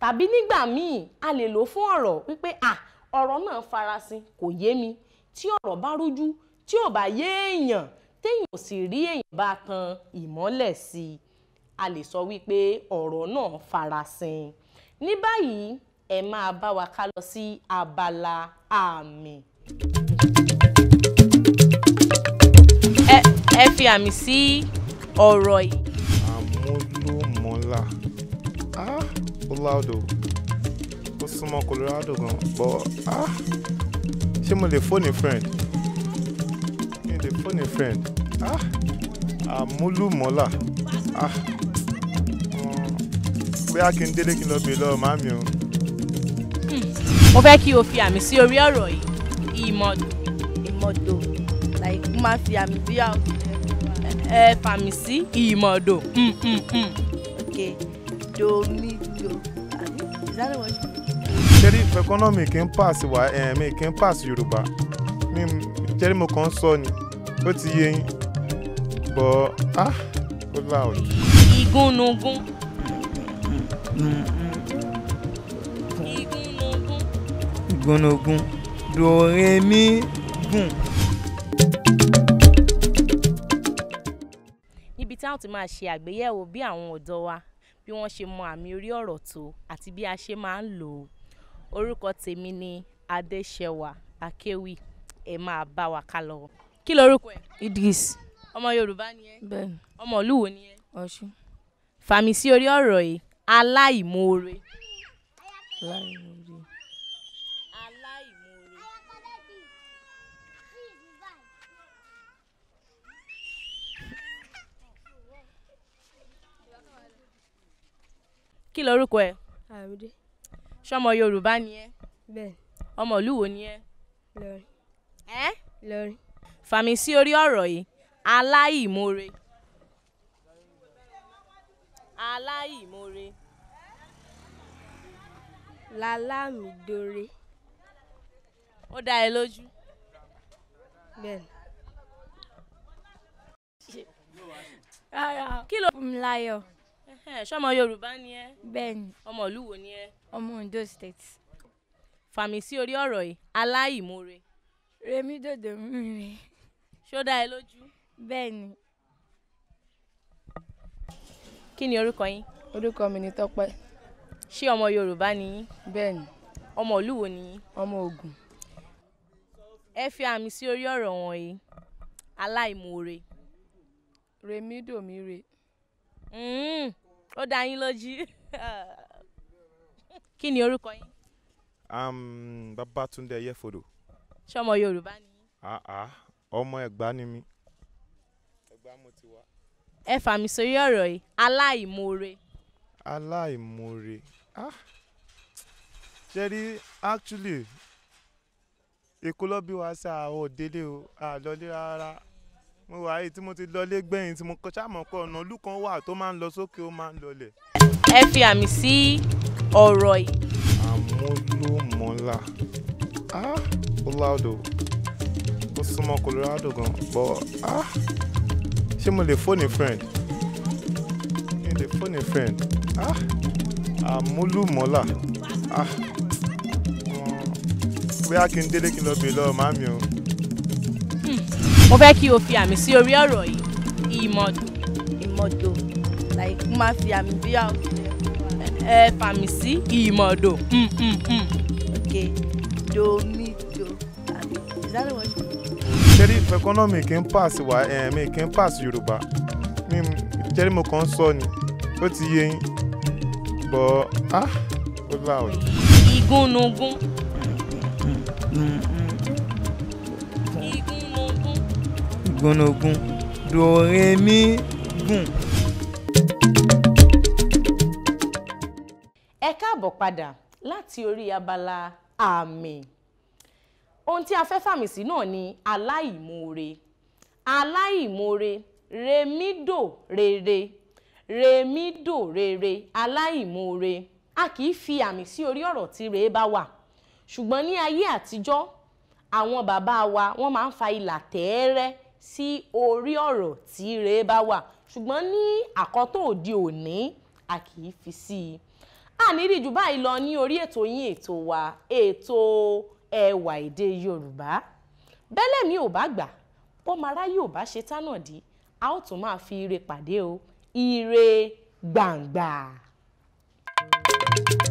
tàbí nígbà míì a lè lò fún ọ̀rọ̀ wípé à ọ̀rọ̀ náà farasin kò yé mi tí ọ̀rọ̀ bá rújú tí ò bá yé èèyàn téèyàn ò sì rí èèyàn bá tan ìmọ́lẹ̀ sí i a lè sọ wípé ọ̀rọ̀ náà farasin ní báyìí ẹ máa bá wa ká lọ sí abala àmì. ẹ fi àmì sí ọ̀rọ̀ yìí. àmúlòmọ́lá ah ó láòdò ó súnmọ́ Colorado gan bọ́ ah ṣé mo lè fóònù friend mi lè fóònù friend ah àmúlòmọ́lá ah bóyá kí n délé kí n lọ bèè lọ́wọ́ màmí o. Hmm. mo fẹ́ kí o fi àmì sí orí ọ̀rọ̀ yìí ìmọ̀dò. ìmọ̀dò like mo máa fi àmì bí ẹ fàmì sí ìmọ̀dò. Hmm, hmm, ok do mi do àbí ìsáré wọ́n ṣe. ṣẹ́rí ìfẹ́kọ́nà mi kì í pass wá mi kì í pass yorùbá mi ṣẹ́rí mo kàn ń sọ ni ó ti yé yín bọ́ ah ó láòdì. ìgúnnugún. Mm-hmm. gbónógún dòrèmí gùn. níbi táwọn ti máa ṣe àgbéyẹ̀wò bí àwọn ọ̀dọ́ wa bí wọ́n ṣe mọ àmì orí ọ̀rọ̀ tó àti bí a ṣe máa ń lò ó orúkọ tèmi ni adéṣẹwà akéwì ẹ máa bá wa ká lọ. kí lorúkọ ẹ. idris. ọmọ yorùbá ni ẹ. bẹ́ẹ̀ni. ọmọ ìlú ni ẹ. ọ̀ṣun. fàmì sí orí ọ̀rọ̀ yìí aláìmoore. aláìmoore. kí lorúkọ ẹ. àmìdé. ṣọmọ yorùbá ni ẹ. bẹ́ẹ̀. ọmọ ìlú wo ni ẹ. lọrin. ẹ. lọrin. fàmì sí orí ọ̀rọ̀ yìí aláìmoore. aláìmoore. lálámìdóre. ó dá ẹ lójú. bẹ́ẹ̀ni. kí ló fún mi láyọ̀ ṣọmọ yorùbá ni ẹ. bẹ́ẹ̀ni ọmọ ìlú wo ni ẹ. ọmọ Ondo state. fàmì sí orí ọ̀rọ̀ yìí aláìmoore. remi dòdò mú mi. ṣó dá ẹ lójú. bẹ́ẹ̀ni. kí ni orúkọ yín. orúkọ mi ni Tọ́pẹ́. ṣé ọmọ yorùbá ni yín. bẹ́ẹ̀ni. ọmọ ni yín. ọmọ Ògùn. ẹ fi àmì sí orí ọ̀rọ̀ wọ̀nyí aláìmoore. remi dòmí Mm-hmm. ó dá yín lójú kí ni orúkọ yín. Babátúndé yefodo. ṣọmọ Yorùbá ni. ọmọ Ẹ̀gbá ni mí. Ẹ̀gbá mo ti wá. ẹ fà mí sórí ọ̀rọ̀ yìí aláìmoore. aláìmoore ah. ṣe rí actually èkó lọ́bí wa ṣáà ò délé o àlọ́lé rárá mo wà yìí tí mo ti lọlé gbẹ̀yìn tí mo ṣàmọ̀ pé ọ̀nà ìlú kan wà tó máa ń lọ sókè ó máa ń lọlẹ̀. ẹ fi àmì sí ọ̀rọ̀ yìí. àmúlòmọ́lá ah ó láòdò ó súnmọ́ Colorado gan bọ́ ah ṣé mo lè fóònù friend mi lè fóònù friend ah àmúlòmọ́lá ah bóyá kí n délé kí n lọ bèè lọ́wọ́ màmí o. Hmm mo fẹ́ kí o fi àmì sí orí ọ̀rọ̀ yìí ìmọ̀dò. ìmọ̀dò like mo máa fi àmì bí àwòrán. ẹ fàmì sí ìmọ̀dò. Hmm, hmm, hmm. ok domi do àmì is that the word. ṣeré ìfẹ́kọ́nà mi kì í pass wa mi kì í pass yorùbá mi jẹ́rí mo kàn ń sọ ni ó ti yé yín bọ́ ah ó bá wọ̀. ìgúnnugún. gúnugún dòrèmí gùn. ẹ káàbọ̀ padà láti orí abala àmì ohun tí a fẹ́ fàmì sí náà ni aláìmoore aláìmoore rèmídò rere rèmídò rere aláìmoore a kì í fi àmì sí orí ọ̀rọ̀ tí rèé bá wà ṣùgbọ́n ní ayé àtijọ́ àwọn bàbá wa wọ́n máa ń fa ìlà tẹ́ẹ́rẹ́ tí orí ọ̀rọ̀ tí rèé bá wà ṣùgbọ́n ní àkọ́tọ̀ òde òní a kì í fi sí i àníri jù báyìí lọ ní orí ètò yín ètò wa ètò ẹwà èdè Yorùbá bẹ́lẹ̀ mi ò bá gbà bọ́mara yóò bá ṣe tánà dí a ó tún máa fi ire pàdé o ire gbàǹgbà. thank you